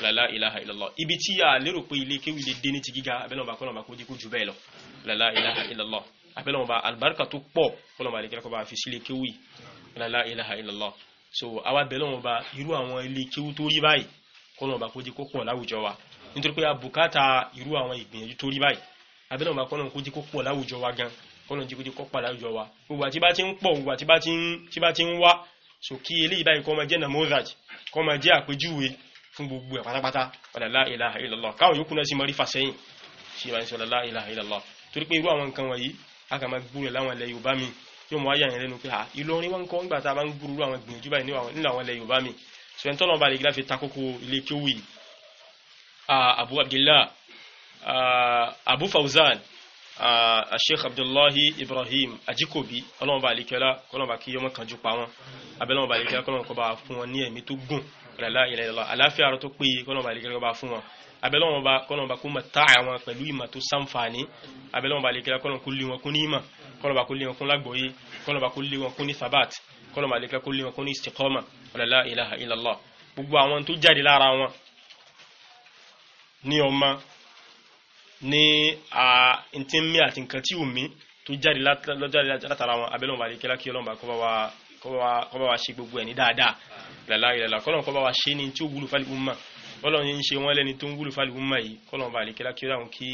la ilaha illallah ibi tí a lérò pé ilé kéwù lè dé ní ti gíga abẹ́lẹ́ ọba kọ́lọ́mọba ilaha illallah abẹ́lẹ́ ọba alibarika tó pọ̀ kọ́lọ́mọba àlekẹ́lá kọ́ bá fi sílé kéwù ilaha illallah so àwa bẹ̀rẹ̀ ba irú àwọn ilé kíwú tó rí báyìí kọ́nà ọba kó jẹ́ kó pọ̀ láwùjọ wa nítorí pé a abẹ́lẹ́ ọba kọ́nà kó jí kó pọ̀ láwùjọ wa gan kọ́nà jí kó jí kó pọ̀ láwùjọ wa òwà tí bá ti ń pọ̀ òwà tí bá ti ń wá so kí eléyìí báyìí kó máa jẹ́ namoraj kó máa jẹ́ àpèjúwe fún gbogbo ẹ̀ pátápátá ọ̀làlá ilaha illallah káwọn yòókù náà sì mọ rí fàsẹ́yìn sí ìbá ìṣẹ́ ọ̀làlá ilaha illallah torí pé irú àwọn nǹkan wọ̀nyí a kà máa gbúrò láwọn ilẹ̀ Yorùbá mi yóò mọ ayé àyẹn lẹ́nu pé à Ìlọrin wọn kọ́ nígbà tá a bá ń gbúrò àwọn gbìyànjú báyìí nínú ilẹ̀ Yorùbá mi so ẹni tọ́lọ́ Abu Fawzan Sheikh Abdullahi Ibrahim Ajikobi ọlọ́run bá àlekẹ́lá kọ́lọ́run bá kí ọmọ kan jù pa wọn abẹ́lọ́run bá àlekẹ́lá kọ́lọ́run kọ́ bá fún wọn ní ẹ̀mí tó gùn rẹ̀lá ìrẹ̀lá àláfíà ọ̀rọ̀ tó péye kọ́lọ́run bá àlekẹ́lá kọ́ bá fún wọn abẹ́lọ́wọ́n bá kọ́nà bá kó mọ̀ táà wọn pẹ̀lú ìmọ̀ tó sáǹfààní abẹ́lọ́wọ́n bá lè kó lé wọn kún ní ìmọ̀ kọ́nà kó lé wọn kún lágbóyé kọ́nà kó lé wọn kún ní sabat kọ́nà bá lè kíra kó lé wọn la ilaha illallah gbogbo àwọn tó jáde lára wọn ní ní ntí ń mí àti nǹkan tí ò mí tó jáde lọ́jáde látara wọn abẹ́lẹ́ wọn bá lè kí lákì ọlọ́mọba kọ́ bá wa kọ́ bá wa ṣe gbogbo ẹ̀ ní dáadáa làlá ìlàlá kọ́lọ́n kọ́ bá wa ṣe ní tí ó wúlò fálìkù mọ́ bọ́lọ́n yìí ń ṣe wọ́n lẹ́ni tó ń wúlò fálìkù mọ́ yìí kọ́lọ́n bá lè kí lákì ọlọ́run kí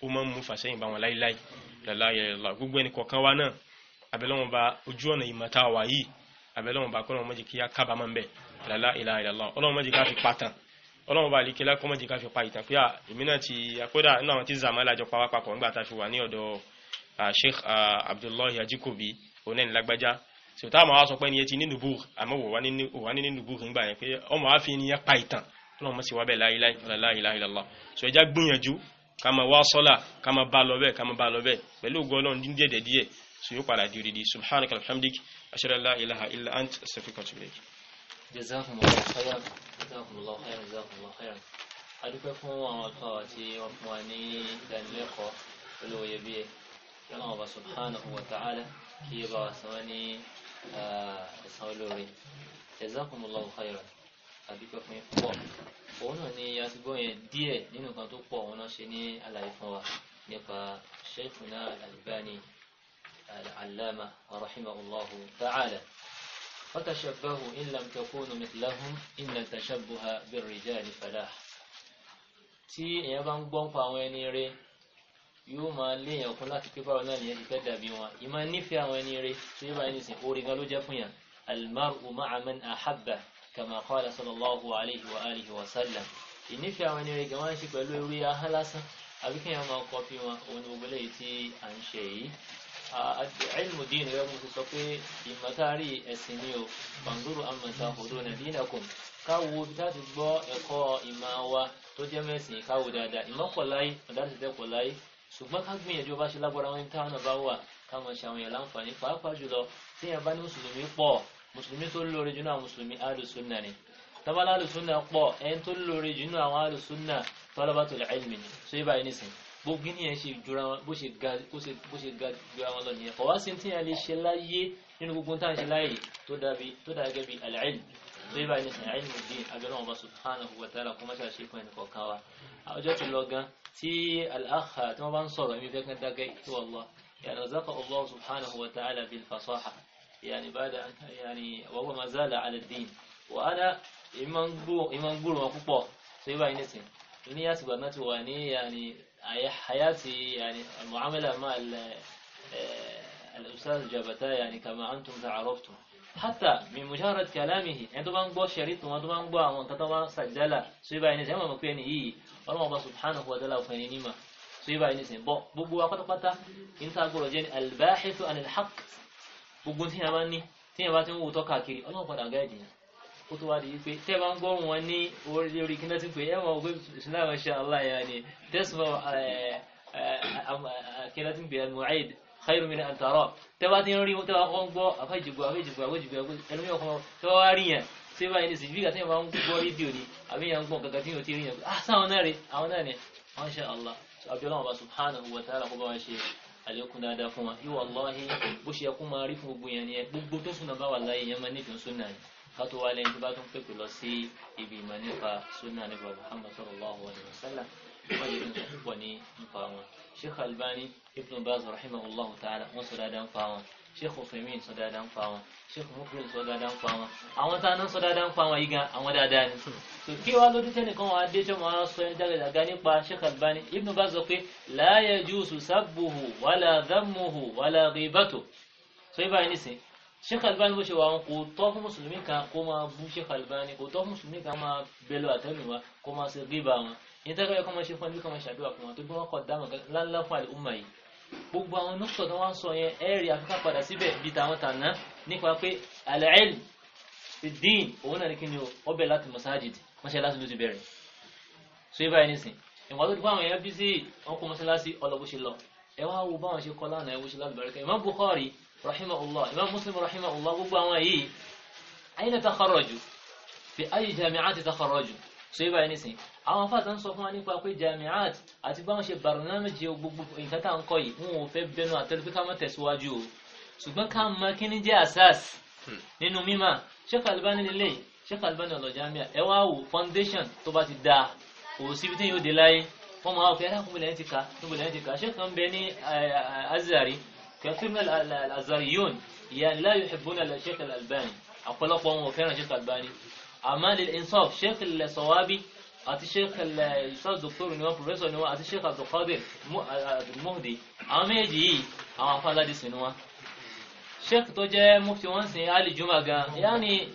ó mọ́ mú fàṣẹyìn bá wọn láíláí làlá ìlàlá gbogbo ẹni kọ̀ọ̀kan wa náà ọlọ́run bá àlékè lákọ́mọ́jì ká fi pa ìtàn pé à èmi náà ti àkódà nínú àwọn tí zama lájọ pawá papọ̀ nígbà tá a fi wà ní ọ̀dọ̀ sheikh abdullahi ajikobi onẹ́ni lágbájá so táwọn àwọn sọ pé ẹni yẹn ti ní nùbúr àmọ́ wò wá ní nùbúr nígbà yẹn pé ọmọ wa fi yẹn pa ìtàn ọlọ́run mọ̀ sí wa bẹ́ẹ̀ láìláì láìláì lọ́lá so ẹja gbìyànjú ká máa wá sọ́là ká máa bá lọ bẹ́ẹ̀ ká máa bá lọ bẹ́ẹ̀ pẹ̀lú ògo ọlọ́run subhanaka alhamdik ashhadu la ilaha illa ant astaghfiruka wa atubu Jazakumullahu khairan jazakumullahu khairan adúpẹ́ fún àwọn àtọ́ àti wọn fún wa ní ìdánilẹ́kọ̀ọ́ olówó iyebíye lọ́nà ọba subhanahu wa ta'ala kí ó bá wa san ní ẹ̀san olóore jazakumullahu khairan adúpẹ́ fún púpọ̀ òun náà ni a ti gbọ́ yẹn díẹ̀ nínú kan tó pọ̀ òun náà ṣe ní àlàyé fún wa nípa shaykhuna al-Albani al-allama rahimahullahu ta'ala فتشبهوا إن لم تكونوا مثلهم إن التشبه بالرجال فلاح tí èèyàn bá ń gbọ́ ń pa àwọn ẹni rẹ yóò máa léèyàn kún láti pé báwo náà nìyẹn ti fẹ́ dàbí wọn ìmọ̀ nífẹ̀ẹ́ àwọn ẹni rẹ tí yóò máa ní sìn orí gan ló jẹ́ fún yàn almaru ma'a ahabba kama qala sallallahu alayhi wa alihi wa sallam ìnífẹ̀ẹ́ àwọn ẹni rẹ gan wá ń ṣe pẹ̀lú ewé ahán lásán àbí máa kọ́ fi wọn òun ni gbogbo lẹ́yìn tí à ń ṣe yìí ilmu dín rẹ̀ mo ti sọ pé ìmọ̀tárì ẹ̀sìn ni o fanzuru amọ̀ta òdo nàdínà kùn káwo láti gbọ́ ẹ̀kọ́ ìmọ̀ wa tó jẹ́ mẹ́sìn káwo dáadáa ìmọ̀ pọ̀ láyé ọ̀dá ti tẹ́ pọ̀ láyé ṣùgbọ́n ká gbìyànjú bá ṣe lágbára wọn táwọn náà bá wà káwọn ṣe àwọn èèyàn láǹfààní pàápàá jùlọ tí yẹn bá ní mùsùlùmí pọ̀ mùsùlùmí tó lóore jù náà mùsùlùmí alùsùnà ni tọ́bálá alùsùnà pọ̀ ẹni tó lóore jù náà àwọn alùsùnà talabatul ilmi ni ṣé báyìí nìsín gbogbo ní ẹ̀ ṣe jura wọn bó ṣe ga bó ṣe ga jura wọn lọ nìyẹn kọ̀ wá sí tí a lè ṣe láyé nínú gbogbo tá à ń ṣe láyé tó dàbí tó dàbí gẹ́gẹ́ bí tó yẹ báyìí nísìnyí al-ilmu abẹ́rẹ́ wọn subhanahu wa ta'ala kó má ṣe àṣe fún ẹnìkan kan wa ọjọ́ ti lọ gan tí al tí wọ́n bá ń sọ̀rọ̀ èmi fẹ́ kán dákẹ́ tó wọ́lọ́ yàrá zaka Allah subhanahu wa ta'ala bil fasaha yàrá bàdà yàrá wa huwa ma zala ala ad ìmọ̀ ń gbúrò wọn púpọ̀ tó yẹ báyìí nísìnyí ní àsìgbà náà ti wà ní yàrá حياتي يعني المعاملة مع آه، الأستاذ جابتا يعني كما أنتم تعرفتم حتى من مجرد كلامه عندما يعني نبوا شريط وعندما نبوا وانكتما سجلة سيبا إنسي يعني أما مكويني إيه ولما الله سبحانه وتعالى وفنينيما سيبا إنسي يعني بو بو وقت قطع إنتا أقول جاني الباحث عن الحق بو بنتين أماني تين أباتين وطوكا كيري الله قد أغايدين kó tó wá di wípé tẹ́ bá ń gbọ́ wọn ní orí kí náà ti pè é wọn pé ṣùgbọ́n àwọn ṣe aláya ni tẹ́sùmọ́ uh, uh, um, uh, kí náà ti pè é mu'aid khairu min an tara tẹ́ bá ti ń rí tẹ́ bá kọ́ ń gbọ́ àfẹ́jìgbò àfẹ́jìgbò àfẹ́jìgbò ẹlòmíì ọkọ̀ tẹ́ bá rí yẹn tí bá yẹn ní sì fígà tí yẹn bá ń gbọ́ rédíò ni àbí yẹn ń gbọ́ kankan tí yẹn ti rí yẹn ah, sáwọn náà rí fún wa yíwọ allahi bó ṣe ẹkún máa rí fún gbogbo yẹn ni gbogbo tó súnà bá wà láyé yẹn máa nífẹ̀ẹ́ súnà ni kátó wá lẹ́yìn tó bá tún pèpè lọ sí ibi ìmọ̀ nípa sunna nípa muhammad sallallahu alayhi wa sallam wọ́n lè tún púpọ̀ ní nípa wọn sheikh albani ibn baz rahimahullahu ta'ala wọ́n sọ dáadáa ń fa wọn sheikh ufemin sọ dáadáa ń fa wọn sheikh mukrin sọ dáadáa ń fa wọn àwọn tá a náà sọ dáadáa ń fa wọn yìí gan àwọn dáadáa ni tó kí wá lójú tẹ́nìkan wọn adé jọmọ wọn sọ ẹni dáadáa nípa sheikh albani ibn baz sọ pé la yajuzu sabbuhu wala dhammuhu wala ghibatuhu sọ ibà yìí nìsín sheikh albani bó ṣe wà wọn kò tọ́ fún mùsùlùmí kan kó máa bú sheikh albani kò tọ́ fún mùsùlùmí kan máa bẹ̀lẹ̀ àtẹnuwa kó máa ṣe gíba wọn nítorí ẹ̀kọ́ máa ṣe fún ẹbí kan máa ṣàdúrà fún wọn tó bí wọ́n kọ̀ dáhùn láńlá fún àlè umma yìí gbogbo àwọn nọ́sọ̀ tó wá ń sọ yẹn ẹ̀rì afẹ́ká padà síbẹ̀ bí tàwọn tàná nípa pé al-ilm fid-din òun náà ní kí ni ó bẹ̀ láti masajid mọ́ṣáláṣí ló ti bẹ̀rẹ̀ so ibà yẹn nísìn ìwà tó ti àwọn èèyàn bí sí ọkọ̀ mọ́ṣáláṣí ọlọ́bù lọ ẹ wá wo báwọn ṣe kọ́ lánàá ẹ wo ṣe lálùbáríkà Imam Bukhari rahimahullah imam muslim rahimahullah gbogbo àwọn yìí aina takharaju fi ayi jami'ati takharaju so yi bayan nisin àwọn fata ń sọ fún wa nípa pé jami'at àti báwọn ṣe barnamiji gbogbo nǹkan tá ń kọ yìí wọn ò fẹ́ bẹnu àtẹ́lú pé ká má tẹ̀síwájú o ṣùgbọ́n ká mọ kí ni jẹ́ asas hmm. nínú mímọ̀ Sheikh Albani lélẹ̀ Sheikh Albani ọlọ́jàmíà ẹ wá wò foundation tó bá ti da kò síbi tí yóò dé láyé wọ́n máa wọ pé alákùnrin lẹ́yìn ti ka níbo lẹ́yìn ti ka Sheikh kan bẹ ní eh, Azari كثير من الأزاريون يعني لا يحبون الشيخ الألباني أقول لكم هو كان الشيخ الألباني أما للإنصاف شيخ الصوابي أتي الشيخ الأستاذ الدكتور نواف بروفيسور نوا أتي الشيخ عبد القادر آه، آه، المهدي أميجي أما فلا دي سنوا الشيخ توجا مفتي وانسي يعني علي جمعة يعني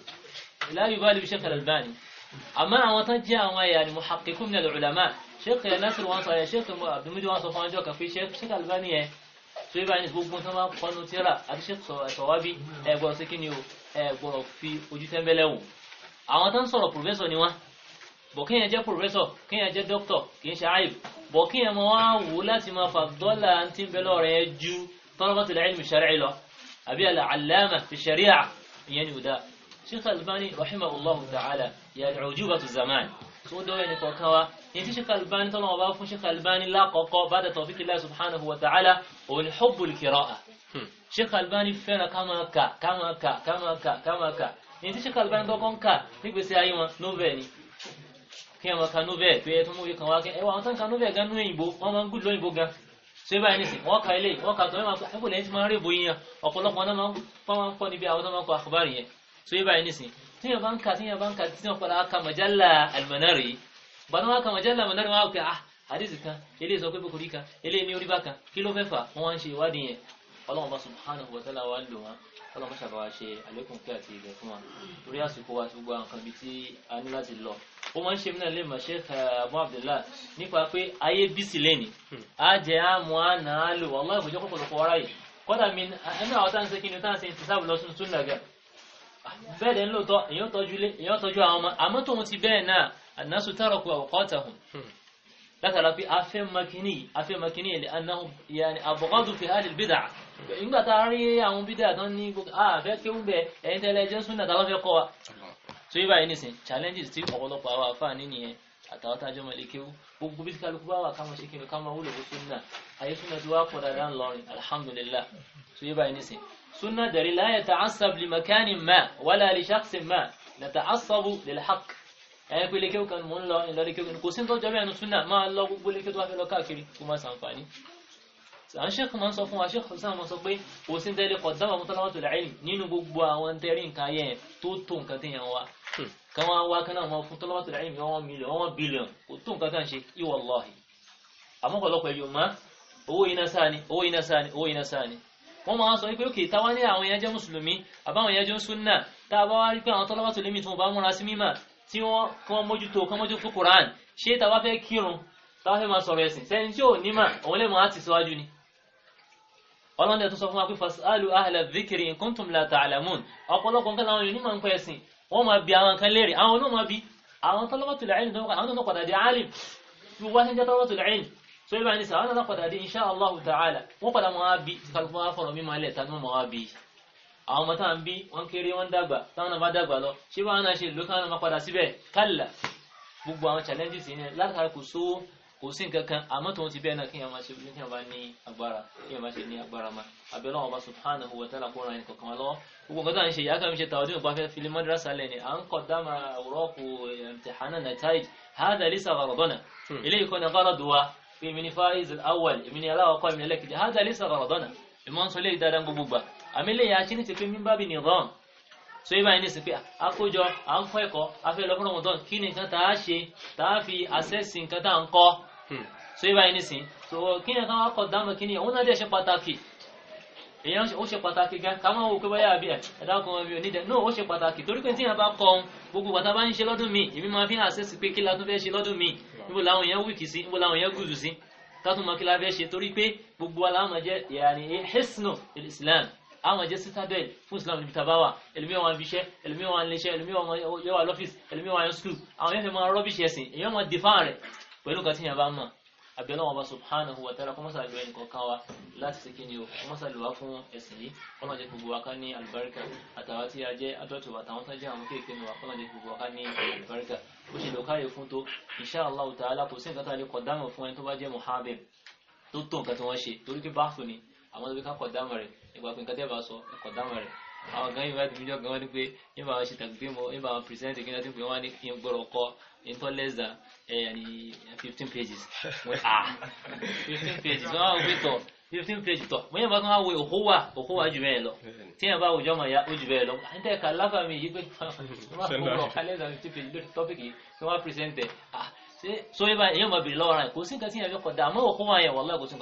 لا يبالي بشيخ الألباني أما أما تنجي يعني محققون من العلماء شيخ ناصر وانسي شيخ عبد المجيد وانسي فانجوك في شيخ شيخ الألباني so yíba ní gbogbo tí wọ́n bá kọ́nu tíra àti ṣe sọ̀wábí ẹgbọ́n sí kí ni o ẹgbọ́n fi ojú tẹ́ńbẹ́lẹ́ wò àwọn tó ń sọ̀rọ̀ pòfẹ́sọ̀ ni wọ́n bọ̀ kíyàn jẹ́ pòfẹ́sọ̀ kíyàn jẹ́ dókítọ̀ kì í ṣe àìb bọ̀ kíyàn mọ́ wá wò láti máa fà dọ́là tí ń bẹ lọ́rọ̀ yẹn ju talabatul ilmi shar'i lọ àbí al-allama fi sharia ìyẹn ni ò dáa Sheikh Albani rahimahullahu ta'ala ya'al ujubatu zaman tó dọ́wọ́ ẹni kọ̀ọ̀kan wa ní tí Sheikh Albani tọ́nà ọba fún Sheikh Albani lákọ̀ọ́kọ́ bá dàtọ̀ fi kílá subhanahu wa ta'ala òun hubbul qira'a Sheikh Albani fẹ́ràn kámaka kámaka kámaka kámaka ní tí Sheikh Albani kọ́kọ́ ń kà nígbèsè ayé wọn novel ni kí ẹ máa ka novel pé ẹ tún mú ìkan wá kí ẹ wà wọn tán ka novel gan nú òyìnbó wọn máa ń gùn lóyìnbó gan ṣe báyìí ní sìn ka ilé wọ́n ka tọ́lẹ́ máa fún ẹ̀kọ́ lẹ́yìn tí máa ń rèébó yín ọ̀pọ̀lọpọ̀ náà máa ń kọ́ níbi àwọn náà máa ń kọ àkùbárì yẹn ṣe báyìí ní tíyàn bá ń ka tíyàn bá ń ka tíyàn padà ka màjálà àlùmọ̀nárì gbàdán wá ka màjálà àlùmọ̀nárì wọn á pè ah àdìsí kan eléyìí sọ pé bókòrí kan eléyìí ní orí bá kan kí ló fẹ́ fà wọ́n wá ń ṣe ìwádìí yẹn ọlọ́run bá subhanahu wa ta'ala wa ń lò wọn ọlọ́run ṣàbà wa ṣe àlékún pé àti ìgbẹ́ fún wa torí wa ti gbogbo àwọn nǹkan bíi tí a ní láti lọ ó máa ń ṣe mí Abu Abdullah nípa pé ayé bísí lẹ́ni á jẹ́ àmọ́ àná á lò wọ́n lọ́ọ̀ ìbòjọ́ pọ̀pọ̀lọpọ̀ ọ̀rá yìí kọ́dà mi ẹnu àwọn táǹsẹ̀ kí ni táǹsẹ̀ ti sáàbù lọ́sùn tún làgà bẹ́ẹ̀dẹ̀ ńlòtọ́ èyàn tọ́jú àwọn ọmọ àmọ́ tóun ti bẹ́ẹ̀ náà an-nasu taraku awqatahum hmm. látara pé afẹ́ makini afẹ́ makini ilẹ̀ anáhùn yani abghadu fi ahli al-bid'ah ìgbàta rí àwọn bídà tán ní gbogbo ààbẹ́ kí ó bẹ ẹ̀yìn tẹ́lẹ̀ jẹ́ súnà tàbá fẹ́ kọ́ wa so yíba yìí nìsín challenges tí ọ̀pọ̀lọpọ̀ àwọn àfáà ní nìyẹn àtàwọn tájọ́ mọ̀ lékewu gbogbo bí kálukú bá wà káwọn ṣe kí káwọn wúlò fún súnà ayé súnà tí wàá pọ̀ dáadáa ńlọrin alhamdulillah so yíba yìí nìsín السنة دليل لا يتعصب لمكان ما ولا لشخص ما نتعصب للحق ẹ̀yẹ́ pé ilékéwò kan mọ́ ń lọ ìlọ́lékéwò kò sí tó jẹ́ mẹ́rin súnà máa lọ gbogbo ilékéwò wá fẹ́ lọ káàkiri kó máa sàǹfàní àṣẹ́kù máa ń sọ fún wa ṣẹ́kù sáà máa sọ pé kò sí tẹ́lẹ̀ kọ̀dáwà mọ́tọ́láwọ́tò láìlì nínú gbogbo àwọn tẹ́rí nǹkan ayẹ́ tó tó nǹkan tí yẹn wá kan wá wá kan náà wọn fún tọ́láwọ́tò láìlì wọn mílíọ̀n wọn bílíọ̀n kò tó nǹkan tán ṣe ìwọ̀lọ́hì àmọ́pọ̀lọpọ̀ ẹ̀yọ̀ mọ́ owó iná sáà ni owó iná sáà ni owó iná sáà ni wọ́n máa sọ wípé òkè táwa ní àwọn yẹn jẹ́ mùsùlùmí àbáwọn yẹn jẹ́ súnà tá a bá wá rí pé àwọn tọ́lọ́wọ́ tó lémi tí bá múra sí mímọ̀ tí wọ́n kọ́ mójútó kọ́ mójútó Quran ṣé táwa fẹ́ kírun táwa fẹ́ máa sọ̀rọ̀ ẹ̀sìn sẹ́ni tí ò ní mà òun lè máa ti síwájú ni. ọlọ́dẹ tó sọ fún wa pé fasalu ahla dhikri in kuntum la ta'lamun ọ̀pọ̀lọpọ̀ nǹkan làwọn onímọ̀ ń pẹ́ ẹ̀sìn wọ́n máa bi àwọn kan léèrè àwọn onímọ̀ bi àwọn tọ́lọ́wọ́ tó lẹ́yìn tó ń kọ́ àwọn tó so ibà ní sàwọn náà padà dé insha Allahu ta'ala wọ́n padà máa bí tí kálukú máa fọ̀rọ̀ mímọ́ ilẹ̀ tàbí wọ́n máa bí àwọn ọmọ táwọn bí wọ́n kéré wọ́n dàgbà táwọn náà bá dàgbà lọ ṣé báwọn náà ṣe ló káwọn máa padà síbẹ̀ kálà gbogbo àwọn challenges yẹn látara kò sówó kò sí nǹkan kan àmọ́ tó ń ti bẹ́ẹ̀ náà kí èèyàn máa ṣe bí kí èèyàn bá ní agbára kí èèyàn máa ṣe ní agbára ma abẹ́lẹ́ àwọn ọba subhanahu wa pé èmi ni fáìz awal èmi ni aláwọ̀kọ́ èmi ni ẹlẹ́kejì hádà lè sọ̀rọ̀ ọ̀dọ́nà ìmọ̀ ń sọ léyìí dáadáa gbogbo gbà àmì lẹ́yìn àti ní ti pé mímbá bí nìrọ̀n so yìí báyìí ní sìn pé àkójọ à ń kọ́ ẹ̀kọ́ afẹ́ lọ fúnra mọ̀tọ́ kí ni nǹkan tá a ṣe tá a fi àṣẹ́sì nǹkan tá a ń kọ́ hmm. so yìí báyìí ní sìn so kí ni nǹkan wá kọ̀ dáná kí ni òun náà dẹ̀ ṣe pàtàkì èèyàn ó ṣe pàtàkì gan ká máa wò pé báyà bí ẹ̀dá kan ọmọ mi ò ní dẹ̀ náà ó ṣe pàtàkì torí pé tí yẹn bá kọ́ ohun gbogbo pàtàkì bá ń ṣe lọ́dún mi èmi máa fi hàn àṣẹ́sì pé kí la tún fẹ́ ṣe lọ́dún mi níbo làwọn èèyàn wíkì sí níbo làwọn èèyàn gùzù sí tátún mọ́ kí la fẹ́ ṣe torí pé gbogbo aláwọn jẹ́ yàní hisnu islam àwọn jẹ́ citadel fún islam níbi tàbá wà ẹlòmí wọn fi iṣẹ́ ẹlòmí wọn lè iṣẹ́ ẹlòmí wọn yẹ wà lọ́fíìsì ẹlòmí wọn yẹ skul àwọn yẹn fi máa rọ́bìṣì ẹ̀sìn èèyàn máa dìfáà rẹ̀ pẹ̀lú kan yẹn bá mọ̀ abẹ́lẹ́ wọn bá subhanahu wa ta'ala kó mọ́sàlù ẹnì kọ̀ọ̀kan wa láti ṣe kí ni o kó mọ́sàlù wa fún ẹ̀sìn yìí kó náà jẹ́ gbogbo wa ká ní àlùbáríkà àtàwọn tí a jẹ́ adọ́tò àtàwọn tó jẹ́ àwọn kéèké ni wa kó náà jẹ́ gbogbo wa ká ní àlùbáríkà bó ṣe lò káyè insha Allah ta'ala kò sí nǹkan tá a lè kọ̀ dámọ̀ fún ẹni tó bá jẹ́ muhabib tó tó nǹkan tí wọ́n ṣe torí pé ni àwọn tó fi ká kọ̀ dámọ̀ rẹ̀ ìgbà pé nǹkan tẹ́ bá sọ ẹ̀kọ̀ àwọn gan yìí bá ti fi jọ gan wọn ni pé yín bá wọn ṣe tàbí pé mo yín bá wọn present kí wọn ti pè wọn ní kí n gbọ́dọ̀ kọ in tó less than fifteen pages ah fifteen pages wọn wá wí tọ fifteen pages tọ mo yẹn bá tún wá wo òkó wà òkó wà jù bẹ́ẹ̀ lọ tí yẹn bá wùjọ́ mọ̀ ya ó jù bẹ́ẹ̀ lọ àǹtí ẹ̀ka láfà mi yìí pé wọn kò lọ ká less than fifteen pages lórí topic yìí tí wọn present ẹ̀ ah ṣé so yẹn bá yẹn mọ̀ bèrè lọ́wọ́ rẹ̀ kò sí nǹkan tí yẹn fi kọ̀ dà àmọ́ òkó wà yẹn wallahi kò sí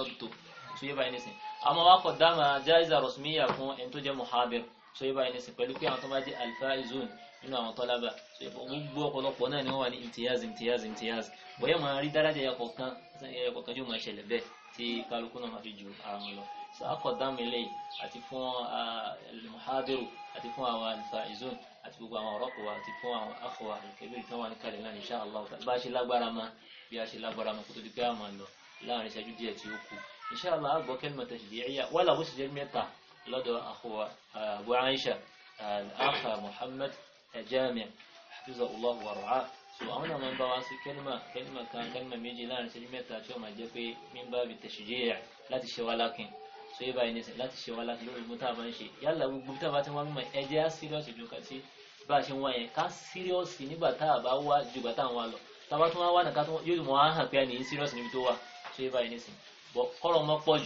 so yóò báyìí nísìn pẹ̀lú pé àwọn tó bá jẹ́ alfaizun nínú àwọn tọ́lábà so yóò gbogbo ọ̀pọ̀lọpọ̀ náà ni wọ́n wà ní imtiyaz imtiyaz imtiyaz bóyá máa rí dáradà ẹ̀yà kọ̀ọ̀kan ẹ̀yà kọ̀ọ̀kan yóò máa ṣẹlẹ̀ bẹ́ẹ̀ tí kálukú náà máa fi ju ara wọn lọ so akọ̀dámi lè àti fún almuhadiru àti fún àwọn alfaizun àti gbogbo àwọn ọ̀rọ̀pọ̀ àti fún àwọn afọwà ìkẹ́bìrì tó wà ní kalẹ̀ náà insha Allah bá ṣe lágbára ma bí a ṣe lágbára ma kó di pé a máa lọ láàrin ìṣẹ́jú díẹ̀ tí ó kù insha Allah àgbọ̀ kẹ́lìmọ̀ tẹ̀sídìí ẹ̀yà wàlà ó sì jẹ́ mẹ́ta لدى أخوة أبو عائشة الأخ محمد جامع حفظه الله ورعاه سؤالنا من بواسي كلمة كلمة كان كلمة ميجي لا كلمة تاتيو ما جفي من باب التشجيع لا تشي ولكن سوي باي نسي لا تشي ولكن لو المتابع يلا بمتابعة ما ẹjẹ́ síríọ́sì ju kàtí bá a ṣe ń wá yẹn ká síríọ́sì nígbà tá a bá wá ju gbà tá a wá lọ tá a bá tún wá wá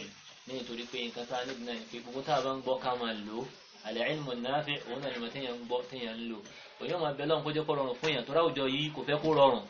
ní nítorí pé nǹkan tá a níbi náà pé gbogbo tá a bá ń gbọ́ ká máa lò ó al-ilmu an-nafi' òun náà ni mo téèyàn ń gbọ́ téèyàn ń lò òyìn máa bẹ lọ́run kó jẹ́ kó rọrùn fún èèyàn tó ráwùjọ yìí kò fẹ́ kó rọrùn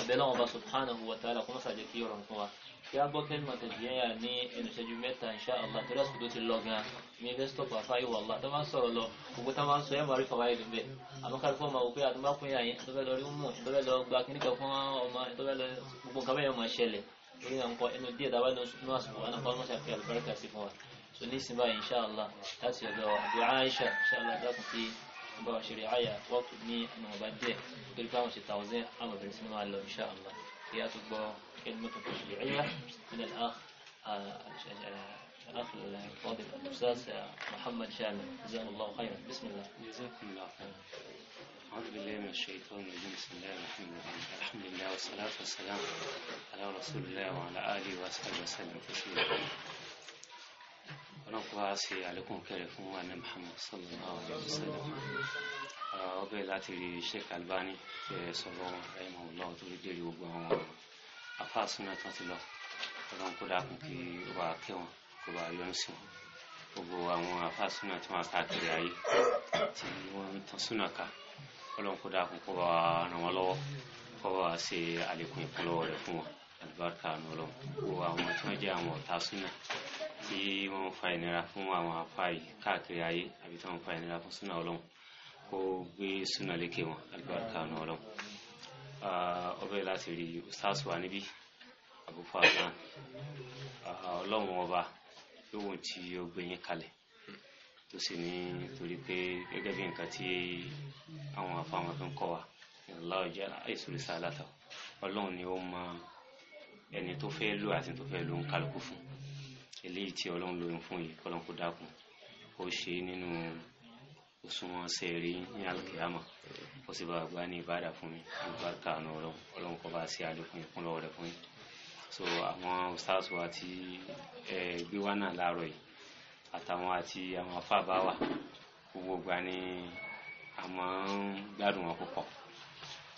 àbẹ lọ́run bá subhanahu wa ta'ala kó má sàjẹ́ kí rọrùn fún wa kí a gbọ́ kẹ́lìmọ̀ tẹ̀síyẹ́yà ní ẹnu ìṣẹ́jú mẹ́ta insha Allah torí àsìkò tó ti lọ gan ní investor pàfáyé wà Allah tó máa ń sọ̀rọ̀ lọ gbogbo tó máa ń sọ ẹ̀ máa rí fàwáyé lóbẹ̀ àmọ́ kárí fún ọmọ òkú àtúbákùn yà yín tó fẹ́ lọ rí mú tó fẹ́ lọ gba kíníkà fún ọmọ tó fẹ́ lọ gbogbo nǹkan bẹ́ẹ̀ máa ṣẹlẹ̀ wurin anko inu diya da wani nasu wani kwan masa fi albarka si kuma so ni sin ba insha Allah ta ce da du'a Aisha insha Allah za ku fi ba shari'a wa ku ni an ba de bil kawo shi tawzin amma bin sunan Allah insha Allah ya to ba kalmatu shari'a min al-akh الأخ الفاضل الأستاذ محمد شامل جزاه الله خيرا بسم الله جزاكم الله خيرا أعوذ بالله من الشيطان الرجيم بسم الله الرحمن الرحيم الحمد لله والصلاة والسلام على رسول الله وعلى آله وصحبه وسلم تسليما ọlọ́pọ̀ wá sí àlékún kẹrẹ fún wa ní Muhammad sallallahu alaihi wasallam ọbẹ̀ láti rí Sheikh Albani fẹ́ sọ̀rọ̀ rahimahullah tó rí dèrè gbogbo àwọn afáàsúná tó ti lọ ọlọ́run kó dákun kí ó kẹwọn kó bá yọ sí wọn gbogbo àwọn afáàsúná tó wà káàkiri ayé tí wọ́n ń tan ká ọlọ́run kó dáa kó kó bá wa ràn wọ́n lọ́wọ́ kó bá wa ṣe àlékún ìkúnlọ́wọ́ rẹ̀ fún wọn àlùbáríkà ní ọlọ́run gbogbo àwọn tí wọ́n jẹ́ àwọn ọ̀tá súnà tí wọ́n ń fa ìnira fún àwọn afá yìí káàkiri ayé àbí tí wọ́n ń fa ìnira fún súnà ọlọ́run kó gbé súnà lékè wọn àlùbáríkà ní ọlọ́run láti rí ustaz wa níbí àbúfọ́ àgbà ọlọ́run ọba yóò wọ́n ti ó gbé yín kalẹ̀ tó sì ní torí pé gẹ́gẹ́ bí nǹkan tí àwọn afáwọn fi ń kọ́ wa Allah jẹ́ àìsùn ìsàlátà ọlọ́run ni ó mọ ẹni tó fẹ́ lò àti tó fẹ́ lò ń kálukú fún eléyìí tí ọlọ́run lóyún fún yìí kọ́lọ́n kó dákun ó ṣe nínú òṣùwọ̀n sẹ́ẹ̀rí ní alkiyama ó sì bá gbá ní ìbádà fún mi àlùbáríkà àna ọlọ́run kọ́ bá ṣe àlékún ìkúnlọ́wọ́ rẹ̀ fún yìí so àwọn ustaz wa ti gbé náà láàárọ̀ yìí àtàwọn àti àwọn afáàbá wa gbogbo gba ni àmọ́ ń gbádùn wọn púpọ̀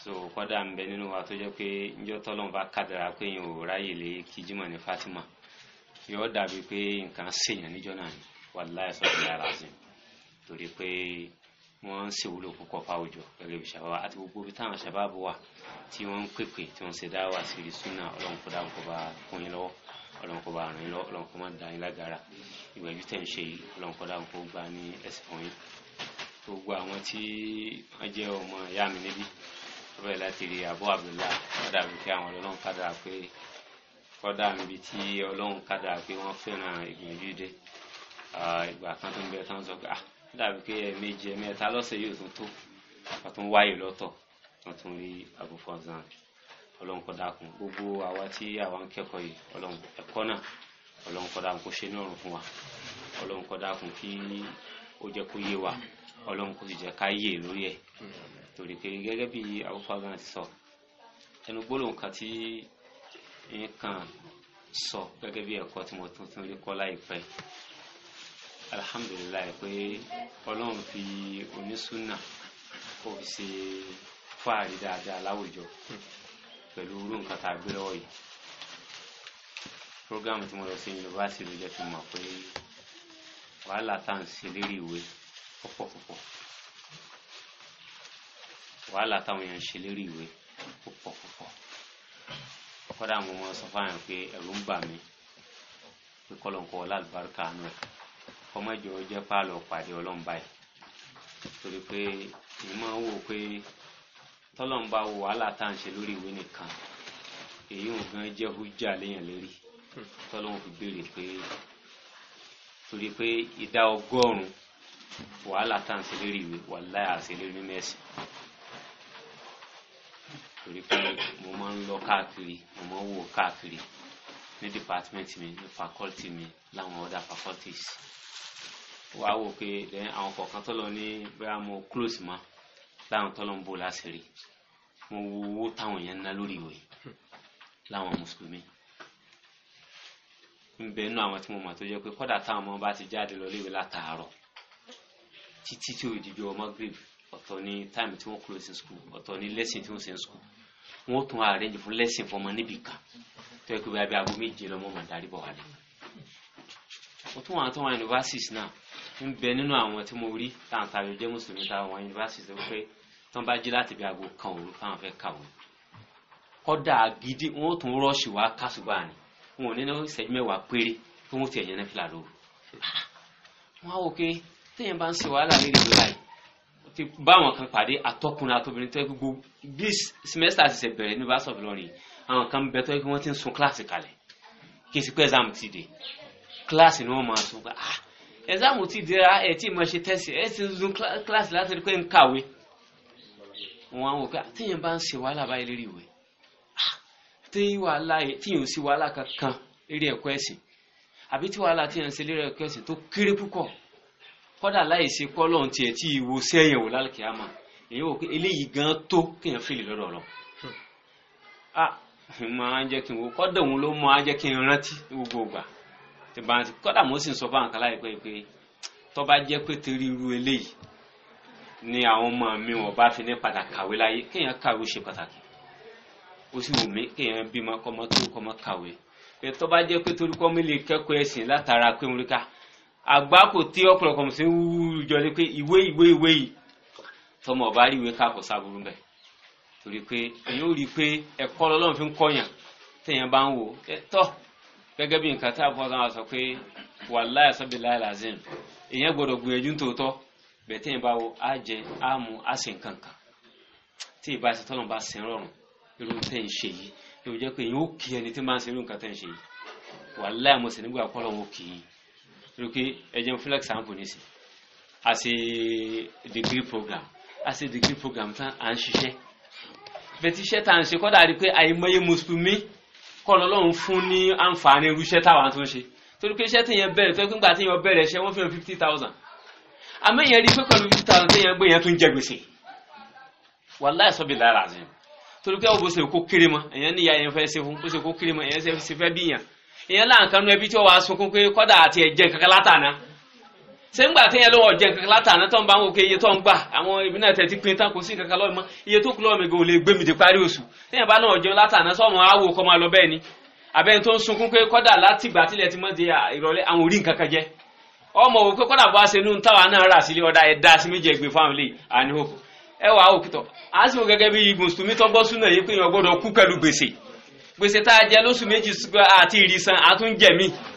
so kọ́dà ń bẹ nínú wa tó jẹ́ pé njọ́ tọ́lọ́n bá kádàrá pé yẹn ò ráyè lé kíjímọ̀ ní Fatima yóò dàbí pé nǹkan ṣèyàn níjọ́ náà ni wàláì sọ̀rọ̀ yàrá sí torí pé wọ́n ń ṣèwúlò púpọ̀ fáwùjọ gẹ́gẹ́ bí ṣàbáwá àti gbogbo bí táwọn ṣàbábọ̀ wà tí wọ́n ń pèpè tí wọ́n ń ṣe dáwà sí ìrísúná ọlọ́run kó dáhùn kó bá kún lọ́wọ́ ọlọ́run kó bá ràn yín lọ ọlọ́run kó má da yín lágara ìgbẹ́jú tẹ̀ ń ṣe yìí ọlọ́run kó dáhùn kó gbà ní ẹsẹ̀ fún yín gbogbo àwọn tí wọ́n jẹ́ ọmọ ìyá mi níbí bẹ́ẹ̀ láti rí àbọ̀ àbúlá kọ́dà mi kí àwọn ọlọ́run kádàá pé kọ́dà níbi tí ọlọ́run kádàá pé wọ́n fẹ́ràn ìgbìyànjú dé ìgbà kan tó ń bẹ tán sọ pé ah pé ẹ̀ẹ̀mejì ẹ̀ẹ̀mẹ́ta lọ́sẹ̀ yóò tún tó wọ́n tún wáyé lọ́tọ̀ wọ́n tún rí àbúfọ́ zan ọlọ́run kó dákun gbogbo àwa tí àwa ń kẹ́kọ̀ọ́ yìí ọlọ́run ẹ̀kọ́ náà ọlọ́run kó dákun kó ṣe ní ọ̀run fún wa ọlọ́run kó dákun kí ó jẹ́ kó yé wa ọlọ́run kó sì jẹ́ ká yé lórí ẹ̀ torí pé gẹ́gẹ́ bí awúfà ti sọ ẹnu gbólóhùn kan tí nǹkan sọ gẹ́gẹ́ bí ẹ̀kọ́ tí mo tuntun rí kọ́ láìpẹ́ alhamdulilayi pé ọlọ́run fi onísùnà kó fi ṣe fáàrí dáadáa láwùjọ pẹ̀lú irú nǹkan tá a gbé lọ́wọ́ yìí program tí mo lọ sí yunifásitì ló jẹ́ kí n mọ̀ pé wàhálà tá à ń ṣe lérí ìwé púpọ̀ púpọ̀ wàhálà táwọn èèyàn ń ṣe lérí ìwé púpọ̀ púpọ̀ kọ́dà mo mọ sọ fáwọn pé ẹ̀rù ń bà mí pé kọ́lọ́nkọ́ ọlálùbáríkà nù ẹ̀ kọ́mọ́jọ́ jẹ́ pààlọ́ pàdé ọlọ́run báyìí torí pé èmi máa ń wò pé tọ́lọ́n bá wo wàhálà tá à ń ṣe lórí ìwé nìkan èyí ò gan jẹ́ hújà léèyàn lérí hmm. tọ́lọ́n fi béèrè pé torí pé ìdá ọgọ́rùn-ún wàhálà tá à ń ṣe lórí ìwé wàláyà àṣẹ lórí nínú ẹ̀sìn torí pé mo máa ń lọ káàkiri mo máa ń wò káàkiri ní department mi ní faculty mi láwọn other faculties wàá wò pé àwọn kọ̀ọ̀kan tó lọ ní bóyá mo close mọ́ láwọn tọ́lọ́ ń bò láṣìírí mo wo owó táwọn èèyàn ń ná lórí ìwé láwọn mùsùlùmí ń bẹ inú àwọn tí mo mọ̀ tó jẹ́ pé kọ́dà táwọn ọmọ bá ti jáde lọ léwe látàárọ̀ títí tí òdìjọ Maghrib ọ̀tọ̀ ní táìmù tí wọ́n kúrò sí skul ọ̀tọ̀ ní lẹ́sìn tí wọ́n sì ń skul wọ́n tún àrẹ́jì fún lẹ́sìn fọmọ níbì kan tó yẹ kó bí abẹ́ aago méje lọ́mọ mọ̀ darí bọ̀ wá mo tún wọn àtọ́wọn universities náà ń bẹ nínú àwọn tí mo rí tàǹtàrí jẹ́ mùsùlùmí táwọn yunifásitì sọ pé tán bá jí láti bí aago kan òru fáwọn fẹ́ kàwé kọ́dà gidi wọ́n tún rọ́ọ̀ṣì wá kásùbà ni wọn ò ní náà ìṣẹ́jú mẹ́wàá péré tó wọ́n ti ẹ̀yẹ́ náà fìlà lóru wọ́n á wò pé téèyàn bá ń ṣe wàhálà lérí ìlú láì ti bá àwọn kan pàdé atọ́kùnrin atọ́bìnrin tó gbogbo bí simẹ́sítà ti ṣe bẹ̀rẹ̀ ní báṣọ̀ lọ́rin àwọn kan bẹ tó yẹ kí wọ́n ti ń sun kíláàsì kalẹ̀ kí n sì pé ẹ̀sán ti dé kíláàsì ni wọ́n máa sun pé ah exam ò tí dira ẹ̀ tí mo ṣe tẹ́sì ẹ̀ ti zoom class láti rí pé ń kàwé wọn àwọn òkè àtẹ̀yìn bá ń ṣe wàhálà báyìí lérí ìwé ah, tí wàhálà tíyìn ò sí wàhálà kankan lérí ẹ̀kọ́ ẹ̀sìn àbí tí wàhálà tíyìn ṣe lérí ẹ̀kọ́ ẹ̀sìn tó kéré púpọ̀ kọ́dà láì ṣe kọ́lọ́n tiẹ̀ tí ìwo sẹ́yìn wò lálùkì àmà èyí wò pé eléyìí gan tó kéèyàn fìlì lọ́dọ̀ lọ. Hmm. a ah, máa ń kí n wo kọ́dà òun ló máa ń n rántí gbogbo ìgbà tí bá ń ti kọ́dà mo sì ń sọ fáwọn kan láìpẹ́ pé tó bá jẹ́ pé torí irú eléyìí ni àwọn ọmọ mi wọn bá fi ní padà kàwé láyé kéèyàn kàwé ṣe pàtàkì ó sì wù mí kéèyàn bímọ kọ́mọ tó kọ́mọ kàwé pé tó bá jẹ́ pé torí kọ́ mi lè kẹ́kọ̀ọ́ ẹ̀sìn látara pé mo rí ká àgbákò tí ọ̀pọ̀lọpọ̀ mi sì ń wúwú jọ ni pé ìwé ìwé ìwé yìí tọmọ ọba rí ìwé káàkó sábúrú bẹ́ẹ̀ torí pé èyí ó rí pé ẹ̀kọ́ lọ́lọ́run fi ń kọ́yàn téèyàn bá ń wò ẹ tọ́ gẹ́gẹ́ bí nǹkan tí àbúkọ́sán wa sọ pé wàláyà sọ́bìláyà làzim ìyẹn gbọ́dọ̀ gbìyànjú tòótọ́ bẹ̀tẹ́ ìbá wo á jẹ á mu á sì ń kankan tí ìbá ṣe tọ́nà bá sin rọrùn irú tẹ́ ń ṣe yìí yóò jẹ́ pé èyí ó kí ẹni tí máa ń ṣe irú nǹkan tẹ́ ń ṣe yìí wàláyà mo sì nígbà kọ́lọ̀ wọn kì í irú pé ẹjẹ ń fúnlẹ̀ sàǹpù nísì a ṣe degree program a ṣe degree program tán à ń ṣiṣẹ́ bẹ̀tí iṣẹ́ tá à ń ṣe kọ́dà kọ́ lọ́lọ́run fún ní àǹfààní irúṣẹ́ táwọn tó ń ṣe torí pé iṣẹ́ tíyẹn bẹ̀rẹ̀ tó gbígbà tíyẹn bẹ̀rẹ̀ iṣẹ́ wọ́n fi hàn fifty thousand àmọ́ ìyẹn rí pé pẹ̀lú fifty thousand tíyẹn gbé yẹn tó ń jẹ gbèsè wàláì sọ́bì lára àzẹ́ torí pé òbó ṣe kó kéré mọ́ èyàn níyà yẹn fẹ́ ṣe fún ó ṣe kó kéré mọ́ èyàn ṣe fẹ́ bí yàn èyàn láǹkanú ẹbí tí ó wàá sunkún pé kọ́dà àti ẹ̀jẹ̀ kankan látàná ṣé ń gbà tí yẹn lọ́wọ́ jẹ kankan látàná tó ń bá ń wòkè iye tó ń gbà àwọn ibi náà tẹ̀tí pin tán kò sí kankan lọ́wọ́ mọ́ iye tó kù lọ́wọ́ mi gan ò lè gbé mi dé parí oṣù tí yẹn bá náà jẹun látàná sọ́mọ àwò kọ́ máa lọ bẹ́ẹ̀ ni àbẹ́ni tó ń sunkún pé kọ́dà láti ìgbà tilẹ̀ ti mọ́ di ìrọ̀lẹ́ àwọn orí nǹkan kan jẹ́ ọmọ òwò pé kọ́dà bá ṣe nú táwa náà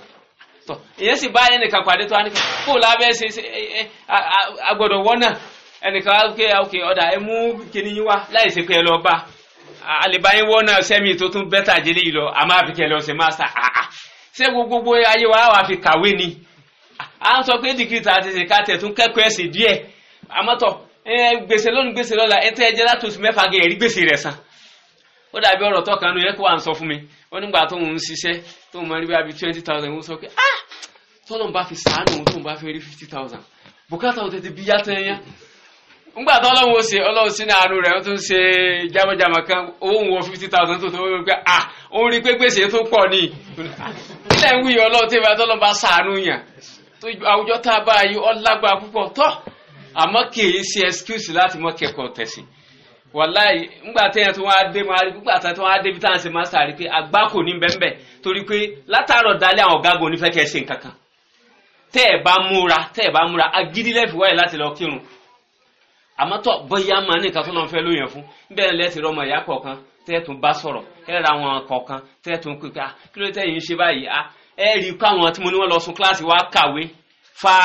tọ ìyẹn sì bá ẹnìkan pàdé tó ẹnìkan kó lábẹ́ ṣe ṣe agbọ́dọ̀ wọ́nà ẹnìkan wá pé ok ọ̀dà ẹ mú kíní yín wá láì ṣe pé ẹ lọ bá àlèbáyé wọ́nà sẹ́mi tó tún bẹ́tà jẹ́lé yìí lọ àmọ́ àfikẹ́ lọ ṣe mástà ṣé gbogbo ayé wa wà fi kàwé ni à ń sọ pé dìgírì tá a ti ṣe ká tẹ̀ tún kẹ́kọ̀ọ́ ẹ̀sìn díẹ̀ àmọ́tọ̀ gbèsè lónìí gbèsè lọ́la ẹ tẹ́ ẹ jẹ́ látòsí mẹ́fà gẹ̀ ẹ̀rí gbèsè rẹ̀ san ó dàbí ọ̀rọ̀ tọ́ka nù yẹ kó wà ń sọ fún mi ó nígbà tó ń ṣiṣẹ́ tó ń mọ twenty thousand ó sọ pé ah bá fi sàánù tó ń bá fi rí fifty thousand bùkátà ó tètè bí yá tán yá ńgbà tó ọlọ́run ó ṣe ọlọ́run sí àánú rẹ̀ ó kan owó ń wọ fifty thousand tó tó wọ́n pé ah òun rí pé gbèsè tó pọ̀ a bá yí ọlágbá púpọ̀ tọ́ àmọ́ kì í ṣe excuse láti mọ́ wàláì ńgbà téèyàn tó wáá dé máa rí nígbà tó wáá débi táwọn ṣe máa sáré pé àgbá kò ní bẹ́ẹ̀ bẹ́ẹ̀ torí pé látàárọ̀ dálé àwọn ọ̀gágun onífẹ́ kẹ́ ṣe nǹkan kan tẹ́ ẹ̀ bá múra tẹ́ ẹ̀ bá múra agídí lẹ́fì wáyé láti lọ kírun àmọ́ tọ́ bóyá máa ní nǹkan tó lọ́n fẹ́ lóyún fún bẹ́ẹ̀ lẹ́sìn rọmọ ìyá kọ̀ọ̀kan tẹ́ ẹ̀ tún bá sọ̀rọ̀ ẹ̀ ra àwọn kọ̀ọ̀kan tẹ́ ẹ̀ tún pè pé ah, kí ló tẹ́ yìí ń ṣe báyìí ah, ẹ rí i pé àwọn tí mo ní wọ́n lọ sun kíláàsì wa kàwé fa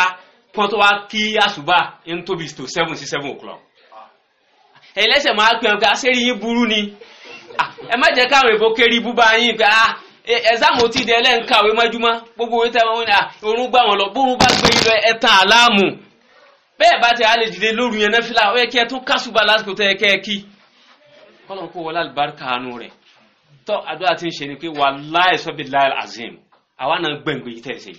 pọ́n tó wá kí àṣùbà ń tóbi tó seven sí seven o'clock ẹlẹ́sẹ̀ máa pè ọ́n pé aṣẹ́rí yín burú ni ah, ẹ má jẹ́ káwọn èèbó kéré búba yín pé ah, ẹ̀sàmù ti dẹ̀ lẹ́ǹkàwé mọ́júmọ́ gbogbo owó tẹ́wọ́n ah, wọn ni òórùn gbà wọ́n lọ bóun bá gbé ilẹ̀ ẹ̀tàn àláàmù bẹ́ẹ̀ bá ti alẹ́ dìde lóru yẹn náfìlà ó yẹ kí ẹ tún kásùbà lásìkò tẹ́ ẹ kẹ́ ẹ kí kọ́lọ́n kó wọlé àlùbáríkà àánú rẹ̀ tọ́ àdúrà ti ń ṣe ni pé wàláì sọ́bìláì azim àwa náà gbẹ̀ngbẹ̀ yìí tẹ̀ ṣe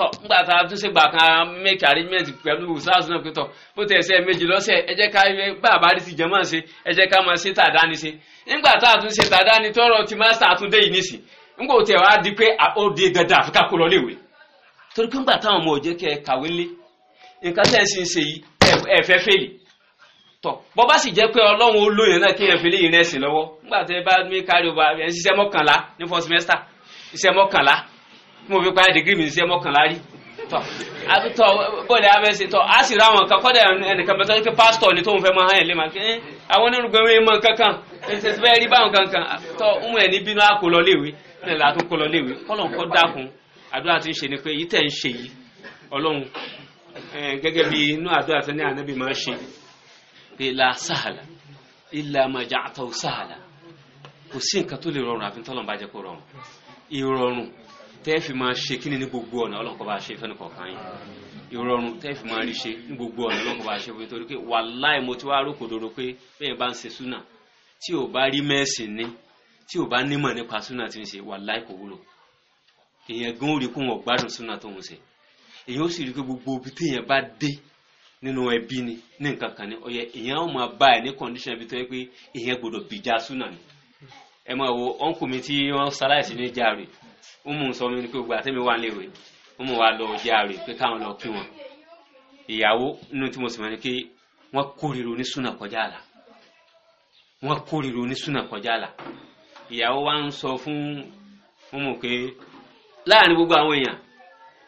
tọ ngbà tá a tún ṣe gbà kan make arrangement pẹ̀lú sars náà pé tọ bó tẹ̀ ṣe méjì lọ́sẹ̀ ẹ jẹ́ ká bá àbárí ti jẹ́mọ́ ṣe ẹ jẹ́ ká máa ṣe tàdáni ṣe nígbà tá a tún ṣe tàdáni tọrọ ti máa ṣàtúndé yìí nìsí ngbà tẹ̀ wá di pé ó di dandan àfikà kó lọ léwe torí pé ngbà táwọn ọmọ òjẹ́ kẹ kàwé lé nǹkan tẹ̀ ń ṣe ń ṣe yìí ẹ fẹ́ fèlè tọ bọ́ bá sì jẹ́ pé ọlọ́run olóyè náà kéèyàn fi léyìn rẹ̀ sìn lọ́wọ́ mo fi parí dìgírì mi sí mọ́kànlá rí tọ́ tọ́ bọ́ọ̀lù abẹ́sẹ̀ tọ́ a sì ráwọn kan kọ́dà ẹnìkan bẹ́ẹ̀ sọ́dọ̀ pé pásítọ̀ ni tóun fẹ́ máa hàn ẹ̀ lé màá kí àwọn onírúgbọ́n mi mọ kankan ẹsẹ̀ sì bẹ́ẹ̀ rí báwọn kankan tọ́ ń ẹ̀ ní bínú àkó lọ léwe ní ìlà tó kó lọ léwe kọ́lọ̀ ń kọ́ dákun àdúrà ti ń ṣe ni pé yìí tẹ̀ ń ṣe yìí ọlọ́run gẹ́gẹ́ bí inú àdúrà tó ní ànábì máa ṣe pé la sáhàlà ilà máa jà àtọ̀ kò sí nǹkan tó lè rọrùn àfi tọ́lọ̀ ń bá jẹ́ kó rọrùn ìrọ̀rùn tẹ́ ma máa ṣe kíni ní gbogbo ọ̀nà ọlọ́run kó bá ṣe fẹ́nu kọ̀ọ̀kan yín ìrọ̀rùn tẹ́ máa rí ṣe ní gbogbo ọ̀nà ọlọ́run kó bá ṣe fún torí pé ti wá rò kòdòrò pé bẹ́ẹ̀ bá ń ṣe súnà tí ò bá rí mẹ́sìn ní tí ò bá nímọ̀ nípa súnà tí ń ṣe kò wúlò èèyàn gan ó rí ni ní nǹkan kan ní ọyẹ èèyàn ó máa bá ẹ ní ni ẹ máa wo ọ̀nkùnmi tí wọ́n ṣaláìsí ó mú un sọ mi ní pé gbogbo àtẹ́mi wà léwe ó wa lọ járe pé káwọn lọ kí wọn ìyàwó inú tí mo sì mọ̀ ní pé wọ́n kórìíra onísùnà kọjá àlà wọ́n kórìíra onísùnà kọjá àlà ìyàwó wa ń sọ fún ọmọ pé láàrin gbogbo àwọn èèyàn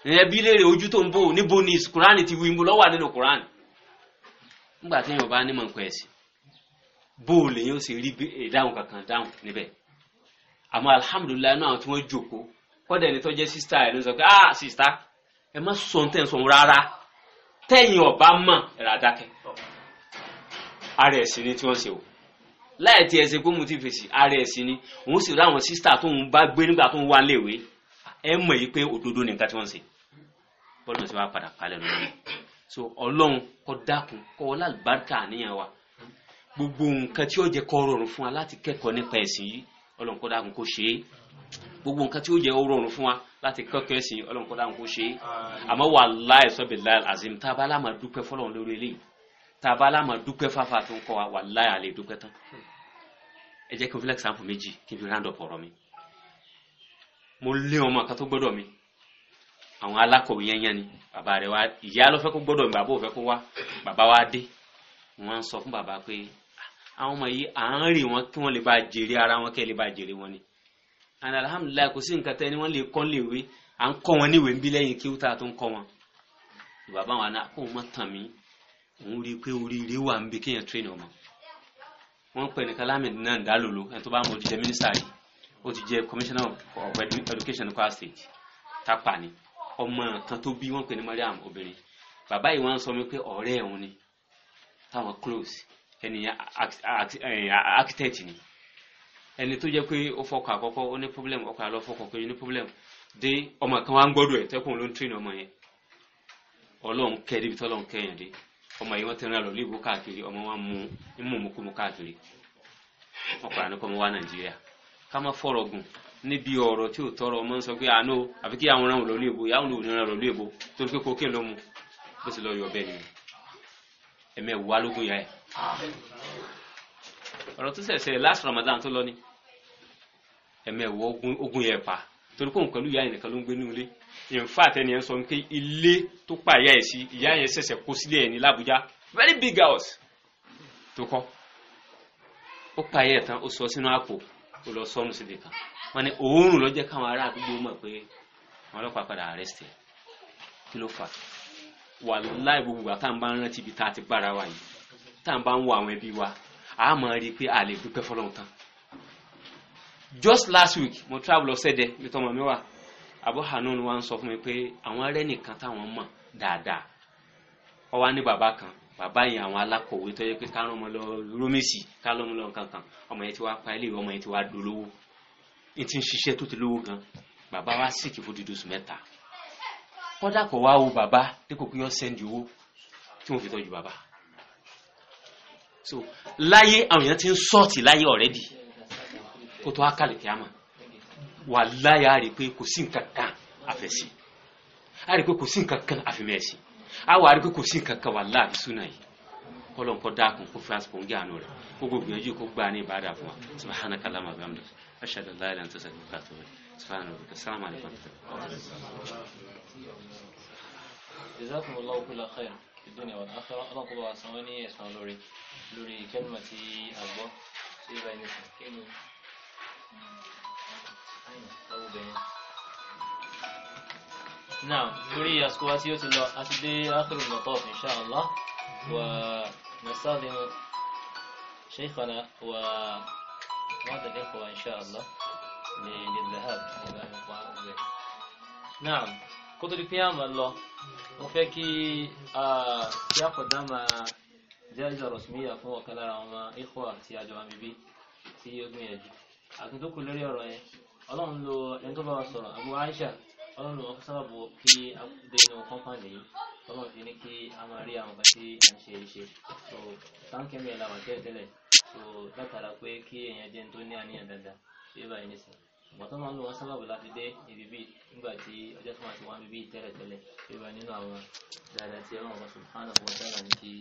ẹ̀yẹ bí léèrè ojú tó ń bò níbo ni kùránì ti wí mo lọ́wọ́ nínú kùránì nígbà tí èèyàn bá nímọ̀ nǹkan ẹ̀sìn bó o lèyìn ó sì rí ìdáhùn kankan dáhùn níbẹ̀ àmọ́ alhamdulilayi náà àwọn tí wọ́n jókòó kọ́dà ẹni tó jẹ́ sísá ẹ̀ ló sọ pé ah sísá ẹ má sọ ohun tẹ̀ ń sọ rárá tẹ̀yìn ọ̀bá mọ̀ ẹ̀rọ adákẹ́ ara ẹ̀sìn ni tí wọ́n ṣe o láì tí ẹ ṣe pé mo ti fèsì ara ẹ̀sìn ni òun sì ráwọn sísá tóun bá gbé nígbà tóun wà léwe ẹ mọ̀ yìí pé òdodo nìkan tí wọ́n ṣe bọ́ọ̀lù tí wọ́n padà palẹ̀ lónìí so ọlọ́run kó dákun kó wọlé àlùbáríkà àníyàn wa gbogbo nǹkan tí ó jẹ́ kó rọrùn fún wa láti kẹ́kọ̀ọ́ nípa ẹ̀sìn yìí ọlọ́run kó dákun kó ṣe é gbogbo nǹkan tí ó jẹ́ ó rọrùn fún wa láti kọ́kọ́ ẹ̀sìn ọlọ́run kọ́ dáhùn kó ṣe é àmọ́ wallahi sọ́bìláì azim tá a bá láàmà dúpẹ́ fọlọ́run lórí eléyìí tá a bá láàmà dúpẹ́ fáfá tó ń kọ́ wa wallahi àlè dúpẹ́ tán ẹ jẹ́ kí n fi lẹ́kìsàmpù méjì kí n fi round up ọ̀rọ̀ mi mo lé ọmọ kan tó gbọ́dọ̀ mi àwọn alákọ̀wé yẹn yẹn ni bàbá rẹ wa ìyá ló fẹ́ kó gbọ́dọ̀ mi bàbá ò fẹ́ kó wá bàbá wa dé wọ́n sọ fún bàbá pé ah, àwọn ọmọ yìí à ń rìn wọn kí wọ́n lè bá jèrè ara wọn kẹ́ lè bá jèrè wọn ni and alhamdulilayi kò sí nǹkan tẹ́ ni wọ́n lè kọ́ léwe à ń kọ́ wọn níwe ń bí lẹ́yìn kí wúta tó ń kọ́ wọn bàbá wọn náà kó wọn tàn mí òun rí i pé oríire wà ń bí kéèyàn tírẹ̀nì ọmọ wọn pè ní Lamidi Nanda Lolo ẹni tó bá mọ òjijì mínísítà yìí ó ti jẹ commissioner of education Kwara state tápà ni ọmọ kan tó bí wọn pè ní Mariam obìnrin bàbá yìí wọn sọ mi pé ọ̀rẹ́ òun ni táwọn close ẹnìyàn architect ni ẹni tó jẹ́ pé ó fọkọ àkọ́kọ́ ó ní problem ọkọ àlọ́ fọkọ kejì ní problem dé ọmọ kan wá ń gbọ́dọ̀ ẹ̀ tẹ́kùn ló ń tírìn ọmọ yẹn ọlọ́run kẹ́ débi tọ́lọ́run kẹ́yìn dé ọmọ yìí wọ́n ti rìn àlọ́ léèbó káàkiri ọmọ wa mú ń mú mokú mu káàkiri ọkùnrin àníkọ́ ọmọ wa nàìjíríà ká má fọ̀rọ̀ gùn níbi ọ̀rọ̀ tí ò tọrọ ọmọ ń sọ pé àánú àfi kí àwọn ránwó lọ yàwọn lòun ránwó lọ torí pé kókè ló mu bó ti lọ yọ ọbẹ̀ nìyẹn ẹ̀mẹ́ wà lógún yá ẹ̀ ọ̀rọ̀ tó ṣẹ̀ṣẹ̀ last Ramadan tó lọ ni ẹ̀mẹ̀wọ̀ ogun yẹn pa torí kóun pẹ̀lú ìyá yẹn nìkan ló ń gbé ní ilé in fact ẹni yẹn sọ pé ilé tó pa ìyá yẹn sí ìyá yẹn ṣẹ̀ṣẹ̀ kó sílé ẹ̀ ní l'Abuja very big house tó kọ́ ó pa ìyá ẹ̀ tán ó sọ sínú àpò ó lọ sọ́nù síbi kan wọ́n ní òórùn ló jẹ́ káwọn ará àdúgbò mọ̀ pé àwọn ọlọ́pàá padà arrest ẹ̀ kí ló fà wà láì gbogbo àtàǹbá ń rántí ibi tá a ti gbára wa yìí táǹbá ń wọ àwọn ẹbí wa a máa rí i pé a lè dúpẹ́ fọlọ́run tán just last week mo travel lọ sẹ́dẹ̀ mi tọmọ mi wà àbọ̀ hanun wa ń sọ fún mi pé àwọn arẹ́ nìkan táwọn mọ̀ dáadáa ó wá ní bàbá kan bàbá yẹn àwọn alákọ̀wé tó yẹ pé kárán ọmọ lọ rómèsì kárán ọmọ lọ kankan ọmọ yẹn ti wá pa ilé ọmọ yẹn ti wá dolówó n ti ń ṣiṣẹ́ tó ti lówó gan bàbá wa sìkì fún dídùn sùn mẹ́ta kọ́dà kọ̀ wá wo bàbá dípò pé ó sẹ́ndì owó tí wọ́n fi tọ́jú bàbá so láyé àwọn èèyàn ti ń sọ́ọ̀tì láyé ọ̀rẹ́dì kó tó ákàlẹ̀ kí a mọ̀ wà láyé a rí pé kò sí nǹkan kan àfẹ́sí a rí pé kò sí nǹkan kan àfẹ́mẹ́sí a wà rí pé kò sí nǹkan kan wà láàbí súnà yìí kọ́lọ̀ dákun kó france kò ń gé àánú rẹ̀ kó gbogbo ìyànjú kó gbà ní ìbáradà fún wa subhanaka Allahumma wa bihamdik ashhadu an la ilaha illa anta astaghfiruka wa atubu ilayk subhanaka assalamu alaykum. في الدنيا والآخرة الله قبوا عصواني يسمع لوري لوري كلمة نعم، أبو في أبو سكين نعم لوري أسيو يتلو أسدي آخر المطاف إن شاء الله ونستخدم شيخنا وبعض الإخوة إن شاء الله للذهاب نعم kó tó di pé àmà lọ mo fẹ́ kí kí àkọ́dá máa jẹ́ ìjọ rọ̀sùmíyà fún ọ̀kan lára àwọn ikọ̀ àti àjọ àmìbí tí ó gbìyànjú àti tó kù lórí yẹn ọlọ́run lo ẹni bá wa sọ̀rọ̀ àbú Aisha ọlọ́run lo ọkọ̀ sábàbù kí a dé inú kọ́mpáàdì yìí ọlọ́run fi ní kí a máa àwọn bàtí à ń ṣe so táǹkì mi la tẹ́lẹ̀ tẹ́lẹ̀ so látara pé kí èèyàn jẹun tó ní àníyàn dáadáa ṣé báyìí nísìnyí ìgbà tó máa ń lò wọ́n sábàbù láti dé ibi bíi nígbà tí ọjọ́ tó máa ti wá níbi tẹ́lẹ̀tẹ́lẹ̀ tó bá nínú àwọn dáadáa tí ọlọ́run ọba subhanahu wa ta'ala ní kí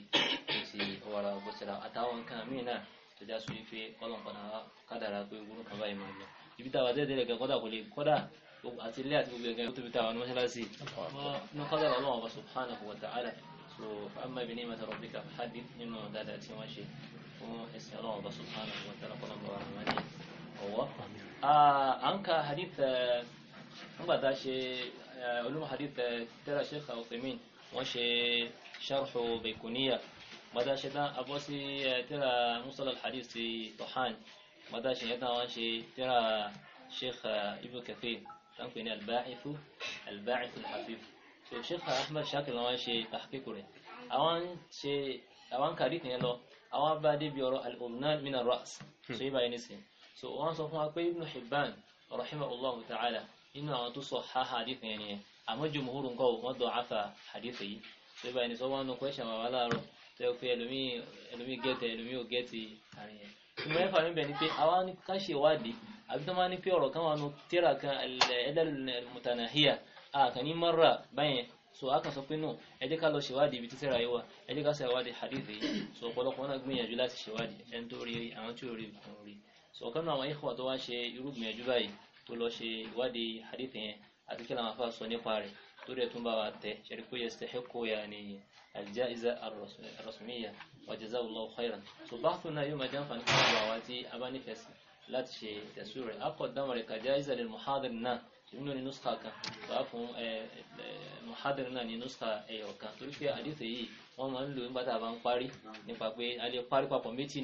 ó ti ọwọ́ra ọgbọ́ síra àtàwọn nǹkan míì náà tó já sórí pé ọlọ́run padà kádàrá pé ogun kan báyìí máa lọ ibi táwa tẹ́lẹ̀ gan kọ́dà kò lè kọ́dà àti ilé àti gbogbo ẹ̀gẹ́ tó fi táwa ní mọ́ṣáláṣí ní subhanahu wa ta'ala so amma bi ni'mati rabbika fahadith nínú dáadáa tí wọ́n ṣe fún ẹ̀sìn subhanahu wa ta'ala kọ́lọ́mù wa هو آه عنك حديث آه بعد شيء آه، علوم حديث آه، ترى شيخ عثيمين وش شرح بيكونية بعد شيء ده أبوسي آه، ترى مصل الحديث طحان بعد شيء ده وش ترى شيخ ابن كثير تنكو هنا يعني الباعث الباعث الحفيف شيخ أحمد شاكر وش تحقيق له أوان شيء أوان كاريت نيلو أوان بادي بيورو الأذنان من الرأس شيء بعيني سين so wọ́n sọ fún wa pé ibn hibban rahimahullah ta'ala inú àwọn tó sọ ha hadith yẹn nìyẹn àmọ́ jumhur nǹkan ò wọ́n dọ̀áfà hadith yìí so ibà ní sọ wọ́n nu question wà wá láàárọ̀ tó yẹ pé ẹlòmíì gẹ́tẹ̀ ẹlòmíì ò gẹ́tẹ̀ àrùn yẹn ṣùgbọ́n ẹ̀fà níbẹ̀ ni pé àwa ní ká ṣe ìwádìí àbí tó máa ní pé ọ̀rọ̀ kan wà nù tíra kan al àkàn ní mọ́ra báyẹn so a kan sọ pé náà ẹ jẹ́ ká lọ ṣèwádìí ibi títẹ́ra yíwa ẹ jẹ́ ká ṣèwádìí hadith yìí so ọ̀pọ̀lọpọ̀ náà gbìyànjú láti ṣèwádìí ẹni tó rí àwọn tí ò rí nǹkan rí sọ̀kan náà àwọn ikhwa tó wá ṣe irú gbìyànjú báyìí tó lọ ṣe ìwádìí hadith yẹn àti kí làwọn afa sọ nípa rẹ̀ tó dẹ̀ tún bá wa tẹ̀ ṣẹ̀rí pé yastahiqu yani al-ja'iza ar-rasmiyya wa jazallahu khairan so báàfù náà yóò máa jẹ́ àǹfààní fún àwọn àwa tí a bá nífẹ̀ẹ́ sí láti ṣe tẹ̀sùn rẹ̀ akọ̀ dáwọn rẹ̀ kaja'iza lil-muhadir náà nínú ní nuskha kan bàá fún muhadir náà ní nuskha ẹ̀yọ̀ kan torí pé hadith yìí wọ́n máa ń lò nígbà tá a bá ń parí nípa pé a lè parí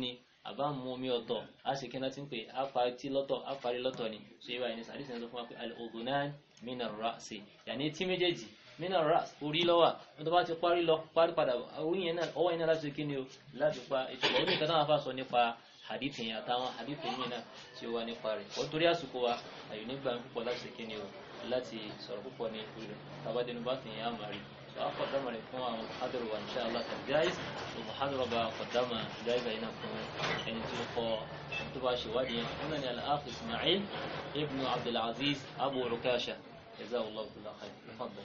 ni àbá mu omi ọ̀tọ̀ a sì kí n láti ń pè àfàtí lọ́tọ̀ àfàrí lọ́tọ̀ ni so yíwa ẹni sàdísì ẹni sọ fún wa pé al-udhunan min rasi yàní etí méjèèjì min ar-ra's orí lọ́wà wọ́n tó bá ti parí lọ parí padà orí yẹn náà ọwọ́ yẹn náà láti kí ni o láti pa ìtumọ̀ orí nǹkan táwọn afá sọ nípa hadithi yẹn àtàwọn hadithi yẹn náà tí ó wà nípa rẹ̀ ó torí àsìkò wa àyò nígbà púpọ̀ láti kí ni o láti sọ̀rọ̀ púpọ̀ ní ìpínlẹ̀ tàbádẹnubá kì í yá màrí فأقدم لكم المحاضرة وإن شاء الله تجايز المحاضرة بقدم جاي بينكم يعني تلقوا تباشي وادي هنا الأخ إسماعيل ابن عبد العزيز أبو عكاشة جزاه الله كل خير تفضل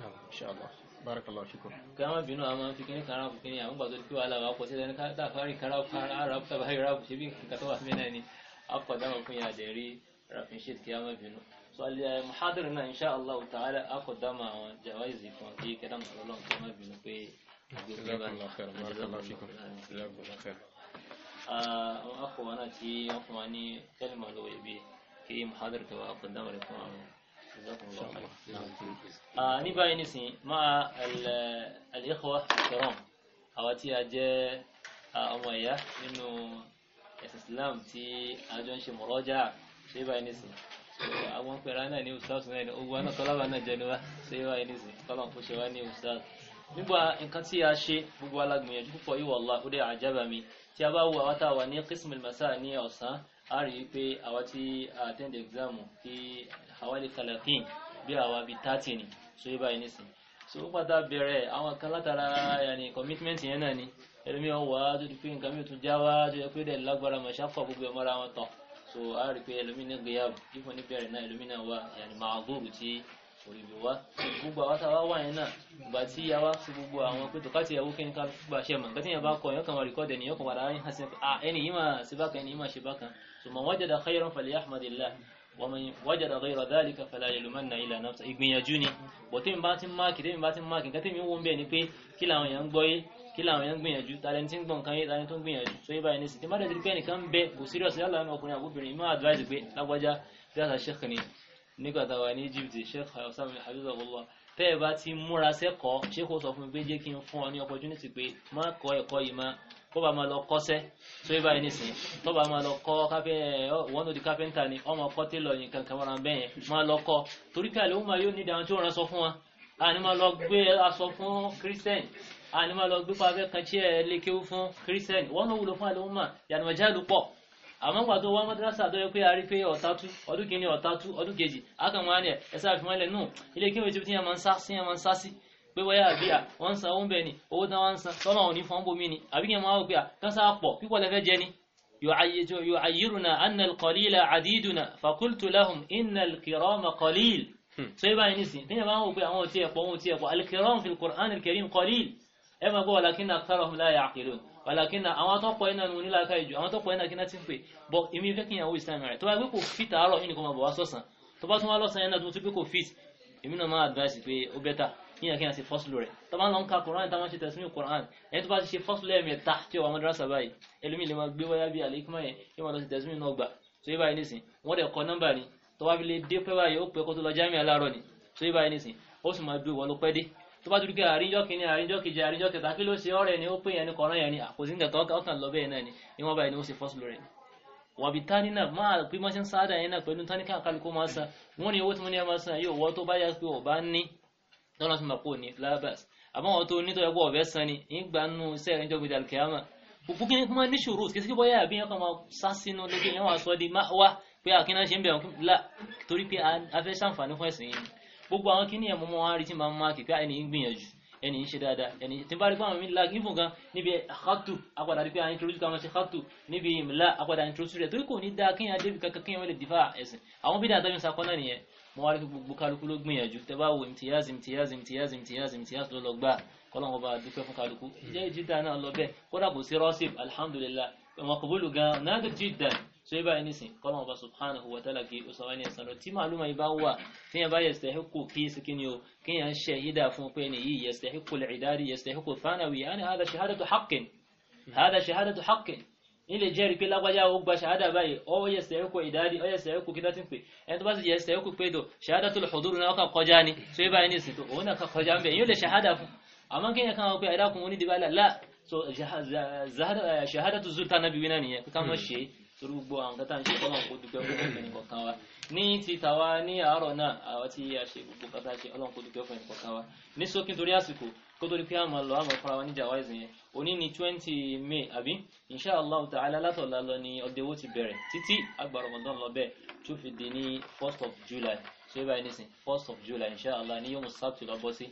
نعم إن شاء الله بارك الله فيكم كما بينو أما فيكني كنا فيكني أما بعض الكيو على غاب وسيد أنا كذا فاري كنا فارا راب تبعي راب شبيه كتوا مني أبقى دم فيني أدري راب نشيد كيما بينو so eh, muhadir náà insha allah ta'ala akọ̀dámọ̀ àwọn jawaizi kan kí kẹ́dá mọ̀lọ́lọ́ kí wọ́n bínú pé àwọn akọ̀ wọn náà tí wọ́n fún wa ní kẹ́lìmọ̀ lọ́wọ́ ibi kí muhadir tó wà akọ̀dámọ̀ rẹ̀ fún àwọn ní báyìí nísìn máa al-ikhwa al-kiram àwọn tí a jẹ́ Islam tí a jọ ń ṣe mọ̀rọ́jà ṣe báyìí àwọn pẹ̀lú náà ní ustaz náà ní ogun aná tọ́lábà náà jẹ́ níwá ṣe wá ní sí tọ́lá kó ṣe wá ní ustaz nígbà nǹkan tí a ṣe gbogbo alágbìyànjú púpọ̀ yìí wọ̀lá ó dé àjábà mi tí a bá wo àwọn táwa ní qism al-masa ní ọ̀sán a rí i pé àwa tí a attend exam fi hawali talatin bí àwa bí thirty ni so yí báyìí nísìn so ó pàtà bẹ̀rẹ̀ àwọn kan látara yàní commitment yẹn náà ni ẹlòmíràn wà á tó di pé nǹkan mi ò tún já wá tó yẹ pé dẹ̀ lágbára mọ̀ ṣáfà gbogbo ẹ̀ mọ́ra wọn tán so a rí pé ẹlòmínà gbéyàwó ipò níbẹ̀rẹ̀ náà ẹlòmínà wa yàní màgbóòrù tí òrìbì wa gbogbo àwọn tàwa wà yẹn náà ìgbà tí ya wá fi gbogbo àwọn pé tòkátì ìyàwó kí ní ká gbà ṣe mọ̀ nǹkan tí yẹn bá kọ yẹn kàn wá ni yẹn padà yẹn hasi ah ẹni yìí máa ṣe bákan ẹni yìí máa ṣe bákan so man wajada khayran falyahmadillah wa man wajada ghayra dhalika fala yalumanna illa nafsa ìgbìyànjú ni bọ̀ tí mi bá ti máàkì tí mi bá ti máàkì nǹkan wọ́n bẹ́ẹ̀ ni pé kí làwọn èèyàn ń gbọ́ yé kí làwọn yẹn ń gbìyànjú tàlẹ́ni tí ń gbọ̀n kan yé tàlẹ́ni tó ń gbìyànjú so yí báyìí nísìnyí tí má dẹ̀ ti pé ẹnìkan ń bẹ kò serious yálà ẹnu ọkùnrin àbúbìnrin mọ́ advice pé lágbájá gáàsà sheikh ni nígbà táwa ní Egypt sheikh Hasan habibullah tẹ́ ẹ bá ti múra sẹ́kọ̀ọ́ sheikh ó sọ fún mi pé jẹ́ kí n fún ọ ní opportunity pé má kọ́ ẹ̀kọ́ yìí má kó bá máa lọ kọ́sẹ́ so yí báyìí nísìnyí tó bá máa lọ kọ́ wọ́n ló di kápẹ́ńtà ni ọmọ kọ́ télọ̀ yìí kankan mọ́ra bẹ́ẹ̀ máa lọ kọ́ torí pé àlè ó máa yóò ní ìdáhùn tí ó rán sọ fún wa àní máa lọ gbé aṣọ fún Christian àní máa lọ gbípa abẹ́ kan tí ẹ lè kéwú fún kírísítẹ́nì wọ́n náà wúlò fún àlọ́mà yànnà jáàlú pọ̀ àmọ́ gbà tó wá mọ́dúrásà tó yẹ pé a rí pé ọ̀tátú ọdún kìíní ọ̀tátú ọdún kejì akànwá ni ẹ sáà fi mọ́lẹ̀ nù ilé kíwé tí wọ́n máa ń sá sí wọ́n máa ń sá sí pé wọ́yà àbí à wọ́n ń san oúnjẹ ni owó tán wọ́n ń san tọ́lọ̀ òní fún bomi ni àbí kí wọ́n wá pé à kán pọ̀ pípọ̀ lẹ́fẹ́ jẹ ni yu'ayyiruna anna al-qalila adiduna fakultu lahum inna al-kirama hmm. so ibà yìí nìsín tí yẹn bá ń wò pé àwọn ò tiẹ̀ pọ̀ wọn ò tiẹ̀ pọ̀ al fi al-Qur'an al ẹ máa gbọ́ wàlákínà aktarahum la ya'qilun wàlákínà àwọn atọ́pọ̀ iná ní onílàáká ìjọ àwọn atọ́pọ̀ iná kíná ti ń pè bọ́ èmi fẹ́ kí ìyàwó ìsìlámì rẹ̀ tó bá gbé kò fit àárọ̀ yìí nìkan máa bọ̀ wá sọ̀sán tó bá tún wá lọ́sàn yẹn náà tó gbé kò fit èmi náà máa advice pé ó bẹ́tà yíyan kí n ṣe fọ́sùlù rẹ̀ tó bá ń lọ ń ka koran tá máa ṣe tẹ̀sí ní koran ẹni tó bá ti ṣe fọ́sùlù ẹ̀mẹta tí ó wà madrasa sí tẹ̀sí tó bá dúdú kí àríjọ́ kìíní àríjọ́ kejì àríjọ́ kẹta kí ló ṣe ọ̀rẹ́ ni ó pè yẹn ni kọ̀ọ̀rọ̀ yẹn ni àkòsí ah, nǹkan kan ọkàn lọ bẹ́ẹ̀ náà ni ìwọ̀n báyìí ni ó ṣe fọ́sùlù rẹ̀ ni wàbí tání náà máa pí mọ́ sí ń sáádà yẹn náà pẹ̀lú tání káàkiri kó máa san wọ́n ní owó tí mo ní ẹ máa san yóò wọ́ tó bá yá pé ọ̀bá ní lọ́nà tí mo kò ní flabas àmọ́ wọn tó nítorí ẹgbẹ́ ọ̀bẹ san ni ìgbà nù iṣẹ́ ìrìnjọ́ gbèdà kìámà òkú kí ni máa ní ṣòro kí sí bọ́yá àbí yẹn kan máa sá sínú lójú yẹn wà sọ́ di máa wá pé àkínná ṣe ń bẹ̀rù torí pé a fẹ́ fún ẹ̀sìn yìí gbogbo àwọn kíní ẹ̀mọ́ wọn á rí tí máa ń máa kìkà ẹni ń gbìyànjú ẹni ń ṣe dáadáa ẹni tí bá rí pé àwọn mi lag ifun gan níbi khatu apadà rí pé àwọn introduce kan wọn ṣe khatu níbi imla apadà introduce rẹ torí kò ní dáa kíyàn débi kankan kíyàn wọlé dìfà ẹ̀sìn àwọn bídà àtàbí ń sakọ́nà nìyẹn mo wá rí gbogbo kálukú ló gbìyànjú tẹ bá wo imtiyaz imtiyaz imtiyaz imtiyaz imtiyaz lọ gbà kọ́lọ́n mọ̀kúbúlù gan nadir جدا. so yíba ẹni sìn kọ́lọ̀ ọba subhanahu wa ta'ala kí ó sọ̀rọ̀ ẹni ẹ̀sán lọ tí màálùmá yìí bá wà tí yẹn bá yastahiqu kí sí kí ni o kí yẹn ṣe yídà fún pé ni yìí yastahiqu al-idari yastahiqu thanawi yani hada shahadatu haqqin hada shahadatu haqqin ilé jẹ́rìí pé lágbájá ó gba ṣàhádà báyìí ó yẹ sẹ́yẹ́kù ìdádì ó yẹ sẹ́yẹ́kù kí láti ń pè ẹni tó bá sì yẹ ni tó yẹ báyìí ní ìsìn tó òun náà kà kọjá ń bẹ̀ yóò lè ṣàhádà fún àmọ́ kí so ṣahadatu eh, zulta nabi wina nìyẹn pé ká mọ̀ ṣe torí gbogbo àwọn nǹkan tá à ń ṣe ọlọ́run kó dúpẹ́ fún ẹnì kọ̀ọ̀kan wa ní ti tàwa ní àárọ̀ náà àwa tí a ṣe gbogbo nǹkan tá a ṣe ọlọ́run kó dúpẹ́ fún ẹnì kọ̀ọ̀kan wa ní sókè torí àsìkò kó torí pé àmọ́ lọ àmọ́ fúnra wa níjà wáìsì yẹn òní ni twenty may àbí insha allah ta'ala látọ̀la lọ ni ọdẹwó ti bẹ̀rẹ̀ títí àgbà ramadan lọ bẹ́ẹ̀ tó fi di ní first of july ṣé báyìí nísìn first of july insha allah ní yóò mú sábtì lọ bọ́ sí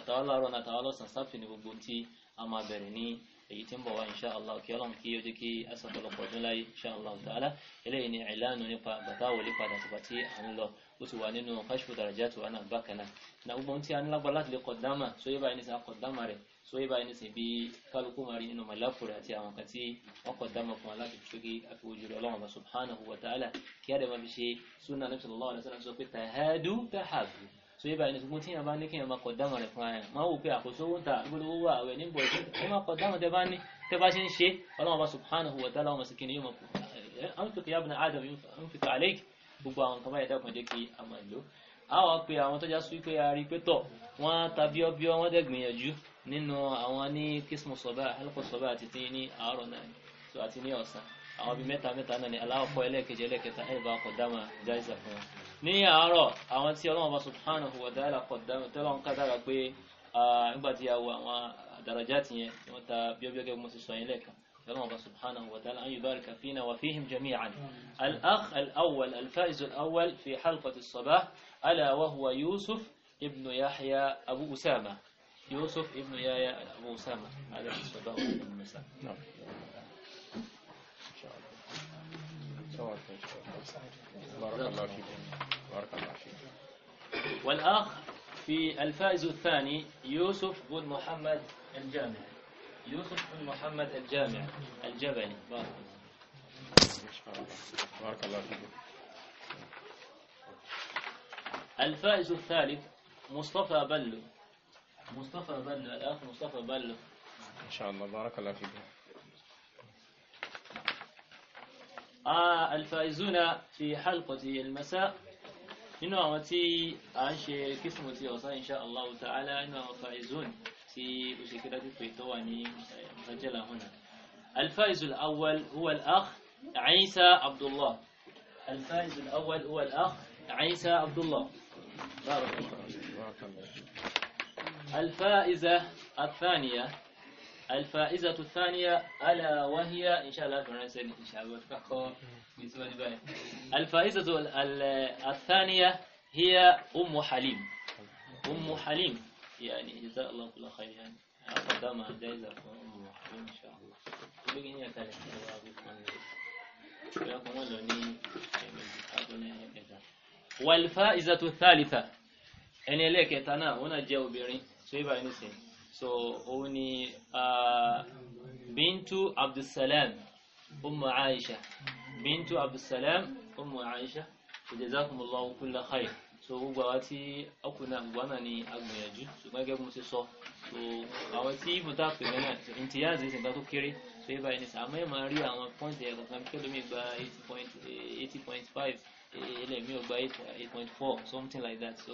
àtàwọn láàárọ̀ náà àtàwọn lọ́sàn sábtì ní gbogbo ti a máa bẹ̀rẹ̀ ní èyí tí ń bọ̀ wá insha Allah kí ọlọ́run kí ó jẹ́ kí asọ̀pọ̀lọpọ̀ ọdún láyé insha Allah ta'ala eléyìí ni ìlànà nípa bàtà wòlé padà sípa tí à ń lọ ó ti wà nínú kashfu darajat wa náà bákan náà na gbogbo tí a ní lágbára láti lè kọ̀dámà so yé báyìí nísìn akọ̀dámà rẹ̀ so yé báyìí nísìn bí kálukú máa rí nínú màláfù àti àwọn kan tí wọ́n kọ̀dámà fún wa láti fi ṣókí àfiwojú rẹ̀ ọlọ́run subhanahu wa ta'ala kí á dẹ̀ máa fi ṣe sunnah nabi sallallahu alaihi wasallam sọ pé tahadu tahabu so yíba ẹni ṣùgbọ́n tí yàn bá ní kí yàn máa kọ̀dámọ̀ rẹ̀ fún ara yàn máa wò pé àkóso owó ń ta àgbélé owó àwẹ̀ ní bọ̀ọ̀dí ẹ máa kọ̀dámọ̀ tẹ bá ní tẹ bá ṣe ń ṣe ọlọ́run bá subhanahu wa ta'ala ọmọ sikini yóò máa kú àwọn tó kìyà bìnrin adam ń fi kàlẹ́ gbogbo àwọn kan báyìí dákun jẹ́ kí a máa lò àwọn pé àwọn tọ́já sí pé a rí pé tọ̀ wọ́n ta bíọ́bíọ́ wọ́n dẹ̀ gbìyànjú nínú àwọn ní kismu sọ̀bá halqa sọ̀bá àti ti ní àárọ̀ náà so àti ní ọ̀sán àwọn bíi mẹ́ta mẹ́ta náà ni aláwọ̀ pọ̀ ẹlẹ́ẹ̀kejì ẹlẹ́ẹ̀kẹta ẹ̀ bá kọ̀ dáma jáìsà ní àárọ̀ àwọn tí ọlọ́run bá subhanahu wa ta'ala kọ̀dámù tọ́lọ́run kádàrà pé nígbàtí àwọ àwọn àdàràjá ti yẹn tí wọ́n ta bíọ́bíọ́gẹ́ mo sì sọ yẹn lẹ́ẹ̀kan ọlọ́run bá subhanahu wa ta'ala an yubarika fina wa fihim jami'an al-akh al-awwal al-faiz al-awwal fi halqati as-sabah ala wa huwa yusuf ibn yahya abu usama yusuf ibn yahya abu usama ala as-sabah wa al بارك الله فيك بارك الله فيك والأخ في الفائز الثاني يوسف بن محمد الجامع يوسف بن محمد الجامع الجبلي بارك الله بارك الله فيك الفائز الثالث مصطفى بلو مصطفى بلو الأخ مصطفى بلو إن شاء الله بارك الله فيك الفائزون في حلقة المساء إنه أمتي عنش كسمة أصلا إن شاء الله تعالى إنه فائزون في مشكلة في تواني مسجلة هنا الفائز الأول هو الأخ عيسى عبد الله الفائز الأول هو الأخ عيسى عبد الله بارك الله الفائزة الثانية الفائزة الثانية ألا وهي إن شاء الله فرنسا إن شاء الله تفقه الفائزة الثانية هي أم حليم أم حليم يعني جزاء الله كل خير يعني أقدمها جائزة أم حليم إن شاء الله لكن هي كانت والفائزة الثالثة أنا يعني لك أنا هنا جاوبيني شو يبغى so òun ni uh, bintu abdulsalam umu aisha bintu abdulsalam umu aisha jazakumullahu kulla khair so gbogbo àwọn tí ọkùnrin àgbà náà ni agbìyànjú ṣùgbọ́n gẹ́gẹ́ bí mo ṣe sọ so àwọn tí ibùdó àpèmẹ́ náà ìtìyàzì ìsìnká tó kéré so ibà ẹni sàmúyẹ̀ máa rí àwọn pọ́ǹtì ẹ̀kọ̀kan kí lómi gba eighty point eighty point ẹlẹ́mí ọgbà 8.4 something like that so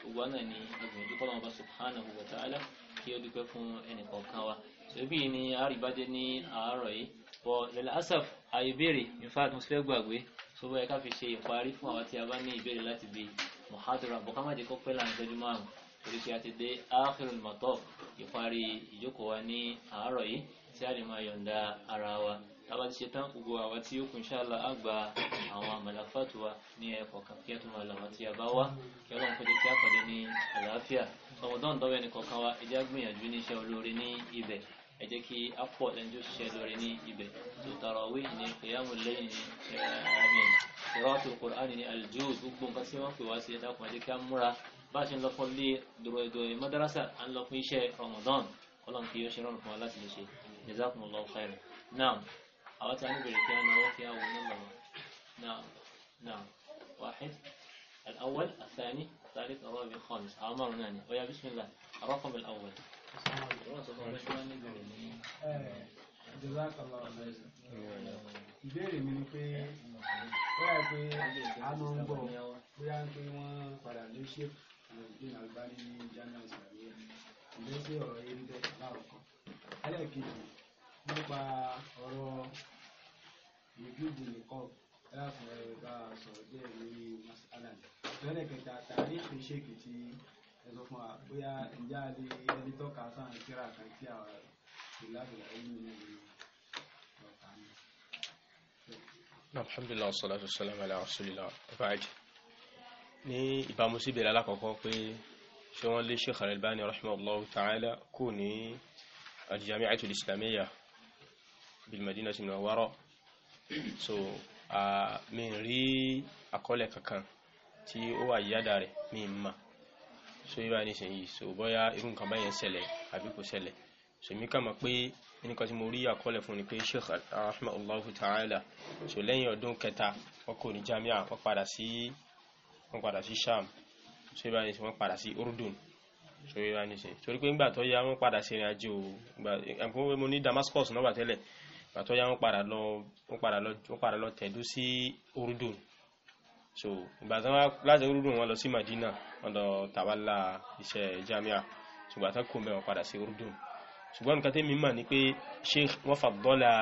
gbogbo náà ni agbìyànjú kọ́lọ́mù bá subhanahu wa ta'ala kí ó dúpẹ́ fún ẹnìkọ̀ọ̀kan wa so ibi ni àríbájẹ́ ní àárọ̀ yìí but lẹ́lẹ́ asaf àìbéèrè in fact mo fẹ́ gbàgbé so bóyá ká fi ṣe ìparí fún àwa tí a bá ní ìbéèrè láti bi muhadara bọ̀ ká má jẹ́ kó pẹ́ láàrin ìtọ́jú márùn torí pé a ti dé áhìrùn mọ̀tọ́ ìparí ìjókòó wa ní àárọ̀ yìí tí a lè máa yọ̀ǹda ara wa tábà ti ṣe tán gbogbo àwa tí ó kù insha Allah á gba àwọn àmàlàfàtù wa ní ẹ̀kọ́ kan kí ẹ tó máa làwọn tí a bá wá kí ọlọ́run kó jẹ́ kí á pàdé ní àlàáfíà ọmọdán dọ́wọ́ ẹnì kọ̀ọ̀kan wa ẹ jẹ́ á gbìyànjú ní iṣẹ́ olóore ní ibẹ̀ ẹ jẹ́ kí á pọ̀ lẹ́ni tó ṣiṣẹ́ lóore ní ibẹ̀ tó tarawih ní qiyamul layl ní àmín ìrọ́tò Qur'an ní aljuz gbogbo nǹkan tí wọ́n pè wá sí ẹ̀dá kan ẹ kí á múra bá a ṣe ń lọ fún lé dòrò ẹ̀dọ̀ madrasa à ń lọ fún iṣẹ́ Ramadan ọlọ́run kì í ṣe rọrùn fún wa láti lè ṣe jazakumullahu khairan naam أوتعني بركان وفيها ونمر نعم نعم واحد الأول الثاني الثالث الرابع الخامس عمر ناني ويا بسم الله الرقم الأول جزاك الله nípa ọ̀rọ̀ ìjúdì nìkan láàfin ẹ bá a sọ̀rọ̀ díẹ̀ lórí masalan lọ́lẹ̀ kẹta tàbí ìpín ṣéèkì tí ẹ sọ fún wa bóyá ìjà lè ẹni tọ́ka sáà ń kíra kan tí àwọn ìlàbìlà ẹ̀yìn ní ọ̀tá mi. alhamdulilah salatu salam ala rasulillah ibaji ní ìbámu sí ìbẹ̀rẹ̀ alákọ̀ọ́kọ́ pé ṣé wọ́n lé Sheikh Al-Albani rahimahullah ta'ala kù ní al-Jami'atul Islamiyya bilmadina ṣe mìíràn wárọ̀ so mi rí àkọọ́lẹ̀ kankan tí ó wà yíyáda rẹ̀ mi ma so yíba nísìnyí so bóyá irú nǹkan báyẹn ṣẹlẹ̀ àbí kò ṣẹlẹ̀ so mi kà mọ̀ pé ẹnìkan tí mo rí àkọọ́lẹ̀ fún ni pé sheikh rahimahullahu ta'ala so lẹ́yìn ọdún kẹta wọ́n kò jamia wọ́n padà sí wọ́n padà sí sham so yíba nísìnyí wọ́n padà sí urdun so yíba nísìnyí torí pé ńgbà tó yá wọ́n padà sí ìrìn àjò ìgbà mo ní damascus náà wà tẹ́lẹ̀ pàtó yá wọn padà lọ wọn padà lọ wọn padà lọ tẹ̀dó sí orúdò so ìgbà tí wọn láti orúdò wọn lọ sí Madina wọn lọ tàwálà iṣẹ́ jamia ṣùgbọ́n àtàn kò mẹ́wọn padà sí orúdò ṣùgbọ́n nǹkan tẹ́mi mà ní pé sheikh wọn fàbọ́là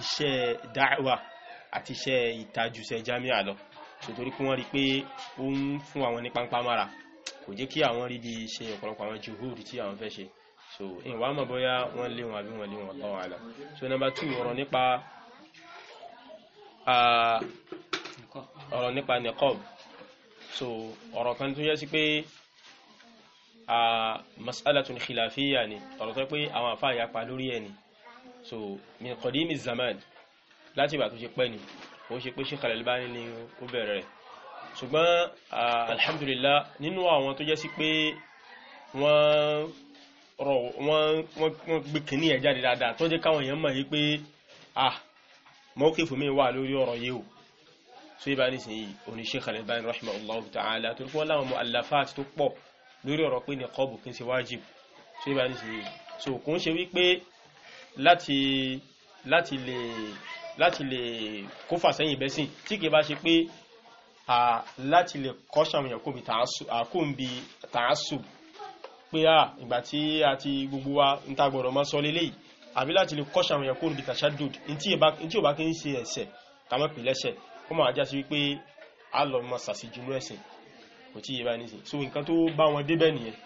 iṣẹ́ da'wa àti iṣẹ́ ìtajùṣẹ́ jamia lọ nítorí pé wọ́n rí pé ó ń fún àwọn ní pápá mára kò jẹ́ kí àwọn rí bí ṣe ọ̀pọ̀lọpọ̀ àwọn juhud tí àwọn fẹ́ ṣe so ìwà mọ̀ bóyá wọ́n lé wọn àbí wọ́n lé wọn lọ́wọ́ àlà so number two ọ̀rọ̀ nípa ọ̀rọ̀ nípa nìkọ́b so ọ̀rọ̀ kan tó yẹ sí pé masalatun khilafiyya ni ọ̀rọ̀ tó pé àwọn àfáà ya pa lórí ẹni so min qadimi zaman láti ìgbà tó ṣe pẹ́ ni ó ṣe pé Sheikh Al-Albani ni ó bẹ̀rẹ̀ ṣùgbọ́n alhamdulillah nínú àwọn tó jẹ́ sí pé wọ́n rọ wọ́n gbé kìíní ẹ̀ jáde dáadáa tó jẹ́ káwọn èèyàn mọ̀ yí pé ah mọ́kìfù mi wà lórí ọ̀rọ̀ yìí o so yí bá ní sìn yìí òní Sheikh Al-Albani rahimahullahu ta'ala tó fún láwọn mu'allafat tó pọ̀ lórí ọ̀rọ̀ pé niqab kì í ṣe wájib so yí bá ní sìn yìí so kò ń ṣe wípé láti láti lè láti lè kó fàsẹ́yìn bẹ́sìn tí kì í bá ṣe pé láti lè kọ́ ṣàmùyàn kó ń bi tààsùbù pé à ìgbà tí a ti gbogbo wa ń ta gbọ́dọ̀ máa sọ lélẹ́yìí àbí láti lè kọ́ṣà àwọn ẹ̀kọ́ olùbìtà ṣáàdùd tí ò bá kí ń ṣe ẹ̀ṣẹ̀ kàmọ́ pè lẹ́ṣẹ̀ kó máa já sí wípé a lọ máa sàṣì jùlọ ẹ̀sìn kò tí yé bá ní sí so nǹkan tó bá wọn débẹ̀ nìyẹn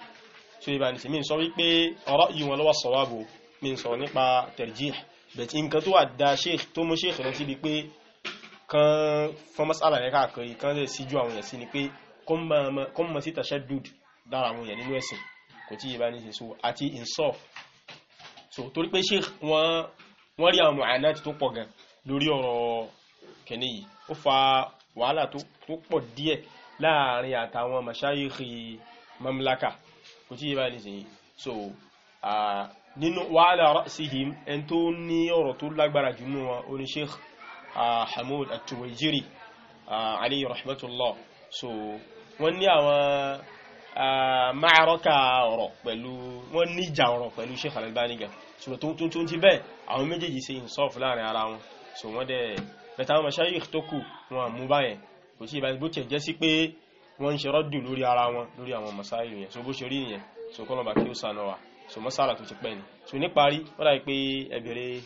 so yé bá ní sí mi sọ wípé ọ̀rọ̀ yìí wọn lọ́wọ́ sọ̀wábò mi sọ nípa tarjih bẹ̀tí nǹkan tó wà da tó mú sheikh lọ síbi pé kan fọ́n masala yẹn káàkiri kan lè síjú àwọn yẹn sí ni pé kó mọ̀ sí tàṣẹ́dùd dára àwọn yẹn nínú ẹ̀sìn kò tí ìbá ní ṣe so àti insof so torí pé sheikh wọ́n wọ́n rí àwọn mu'anat tó pọ̀ gan lórí ọ̀rọ̀ kẹni yìí ó fa wàhálà tó pọ̀ díẹ̀ láàrin àtàwọn mashayikhi mamlaka kò tí ìbá ní ṣe yìí so nínú wàhálà ra'sihim ẹni tó ní ọ̀rọ̀ tó lágbára jù nù wọn ó ní sheikh Hamud at-Tuwaijiri alayhi so wọ́n ní àwọn Ah, máàrọ́kà ọ̀rọ̀ pẹ̀lú wọ́n níjà ọ̀rọ̀ pẹ̀lú Sheikh Al-Albani gan ṣùgbọ́n tó tó ti bẹ́ẹ̀ àwọn méjèèjì ṣe ìsọ́ọ̀fù láàrin ara wọn so wọ́n dẹ̀ bẹ̀tà àwọn mashayikh tó kù wọn mú báyẹn kò sí ìbáyẹn bó tiẹ̀ jẹ́ sí pé wọ́n ń ṣe rọ́dù lórí ara wọn lórí àwọn masáyì yẹn so bó ṣe rí nìyẹn so kọ́ lọ́ba kí ó sànà wa so mọ́sára tó ti pẹ́ ni so níparí wọ́n dà pé ẹ̀bẹ̀rẹ̀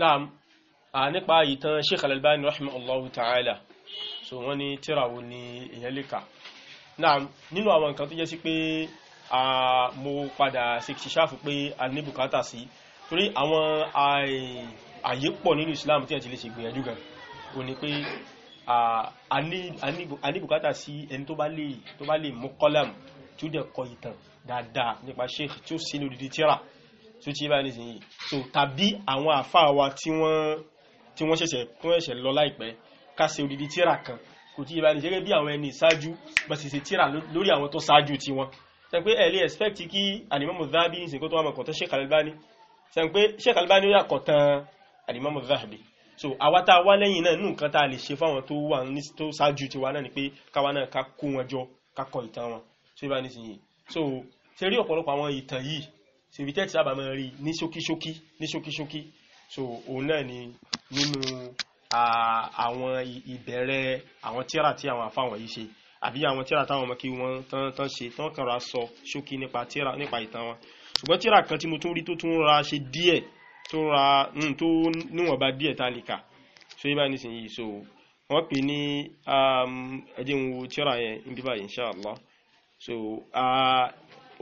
naam ah, nípa ìtàn Sheikh Al-Albani rahimahullahu ta'ala so wọ́n ní tíra wo ni èèyàn lè kà nínú àwọn nǹkan tó jẹ́ sí pé mo padà ṣe ṣáàfù pé a ní bùkátà sí torí àwọn àyè pọ̀ nínú Islam tí wọ́n ti lè ṣe gbìyànjú gan o ní pé a ní bùkátà sí ẹni tó bá lè mú kọ́lẹ̀m tí ó dẹ̀ kọ ìtàn dáadáa nípa sheikh tí ó sí ní odidi tíra tí ó ti bá nísìnyí so tàbí àwọn àfáà wa tí wọ́n ṣẹ̀ṣẹ̀ lọ láìpẹ́ ká ṣe odidi tíra kan kò tí ì bá ní ṣeré bí àwọn ẹni ìṣáájú bá sì ṣe tíra lórí àwọn tó ṣáájú tiwọn ṣe pé ẹ expect kí alimami zahabi ní ìsìnkú tó wà mọ̀kàn tó Sheikh Albani ṣe pé Sheikh Albani ó yàkọ̀ tán alimami zahabi so àwa tá a wá lẹ́yìn náà nù nǹkan tá a lè ṣe fáwọn tó wà ní tó ṣáájú tiwa náà ni pé káwa náà ká kó wọn jọ ká ìtàn so ṣe rí ọ̀pọ̀lọpọ̀ àwọn ìtàn yìí ṣèbí tẹ́tì sábà máa rí ní ṣókíṣókí ní ṣókíṣókí so òun náà ni nínú àwọn ìbẹ̀rẹ̀ àwọn tíra tí àwọn àfáwọn yìí ṣe àbí àwọn tíra táwọn ọmọ kí wọ́n tán tán ṣe tán kan ra sọ ṣókí nípa tíra nípa ìtàn wọn ṣùgbọ́n tíra kan tí mo tún rí tó tún ra ṣe díẹ̀ tó ra tó níwọ̀nba díẹ̀ tá a lè kà so yí báyìí nísìnyí so wọ́n pè ní um, ẹ̀dín wo tíra yẹn ń bí báyìí inṣàlá so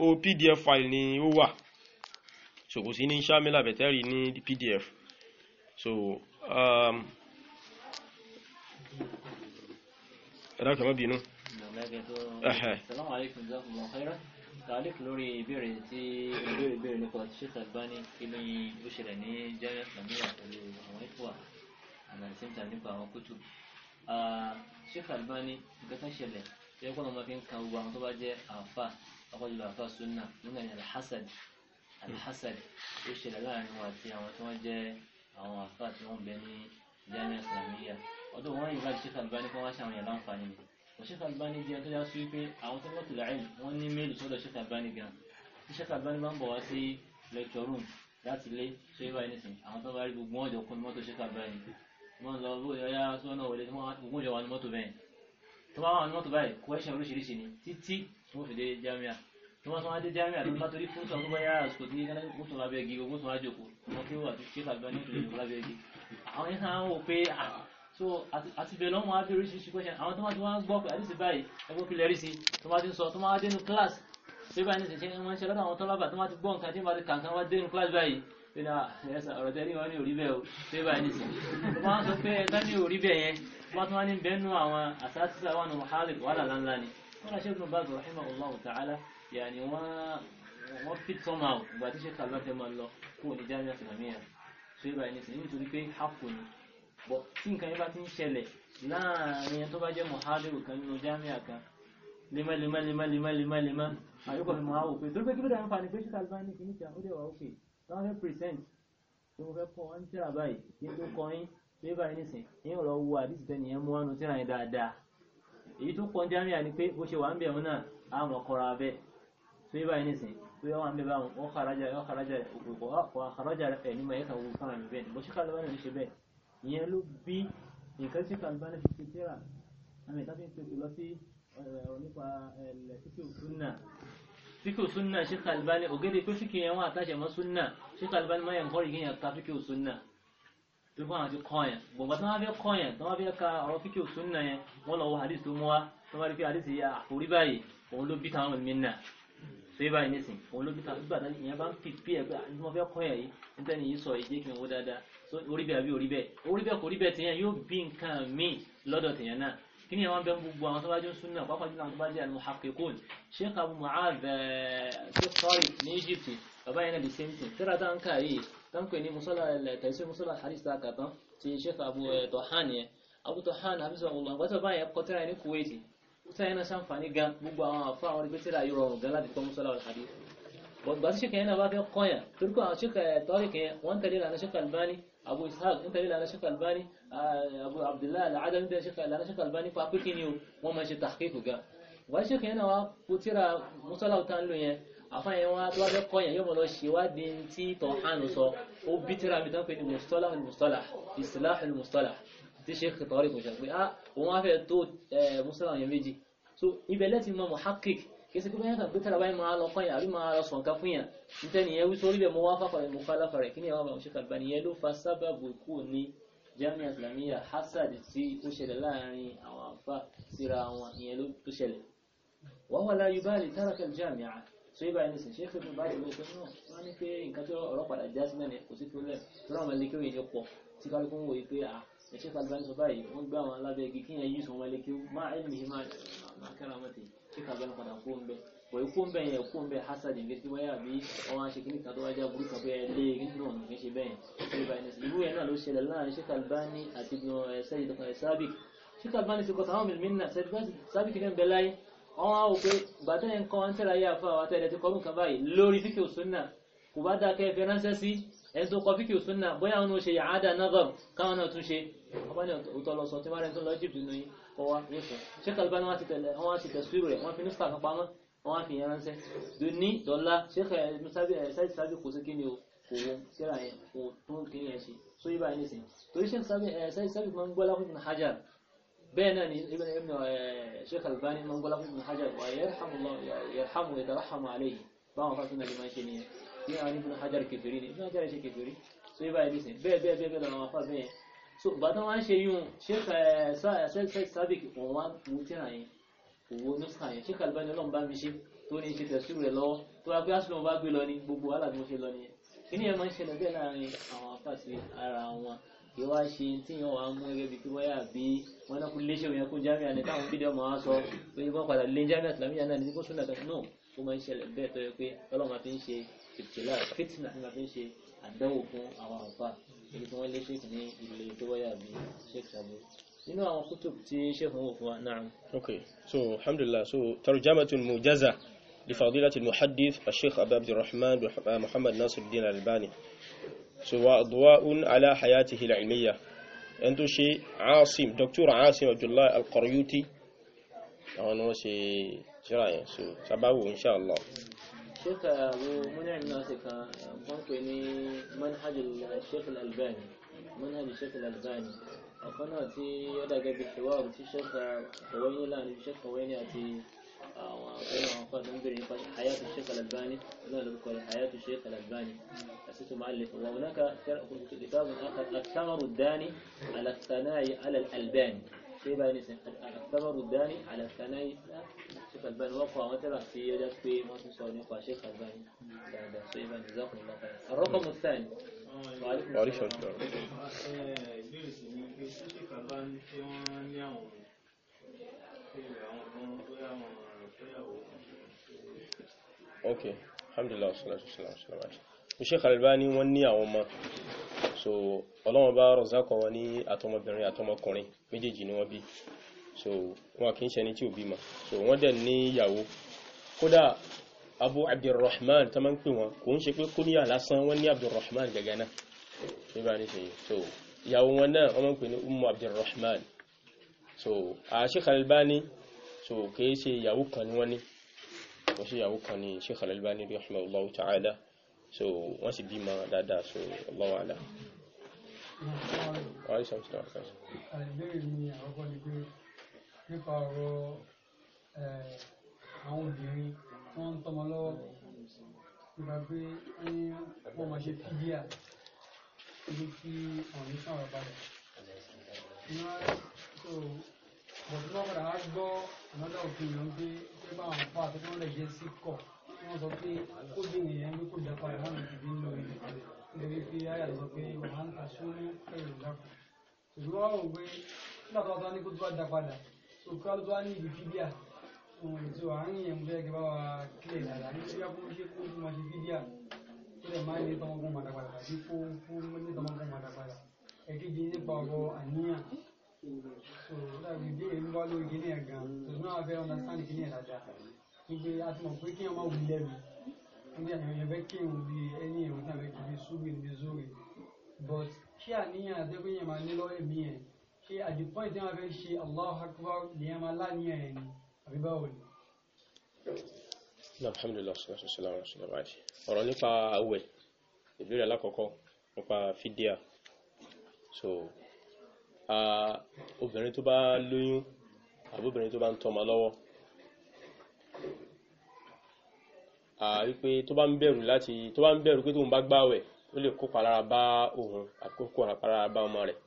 o pdf file ni ó wà so kò sí ní sàmìlà bẹ̀tẹ́rì ní pdf so. Um, ẹ̀dá kàmá bínú. Assalamu alaikum jazakumullahu khairan tàlík lórí ìbéèrè tí ìbéèrè ìbéèrè nípa Sheikh Albani kí ni ó ṣẹlẹ̀ ní jẹ́rẹ́ ìsìlámíyà pẹ̀lú àwọn ìfọ̀wà and at the same time nípa àwọn kútù Sheikh Albani nǹkan tó ṣẹlẹ̀ tó yẹ kó lọ́mọ fi ń kan gbogbo àwọn tó bá jẹ́ àfa àkọ́jùlọ àfa sunna nígbà yẹn alhassad alhassad ó ṣẹlẹ̀ láàrin wọn àti àwọn tó wọ́n jẹ́ àwọn àfa tí wọ́n bẹ ní jẹ́rẹ́ ìsìlámíyà ọdún wọn yìí láti Sheikh Albani kan wá ṣàwọn yẹn láǹfààní ni kò Sheikh Albani jẹ́ tó yá sí pé àwọn tó lọ́tò láìlì wọ́n ní méèlì sọ́dọ̀ Sheikh Albani gan tí Sheikh Albani bá ń bọ̀ wá sí lecture room láti lé ṣé báyìí nìsín àwọn tó bá rí gbogbo wọn jọ kún mọ́tò Sheikh Albani wọ́n lọ bó yọyá sọ́nà wọlé tí wọ́n jọ wà ní mọ́tò bẹ́ẹ̀ tó bá wà ní mọ́tò báyìí question oríṣiríṣi ni títí wọ́n fi dé jamia tó wọ́n tún wá dé jamia tó bá torí fún sọ gbogbo yàrá àsìkò tí yíká ó tún lábẹ́ igi ogun tún wá jòkó wọn kí ó wà tó Sheikh Albani ó tún jòkó lábẹ́ igi àwọn yẹn sáà ń wò pé ah, so àti bẹ̀rẹ̀ lọ́mọ á bí oríṣiríṣi question àwọn tó máa ti wá ń gbọ́ pé àdìsí báyìí ẹgbẹ́ òkè lẹ́rí sí tó máa ti ń sọ tó máa dénú class ṣé báyìí nìṣẹ́ ṣe wọ́n ṣe lọ́dọ̀ àwọn tọ́lábà tó máa ti gbọ́ nǹkan tí máa ti kàǹkan wá dénú class báyìí pé na ẹ̀sà ọ̀rọ̀ tẹ́lẹ̀ wọn ní orí bẹ́ẹ̀ o ṣé báyìí nìṣẹ́ tó máa ń sọ pé ẹ̀ka ní orí bẹ́ẹ̀ yẹn tó máa tún wá ní bẹ́ẹ̀nu àwọn àsáàtìsà wà nù hálì wàhálà ńláńlá ni wọ́n ṣe gbọ́n báàgì rahima allah ta'ala yàní wọ́n fit somehow ìgbà tí ṣe kàlọ́ fẹ́ máa lọ kúrò ní jamiu àti mamiya ṣé báyìí nìṣẹ́ bọ̀ tí nǹkan yẹn bá ti ń ṣẹlẹ̀ láàrin tó bá jẹ́ mọ̀hádìrò kan nínú jámíà kan lemọ́lemọ́lemọ́lemọ́lemọ́ àyíkọ̀ fi mọ̀ á wò pé torí pé kí ló dáa ń fa ni pé ṣíkà albani kì í níta ó dẹ̀ wà ókè one hundred percent tí mo fẹ́ kọ́ wọn tíra báyìí kí n tó kọ́ yín pé báyìí nìsín yín ọ̀rọ̀ wo àdìsí tẹ́ nìyẹn mú wánu tíra yẹn dáadáa èyí tó pọ̀ jámíà ni pé bó ṣe o ń bẹ̀ wọn náà á mọ̀ kọ́ra abẹ́ pé báyìí nìsín pé wọ́n ń bẹ báwọn ọ̀kàrájà ọ̀kàrájà òkùnkùn ọ̀kàrájà ẹ̀ ní ìyẹn ló bí nǹkan tí Albani fi ṣe tíra àmì ìtàkùn ìpèsè lọ sí eh, nípa eh, fíkì òsúnà fíkì òsúnà Sheikh Albani ògèdè pé fíkì yẹn wọn àtàṣe mọ́ súnà Sheikh Albani máa yẹn kọ́ ìgbìn yẹn ka fíkì òsúnà tó fún àwọn ti kọ́ yẹn gbọ̀ngbà tó wọ́n fẹ́ kọ́ yẹn tó wọ́n fẹ́ ka ọ̀rọ̀ fíkì òsúnà yẹn wọ́n lọ wọ hadith tó mú wa tó wọ́n rí pé hadith yẹn àforí báyìí òun ló bí táwọn mi náà so yíba yìí òun ló bí táwọn gbàdá ìyẹn bá ń pè pé àti ah, mo fẹ́ kọ́ yẹn yìí nítorí yìí sọ ìjẹ́ kí n wó dáadáa orí bẹ́ẹ̀ àbí orí bẹ́ẹ̀ orí bẹ́ẹ̀ kò rí bẹ́ẹ̀ tèèyàn yóò bí nǹkan míì Kini tèèyàn náà kí ni àwọn bẹ́ẹ̀ gbogbo àwọn tọ́bájú súnà pápá jùlọ àwọn tọ́bájú al-muhaqqiqun sheikh abu mu'adh eh, sọ́rí ní egypt bàbá yẹn náà the same thing tíra tá ń kà yìí tá ń pè ní musola eh, tẹ̀sí musola hadith ta kàtán ti sheikh abu eh, tohan yẹn abu tohan hafiz allah gbọ́tọ̀ bá yẹn kọ́ tíra yẹn ní kuwait tíra yẹn náà ṣàǹfààní gan gbogbo àwọn àfọ àwọn ìgbésẹ̀ gbogbo àti ṣíkẹ̀ yẹn bá fẹ́ kọ́yà torí kọ́ ṣíkẹ̀ tọ́ríkẹ̀ wọ́n tẹ̀lé ìlànà ṣíkẹ̀ albani abu ishaq ń tẹ̀lé ìlànà ṣíkẹ̀ albani abu abdullahi al'adam ń tẹ̀lé ìlànà ṣíkẹ̀ albani fapiki ni wọ́n ma ṣe tàkíkù ga wọ́n ṣíkẹ̀ yẹn wá kú tíra musalauta ń lò yẹn afá yẹn wá tó wá fẹ́ kọ́yà yóò mọ̀ lọ ṣe wá di tí tọ̀hánu sọ ó bí tíra mi tán pé ni mustalah mustalah islah mustalah tí ṣe tọ́rí kò ṣe pé ah òun wá fẹ́ tó musalah yẹn méjì so ibẹ̀ lẹ́tìn mọ́ muhakkik kìí ṣe pé báyìí kàgbé kára báyìí máa lọ fún yàrá máa lọ sọ̀nká fún yàn níta nìyẹn wí sórí bẹ̀ mo wá fàfà rẹ̀ mo fà láfà rẹ̀ kí ni àwọn àwọn òṣèkà bá nìyẹn ló fa sábàbù ikú ní Jamia Islamia hasad tí ó ṣẹlẹ̀ láàrin àwọn àfà síra wọn ìyẹn ló tó ṣẹlẹ̀ wọ́n wà láyé báyìí táràkà Jamia so yíba ẹni sìn ṣe fẹ́ fún báyìí lóòótọ́ náà wọ́n ní pé nǹkan tó ọ̀rọ̀ padà já sí mẹ́rin kò sí problem tó láwọn ẹlẹ́kẹ́ òye pọ̀ tí kálukú ń wòye pé à ẹ̀ṣẹ́ kálukú ń sọ báyìí wọ́n gbé àwọn alábẹ́ igi kíyàn yìí sùn wọn ẹlẹ́kẹ́ máa ẹ̀mí máa kára mọ́tì kí kàbẹ́ náà padà kúrò ń bẹ́ bọ̀ ikú ń bẹ́ yẹn kú ń bẹ́ hasad ń gẹ́sí wáyà bí ọwọ́ aṣe kíní kan tó wájá burú kan bẹ́ẹ̀ lé náà nìkan ṣe bẹ́ẹ̀ irú ẹ̀ náà ló ṣẹlẹ̀ láàrin Sheikh Albani àti eh, Sayyid Sabiq Sheikh Albani ti kọta àwọn mìíràn náà Sayyid Sabiq ní bẹ láyé àwọn àwọn òpè gbàtẹ́ yẹn kan ń tẹ́ra yé àfa àwọn àtẹ́rẹ́ ti kọ́rù nǹkan báyìí lórí fíkì òsúnà kò bá dáa kẹfẹ́ ránṣẹ́ sí ẹni tó kọ fíkì òsúnà bóyá àwọn kọ́ wá yóò sọ Sheikh Albani wọ́n ti tẹ̀síwìrì rẹ̀ wọ́n fi nípa kan pamọ́ wọ́n fi yẹn ránṣẹ́ ní dọ́là Sheikh sáàbì eh, sáàbì eh, kò sí kí ni o kò wọ́n síra yẹn kò tún kí ni yẹn ṣe so yí báyìí nìsín torí Sheikh sáàbì eh, sáàbì máa ń gbọ́lá fún Ibn Hajar bẹ́ẹ̀ náà ni Sheikh Albani máa ń gbọ́lá fún Ibn Hajar wà yarhamu yatarhamu alayhi báwọn fásitì náà lè máa ṣe nìyẹn bí so gbàtán wá ni ọlọ́run bá mi ṣe tó ní ṣe tẹ̀síwò rẹ̀ lọ́wọ́ tó wá pé àṣìlò bá gbé lọ ní gbogbo wàhálà bí mo ṣe lọ nìyẹn kíní ẹ̀ máa ń ṣẹlẹ̀ bẹ́ẹ̀ láàrin àwọn afáàsì ara wọn kí wá ṣe tí yẹn wàá mú gẹ́gẹ́ bí kí wáyà bí wọn náà kú léṣe òyìn kó jámíà ní táwọn fídíò máa sọ pé wọn padà lé jámíà tìlámíà náà ní kó súnà kan náà ó máa ń ṣẹlẹ̀ bẹ́ẹ̀ tó yẹ pé ọlọ́run máa fi ń ṣe ìtìlá fìtìnà máa fi ibi tí wọ́n lé sheikh ní ìlú tó wáyà bí sheikh sabo nínú àwọn kutub tí sheikh wọ́n fún wa náà. ok so alhamdulillah so tarjamatun mujaza لفضيلة المحدث الشيخ أبا عبد الرحمن محمد ناصر الدين الألباني سوى أضواء على حياته العلمية ẹni tó ṣe asim dr asim abdullahi alqaryuti àwọn ni wọ́n ṣe ṣíra yẹn so sababu inshallah الشيخ أبو الناسك بانك ممكن منهج الشيخ الألباني منهج الشيخ الألباني أقنا تي يدا قد الحوار تي الشيخ خويني لا الشيخ خويني أتي أنا آه، أقول ننظر حياة الشيخ الألباني أنا نذكر حياة الشيخ الألباني أسس مؤلف وهناك كتاب آخر الثمر الداني على الثنائي على الألباني في بانيس الثمر الداني على الثنائي Sheikh Albani wọ́n kọ àwọn tẹ́lá tí ó jẹ́ pé wọ́n ti sọ nípa Sheikh Albani dáadáa so ibà nìzá kùn lọ́pàá yẹn ọ̀rọ̀ kọ́ mu sáà alhamdulillah wasalaatu wasalaam wasalaam aṣọ Sheikh Albani wọ́n ní àwọn ọmọ so ọlọ́wọ́n bá rọ̀zákọ̀ wọn ní àtọmọbìnrin àtọmọkùnrin méjèèjì ni wọ́n so wọn kì í ṣẹni tí ò bímọ so wọ́n dẹ̀ ní ìyàwó kódà abu abdulrahman tó máa ń pè wọn kò ń ṣe pé kó níyà lásán wọ́n ní abdulrahman gẹ́gẹ́ náà nígbà ní ṣe so ìyàwó wọn náà wọ́n máa ń pè ní umu abdulrahman so Sheikh Al-Albani so kìí ṣe ìyàwó kan ni wọ́n ní wọ́n ṣe ìyàwó kan ni Sheikh Al-Albani rahimahullahu ta'ala so wọ́n sì bímọ dáadáa so Allahu a'lam. Àwọn ìṣàkóso àwọn ìṣàkóso nípa ọ̀rọ̀ àwọn obìnrin tí wọ́n ń tọ́mọ lọ́wọ́ nípa pé wọ́n máa ṣe fídíà ibi tí wọ́n ní sọ̀rọ̀ balẹ̀. bọ̀dé wọn padà wá gbọ́ ọ̀nàdà òfin yẹn pé pé báwọn àpá àti wọn lè jẹ́ sí kọ̀ wọ́n sọ pé ó dín ìyẹn ní kò jápa ẹ̀ wọ́n lè dìbò nínú ilẹ̀ lórí fi ayà sọ pé wọ́n á ń ta sórí ẹ̀rọ dákùn. ṣùgbọ́n wọ́n rò pé nígbà tó wá ní kó tó wá dá padà so kálù tó wá ní ìbíbíà so àárín yẹn mo fẹ́ kí bá wa kílẹ̀ dáadáa ní bíbíà kó ṣe kó fún wa ṣe bíbíà kó lè má ní tọmọgbọ́n padàpadà tàbí kó fún ní tọmọgbọ́n padàpadà ẹ̀kejì nípa ọ̀rọ̀ àníyàn so dàbí ìbéèrè ń bá lórí kíní ẹ̀ gan so ní wàá fẹ́ ọ̀nà sáni kíní ẹ̀ dáadáa gbogbo àti mọ̀ pé kí ọmọ wù lẹ́nu níbi àwọn èèyàn fẹ́ kí èèyàn bí ẹni èèyàn tàbí kí bí súnmí ní zórí but kí àníyàn àtẹ́gbẹ́yẹn máa ní lọ́rẹ̀ mí ṣe àdìpọ́ ìdí wọn fẹ́ ṣe Allahu Akbar nìyẹn máa láníyàn ẹ̀ ni àbí báwo ni. alhamdulilayi sallallahu alayhi wa sallam ọ̀rọ̀ nípa àwẹ̀ ìbéèrè alákọ̀ọ́kọ́ nípa fídíà so obìnrin tó bá lóyún àbí obìnrin tó bá ń tọ́mọ lọ́wọ́ wípé tó bá ń bẹ̀rù láti tó bá ń bẹ̀rù pé tóun bá gbààwẹ̀ ó lè kópa lára bá òun àkókò àpárá bá ọmọ rẹ̀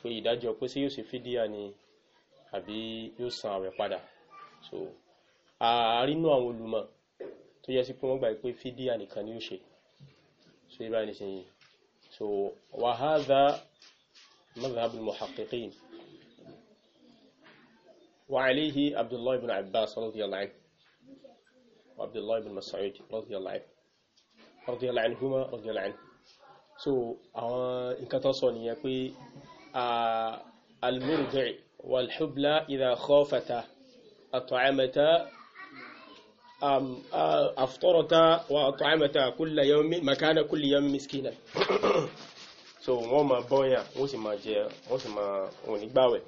pé ìdájọ́ pé sí yóò ṣe fídíà ni àbí yóò san àwẹ̀ padà so àárínú àwọn olùmọ̀ tó yẹ sí pé wọ́n gbà pé fídíà nìkan ni yóò ṣe so ibà nísìnyí so wàhádà madhhab al-muhaqqiqin وعليه عبد الله بن عباس رضي الله عنه وعبد الله بن مسعود رضي الله عنه رضي الله عنهما رضي الله عنه so àwọn nǹkan tó sọ nìyẹn al-murdi إذا hubla idha khafata at'amata aftarata wa at'amata kulla yawmin makana kulli yawmin so wọ́n máa bọ́yà wọ́n sì máa jẹ wọ́n sì máa wọn ní gbàwẹ̀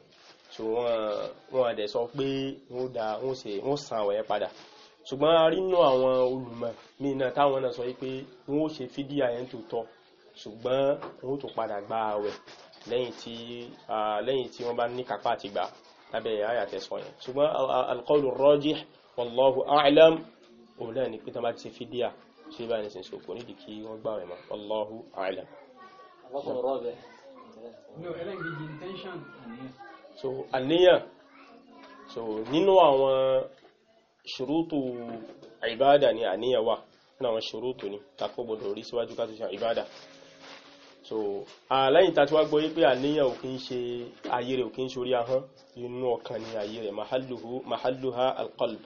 so wọ́n wọ́n adẹ̀ sọ pé wọ́n da wọ́n sì wọ́n san àwẹ̀ padà ṣùgbọ́n a rí nú àwọn olùmọ̀ míì táwọn náà sọ pé wọ́n ó ṣe fídíà yẹn tó tọ́ ṣùgbọ́n wọ́n tó padà gba àwẹ̀ lẹ́yìn tí lẹ́yìn tí wọ́n bá ní kápá àti gbà lábẹ́ àyà tẹ̀sán yẹn ṣùgbọ́n alqawlu rajih wallahu a'lam òun náà ni pé tán bá ti fi díà ṣe bá ní sin ṣòkò nídìí kí wọ́n gbà rẹ̀ mọ́ wallahu a'lam. so àníyàn so nínú àwọn ṣùrútù ìbáàdà ni àníyàn wà nínú àwọn ṣùrútù ni takó gbọdọ̀ síwájú ká tó so àlẹ́yìn tàbí wá gbọ́ wípé àníyàn ò kí ń ṣe ayé rẹ̀ ò kí ń ṣorí ahọ́n inú ọkàn ni ayé rẹ̀ mahalluha alqalb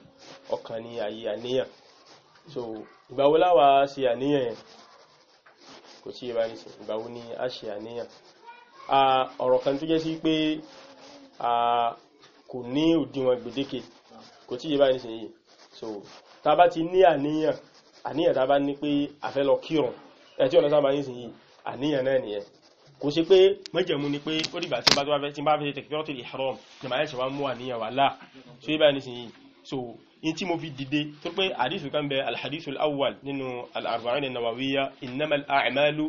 ọkàn ni ayé àníyàn so ìgbàwó láwà ṣe àníyàn yẹn kò tí ìbá nìsìn ìgbàwó ni a ṣe àníyàn ọ̀rọ̀ kan tó jẹ́ sí pé kò ní òdiwọ̀n gbèdéke kò tí ìbá nìsìn yìí so tá bá ti ní àníyàn àníyàn tá bá ní pé a lọ kírun ẹ̀ tí ọ̀nà sábà nìsìn yìí àníyàn náà nìyẹn kò ṣe pé mẹ́jẹ̀mú ni pé ó dìgbà tí bá tó bá fẹ́ tí bá fẹ́ tẹ̀kíọ́tì ìhàrọ̀m ni màá ṣe wá mú àníyàn wà láà so ibà nísìnyí so in tí mo fi dìde tó pé àdísù kan bẹ alhadisul awwal nínú al-arba'in an-nawawiyya innamal a'malu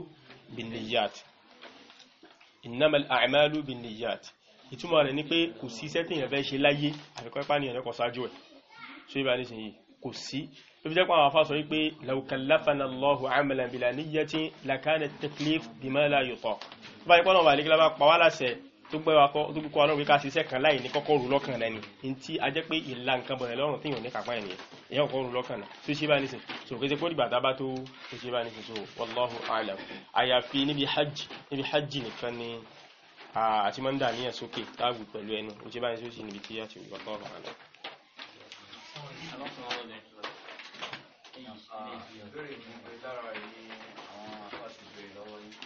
ló fi jẹ́ pé àwọn afá sọ wípé laukallafana allahu amalan bila niyyati lakana taklif bima la yutaq tó bá yẹ pọ́nà wà lẹ́gbẹ̀lá bá pa wá láṣẹ tó gbé wa kọ́ tó kọ́ ọlọ́run ká ṣiṣẹ́ kan láì ní kọ́kọ́ rú lọ́kàn rẹ ni ní tí a jẹ́ pé ìlà nǹkan bọ̀rẹ̀ lọ́rùn tí yàn ní kápá ẹ̀nìyàn èyàn kọ́ rú lọ́kàn náà tó ṣe bá nísìn so kí ìbéèrè mi lára èyí àwọn afáàtì béèrè lọ́wọ́ yìí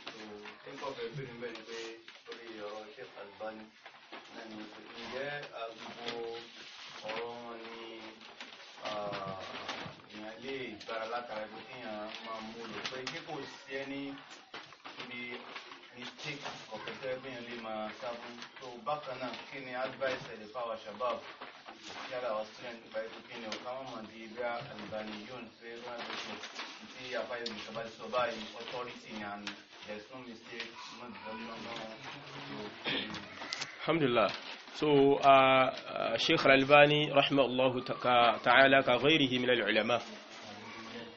tó tẹ́ńkọ̀ bẹ̀rẹ̀ béèrè ń bẹ̀rẹ̀ pé lórí ọ̀rọ̀ Sheikh Albani náà ni pé ǹjẹ́ àgbègbè ọ̀rọ̀ wọn ni èèyàn lè gbára látara pé kéèyàn máa mú lò pé kí kò sí ẹni bí bákan náà kí ni advice ẹ̀ lè fáwọn shabab. yara austrian baituki ne kama mandiga albaniyun fera da su nti ya fayi da shabal so ba yi authority and there's no mistake man da wannan alhamdulillah so uh, Sheikh albani rahimahullahu ta'ala ka ghairihi min al-ulama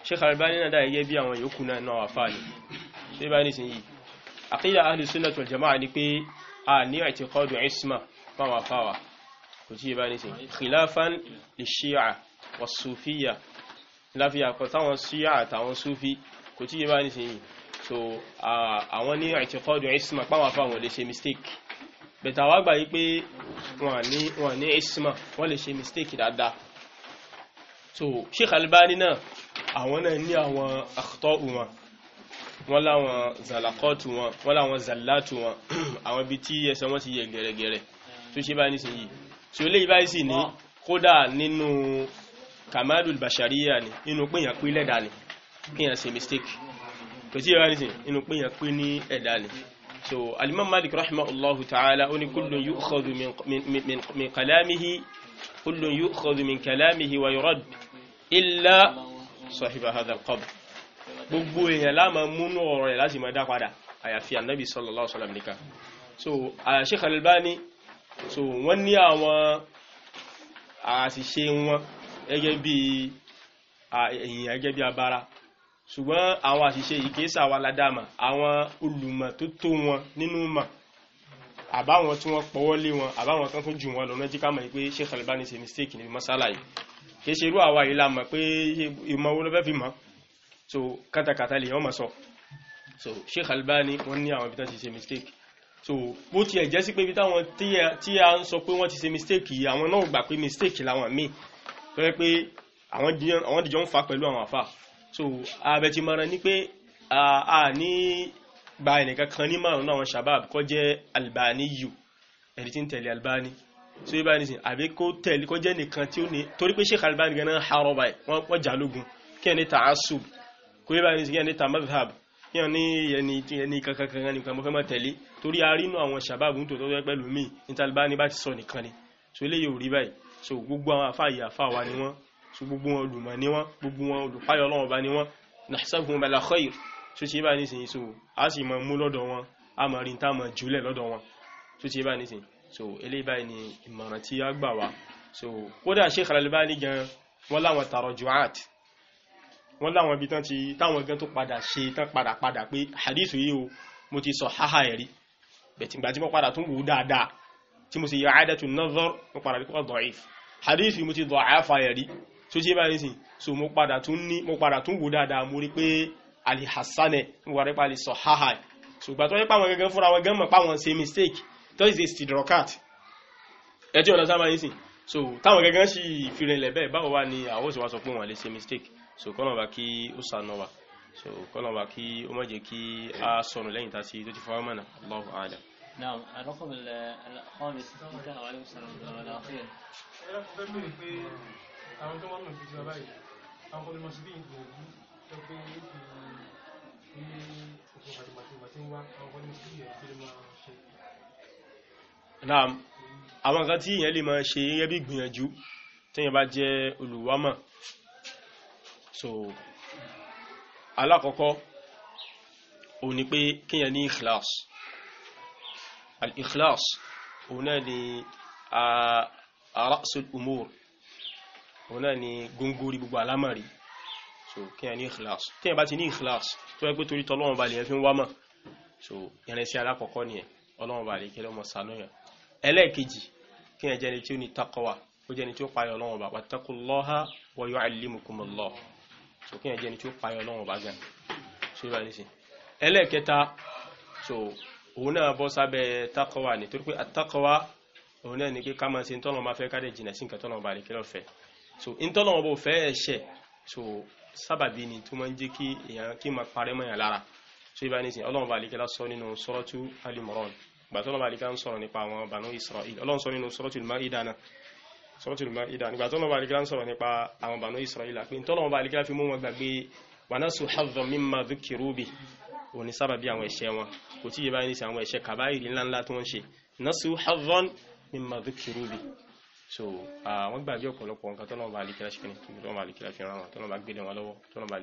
Sheikh albani na da yake bí àwọn yòókù náà náà afa ni ṣe bá ní sin yìí aqida ahli sunnah wal jamaa ni pé a ní i'tiqadu isma fáwọn afáwà kò tí ì ní sí khilafan li shia wa sufiya láfi àkọsáwọn shia àtàwọn sufi kò tí ì ní sí so àwọn ní àìtíkọ́dù isma páwọn afáwọn lè ṣe mistake bẹ̀tà wá gbà yí pé wọ́n ní isma wọ́n lè ṣe mistake dáadáa so Sheikh Albani náà àwọn náà ní àwọn àkọ́tọ́ wọn wọ́n láwọn zàlàkọ́tù wọn wọ́n láwọn zàlátù wọn àwọn ibi tí ẹsẹ̀ wọ́n ti yẹ gẹ̀rẹ̀gẹ̀rẹ̀ tó ṣe bá nísìnyí so ilé ibà sì ní kódà nínú kamadul bashariya ni inú pé èèyàn pé lẹ́dà ni kí èèyàn ṣe mistake kò sí ìwádìí sìn inú pé èèyàn ní ẹ̀dá ni so alimam malik rahimahullahu ta'ala ó ní kullun yu'khadhu min kalamihi kullun yu'khadhu min kalamihi wa yurad illa sahiba hadha al-qabr gbogbo èèyàn láàmà múnú ọ̀rọ̀ ẹ̀ láti máa dá padà àyàfi ànábì sallallahu alaihi wasallam nìkan so Sheikh al so wọ́n ní àwọn àṣìṣe wọn gẹ́gẹ́ bí èèyàn gẹ́gẹ́ bí abara ṣùgbọ́n àwọn àṣìṣe yìí kìí ṣàwa la dáàmà àwọn olùmọ̀ tó tó wọn nínú mọ̀ àbáwọn tí wọ́n pọ̀wọ́ lé wọn àbáwọn kan tún jù wọn lọ́nà jí ká mọ̀ pé Sheikh Albani ṣe mistake níbi masala yìí kìí irú àwa yìí la pé ìmọ̀ owó ló fi mọ̀ so kátàkátà lè yàn mọ̀ sọ so Sheikh Albani wọ́n ní àwọn ibi tán ṣe mistake so bó tiẹ̀ jẹ́ sí pé ibi táwọn tí a ń sọ pé wọ́n ti ṣe mistake yìí àwọn náà gbà pé mistake làwọn míì tó yẹ pé àwọn dìjọ ń fa pẹ̀lú àwọn àfà so abẹ́tí mara ní pé a ní gba ẹnìkan kan ní márùn-ún àwọn shabab kọ́ jẹ́ albani yù ẹni tí ń tẹ̀lé albani so yí báyìí nísìn àbí kó tẹ̀lé kọ́ jẹ́ nìkan tí ó ní torí pé sheikh albani gan náà harọ báyìí wọ́n jà lógun kí ẹni ta asub kó yí báyìí nísìn kí ẹni ta madhab kí ẹni kankan kan nìkan mo fẹ́ máa tẹ̀lé torí a rínú àwọn ṣàbábù tó tọ́tọ́ pẹ̀lú míì ní Taliban bá ti sọ nìkan ni so eléyìí ò rí báyìí so gbogbo àwọn afáàyè afáwa ni wọ́n so gbogbo wọn olùmọ̀ ni wọ́n gbogbo wọn olùpáyọ̀ Ọlọ́run bá ni wọ́n nahsabuhum ala khair so ṣe bá nísìnyí so a sì mọ mú lọ́dọ̀ wọn a mọ̀ rí tá mọ̀ jùlẹ̀ lọ́dọ̀ wọn so ṣe bá nísìnyí so eléyìí báyìí ni ìmọ̀ràn tí a gbà wá so kódà Sheikh Al-Albani gan wọ́n láwọn tarju'at wọ́n láwọn ibi tán ti táwọn gan tó padà ṣe tán padà padà pé hadith yìí o mo ti sọ háhà ẹ̀rí bẹ̀tìgbà tí mo padà tún wù dáadáa tí mo sì yà áìdẹ̀tù nazar mo padà ríkọ́ da'if hadith mo ti da'afa ẹ̀rí tó ṣe báyìí sí so mo padà tún ní mo padà tún wù dáadáa mo rí pé alihassanẹ mo wà rípa alì sọ̀háhà ṣùgbà tó yẹ pàwọn gẹ́gẹ́ fúnra wọn gẹ́mọ̀ pàwọn ṣe mistake tó ṣe stidrokat ẹ tí ọ̀nà sábà yìí sí so táwọn gẹ́gẹ́ sì fi rìnlẹ̀ bẹ́ẹ̀ báwo wá ni àwọn òṣèwà sọ pé wọn lè ṣe mistake so kọ́nà bá kí ó sànà wa so kọ́lọ̀wà kí ó má jẹ́ kí a sọnù lẹ́yìn tàbí tó ti fọwọ́ mọ̀nà Allahu a'lam نعم الرقم الخامس انتهى عليه السلام الأخير àwọn tó wọ́n mọ̀ fíjọ báyìí àwọn ọmọ ìmọ̀ sí bí ìgbòho tó pé ní òkú pàtàkì tí wá àwọn ọmọ sí ìyẹn tí lè máa ṣe náà àwọn nǹkan tí ìyẹn lè máa ṣe yẹ́ bí gbìyànjú tí ìyẹn bá jẹ́ olùwámọ̀ so alákọ̀ọ́kọ́ òun ni pé kíyàn ní ikhlas al-ikhlas òun náà ni arasul umur òun náà ni góngóri gbogbo alámàrí so kíyàn ní ikhlas kíyàn bá ti ní ikhlas tó yẹ pé torí tọ́lọ́wọ́n ba lè fi ń wá mọ̀ so ìrìnsí alákọ̀ọ́kọ́ ni ẹ̀ ọlọ́wọ́n ba lè kí lọ́mọ sànúyàn ẹlẹ́ẹ̀kejì kíyàn jẹ́ni tí ó ní taqwa ó jẹ́ni tí ó payọ̀ ọlọ́wọ́n bá wattaqullaha wa yu'allimukumullah so kí ẹjẹ́ ni tí ó payọ lọ́wọ́ bá gan so ibà ní sí ẹlẹ́ẹ̀kẹta so òun náà bọ́ sábẹ́ taqwa nítorí pé àtaqwa òun náà ní kí ká máa ṣe tọ́lọ̀ fẹ́ káàdẹ̀ jìnà sí nǹkan tọ́lọ̀ bá lè kí so in tọ́lọ̀ bó fẹ́ ẹ̀ṣẹ̀ so sábàbí ni tó máa ń jẹ́ kí èèyàn kí máa parẹ́ mọ́ èèyàn lára so ibà ní sí ọlọ́run bá lè kí lọ́sọ nínú suratu Al Imran gbàtọ́lọ́ bá lè kí nípa àwọn Banu Isra'il ọlọ́run sọ nínú suratu Al Ma'idah náà suratul Maida nígbà tó lọ́wọ́ àlìkíra ń sọ̀rọ̀ nípa àwọn bànú Isra'ila pé tó lọ́wọ́ àlìkíra fi mú wọn gbàgbé wa nasu hadha mimma dhukiru bi òní sábà bí àwọn ẹ̀ṣẹ̀ wọn kò tí yé báyìí sí àwọn ẹ̀ṣẹ̀ kàbáyìrì ńláńlá so àwọn gbàgbé ọ̀pọ̀lọpọ̀ nǹkan tó lọ́wọ́ bá àlìkíra ṣe kí ni tó lọ́wọ́ àlìkíra fi ràn wọn tó lọ́wọ́ bá gbélé wọn lọ́wọ́ tó lọ́wọ́ bá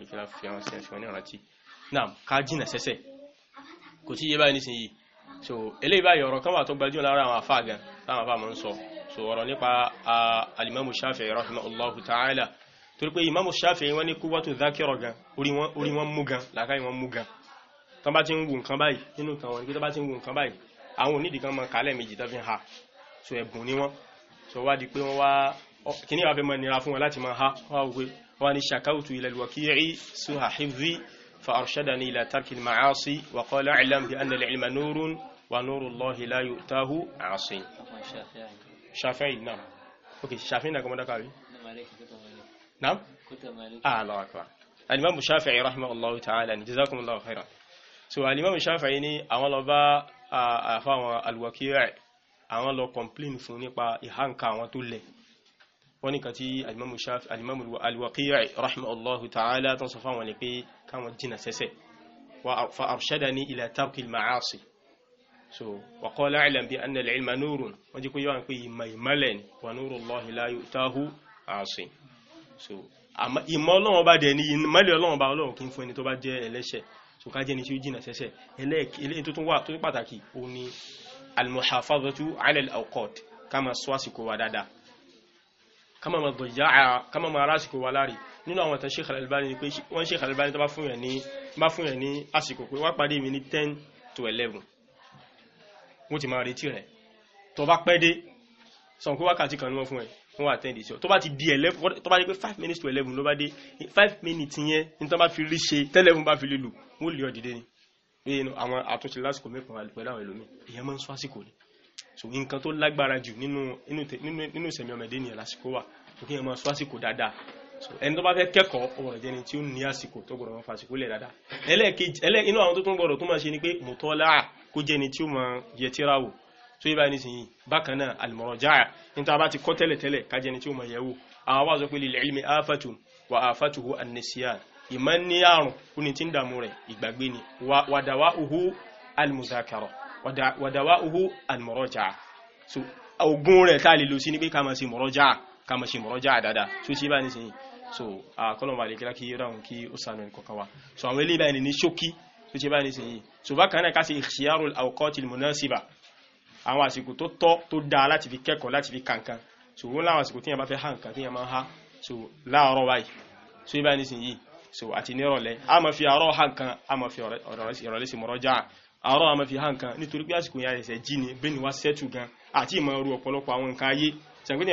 àlìkíra so eléyìí báyìí ọ̀rọ̀ kan wà tó gbajúmọ̀ lára àwọn so ọ̀rọ̀ nípa alimamu shafi'i rahimahullahu ta'ala torí pé imamu shafi'i wọ́n ní kúwàtò zákẹ́rọ̀ gan orí wọn mú gan làkáyì wọn mú gan tán bá ti ń wù nǹkan báyìí nínú kan wọn ní pé tán bá ti ń wù nǹkan báyìí àwọn onídìí kan mọ kálẹ̀ méjì tó fi ha so ẹ̀bùn ni wọ́n so wá di pé wọ́n wá kíní wàá fẹ́ mọ nira fún wọn láti mọ ha wá wò wọ́n ní shakautu ila al-waki'i suha hifzi fa arshadani ila tarki al-ma'asi wa qala a'lam bi anna al-ilma wa nuru Allahi la yu'tahu 'asi. Shafi'i naam okay Shafi'i na kuma da kawi naam ah Allahu akbar al-imam Shafi'i rahimahullahu ta'ala ni jazakumullahu khairan so al-imam Shafi'i ni àwọn lọ bá afa àwọn al-Waqi'i àwọn lọ complain fún nípa ihanka àwọn tó le wọ́n ní kan tí al-imam Shafi'i al-imam al rahimahullahu ta'ala ton sọ fáwọn ní pé káwọn jìnà sẹ́ṣẹ̀ wa fa arshadani ila tarki al-ma'asi so wàkọ́lá àìlàm bí annal ilma nurun wọ́n jí kó yíwa ń pè ìmọ̀ ìmọ̀lẹ̀ ni wà nuru Allahi la yutahu àṣìn so ìmọ̀ ọlọ́wọ́n bá dẹ̀ ní ìmọ̀lẹ̀ ọlọ́wọ́n bá ọlọ́wọ́n kí ń fún ẹni tó bá jẹ́ ẹlẹ́ṣẹ̀ so ká jẹ́ tí ó nínú àwọn tán Sheikh al ni pé wọ́n Sheikh al tó bá fún yẹn ní àsìkò pé wá parí mi ní 10 to 11 wọ́n ti máa retí rẹ̀ tó bá pẹ́ dé sọ̀nkú wákàtí kan ní wọ́n fún ẹ̀ wọ́n wà tẹ́ndì sí ọ tó bá ti di eleven tó bá di pé five minutes to eleven ló bá dé five minutes yẹn ní tó bá fi rí ṣe tẹ́lẹ̀fún bá fi lè wọ́n lè ọ ni nínú àwọn àtúnṣe lásìkò mẹ́kànlá pẹ̀lú àwọn ẹlòmíì èèyàn máa ń sọ àsìkò ni so nǹkan tó lágbára jù nínú ìsẹ̀mí ọmọdé nìyẹn lásìkò wà kí èèyàn máa sọ àsìkò dáadáa so ẹni tó bá fẹ́ kẹ́kọ̀ọ́ ọ̀rọ̀ jẹni tí ó ní àsìkò tó gbọ́dọ̀ wọn fàsìkò lẹ̀ dáadáa ẹlẹ́ẹ̀kejì inú àwọn tó tún gbọ́dọ̀ tó máa ṣe ni pé mọ̀tọ́lá kó jẹ́ ni tí ó máa yẹ tíra wò tó yẹ báyìí nísìnyí bákan náà al-muraja'a níta bá ti kọ́ tẹ́lẹ̀tẹ́lẹ̀ ká jẹ́ ni tí ó máa yẹ wò àwọn wá sọ pé lil ilmi afatun wa afatuhu an-nisyan ìmọ̀ ní àrùn kú ni tí ń dààmú rẹ̀ ìgbàgbé ni wa dawa'uhu al-muzakara wa dawa'uhu al-muraja'a so ogun rẹ̀ tá lè lò sí ní pé ká máa ṣe muraja'a ká máa ṣe muraja'a dáadáa tó ṣe báyìí nísìnyí so àkọlọ̀wà lè kí ráhùn kí ó sànà ìkọ̀kọ̀wà so àwọn ilé ìbáyìí ní ṣókí tó ṣe báyìí nísìnyí ṣùgbọ́n kan náà ká ṣe ikhtiyarul awqatil munasiba àwọn àsìkò tó tọ́ tó dáa láti fi kẹ́kọ̀ọ́ láti fi kankan so wọ́n láwọn àsìkò tí yẹn bá fẹ́ hàn kan tí yẹn máa ha so láàárọ̀ báyìí so ibà nísìnyí so àti nírọ̀lẹ́ a máa fi àárọ̀ hàn kan a máa fi ìrọ̀lẹ́ sí mọ̀rọ̀ já àárọ̀ a máa fi hàn kan nítorí pé àsìkò yẹn àṣẹṣẹ jí ni bẹ́ẹ̀ ni wá sẹ́tù ẹ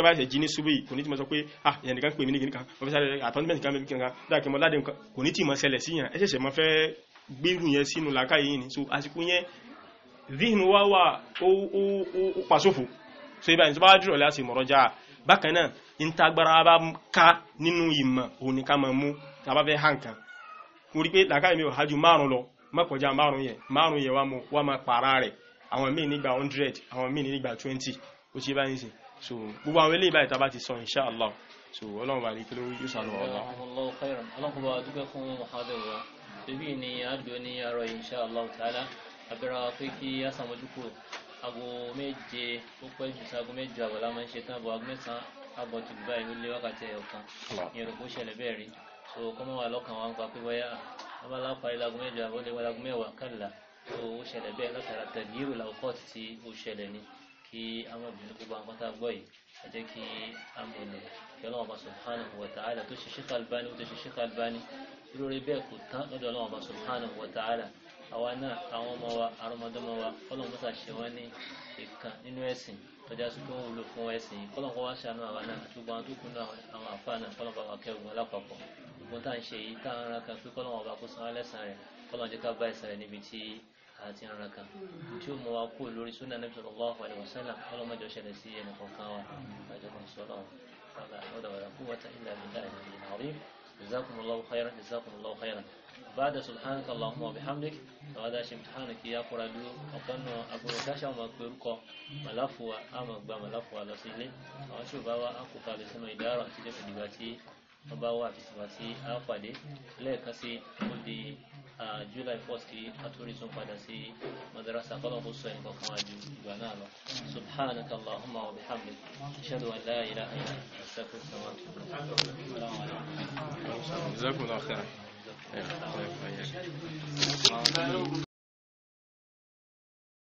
bá ṣe jí ní yìí kò ní tí mo sọ pé ah ìyẹn nìkan pè mí ní kìnìkan mo kan mẹ́bí kìnìkan dáàkì kò ní tí mo ṣẹlẹ̀ síyàn ẹ ṣẹ̀ṣẹ̀ mo fẹ́ gbérù yẹn sínú làákàyè yìí ni so àsìkò yẹn zihnu wá wà ó pàṣófò so ibà ní tó bá dúró láti mọ̀rọ̀ já bákan náà ìntagbára bá ká nínú ìmọ̀ òun ni ká máa mú tàbá fẹ́ hàn kan mo rí pé làákàyè mi ò hájú márùn lọ mọ́kànjá márùn yẹn márùn yẹn wá mọ́ wá máa pààrà rẹ̀ àwọn míì nígbà 100 àwọn míì nígbà 20 ó ṣe bá ní so gbogbo àwọn eléyìí báyìí tá ti sọ insha so ọlọ́run wà ní kí ló yóò sàlọ́ ọlọ́run ibi ni a dò ní àárọ̀ insha Allah ta'ala abẹ́rẹ́ wa pé kí a sàmójúkò aago méje ó pẹ́ jù sí aago méje àbọ̀ la máa ń ṣe tán àbọ̀ aago mẹ́sàn-án àbọ̀ tó dùbà ìlú lé wákàtí ẹ̀yọ̀ kan ìyẹn ló kó ṣẹlẹ̀ bẹ́ẹ̀ rí so kọ́mọ́ wa lọ́kàn wa ń pa pé wáyà abala parí laago méje àbọ̀ lé wa laago mẹ́wàá kàlà so ó ṣẹlẹ̀ bẹ́ẹ̀ látara tẹ̀gírù làwùkọ́ ti ó ṣẹlẹ̀ ni kí àwọn obìnrin gbogbo àwọn kọ́tà gbọ́ yìí ẹ jẹ́ kí a mọ̀ ní kí ọlọ́run subhanahu wa ta'ala tó ṣe Sheikh Albani ó ti ṣe Sheikh lórí bẹ́ẹ̀ kò tán lọ́dọ̀ ọlọ́run bá subhanahu wa ta'ala àwa náà àwọn ọmọ wa arọmọdọ́mọ wa ọlọ́run mọ́ta ṣe wọ́n ní ìkan nínú ẹ̀sìn tọ́já sí pé wọ́n wúlò fún ẹ̀sìn yìí kọ́lọ́n kọ́ wá ṣàánú àwa náà àti gbogbo àwọn tó kún náà àwọn àfáà náà kọ́lọ́n bá wa kẹ́rù wọn lápapọ̀ gbogbo tá à ń ṣe yìí tá à ń rankan pé kọ́lọ́n ọba kó san ẹlẹ́sàn rẹ̀ kọ́lọ́n jẹ́ ká bá ẹ̀sàn rẹ̀ níbi tí a ti ń rankan tí ó mọ wa kú lórí súnà Nabi sallallahu alaihi wasallam kọ́lọ́n mọ́jọ ṣẹlẹ̀ sí ẹnì kọ̀ọ̀kan wa àjọ kan sọ́lọ́ جزاكم الله خيرا جزاكم الله خيرا بعد سبحانك اللهم وبحمدك بعد سبحانك يا قرادو أقن أقول كاشا ما كيركو ملفوا أما بع ملفوا على سيلي أشوف بوا أكو كالسنا إدارة تجمع دباتي أبوا في سباتي أفادي لا كسي كل جولاي آه، فوسكي أتوريزم فانسي مدرسة قلم حسين وقماجي سبحانك اللهم وبحمدك أشهد أن لا إله إلا أنت أستغفرك وأتوب إليك جزاكم الله خيرا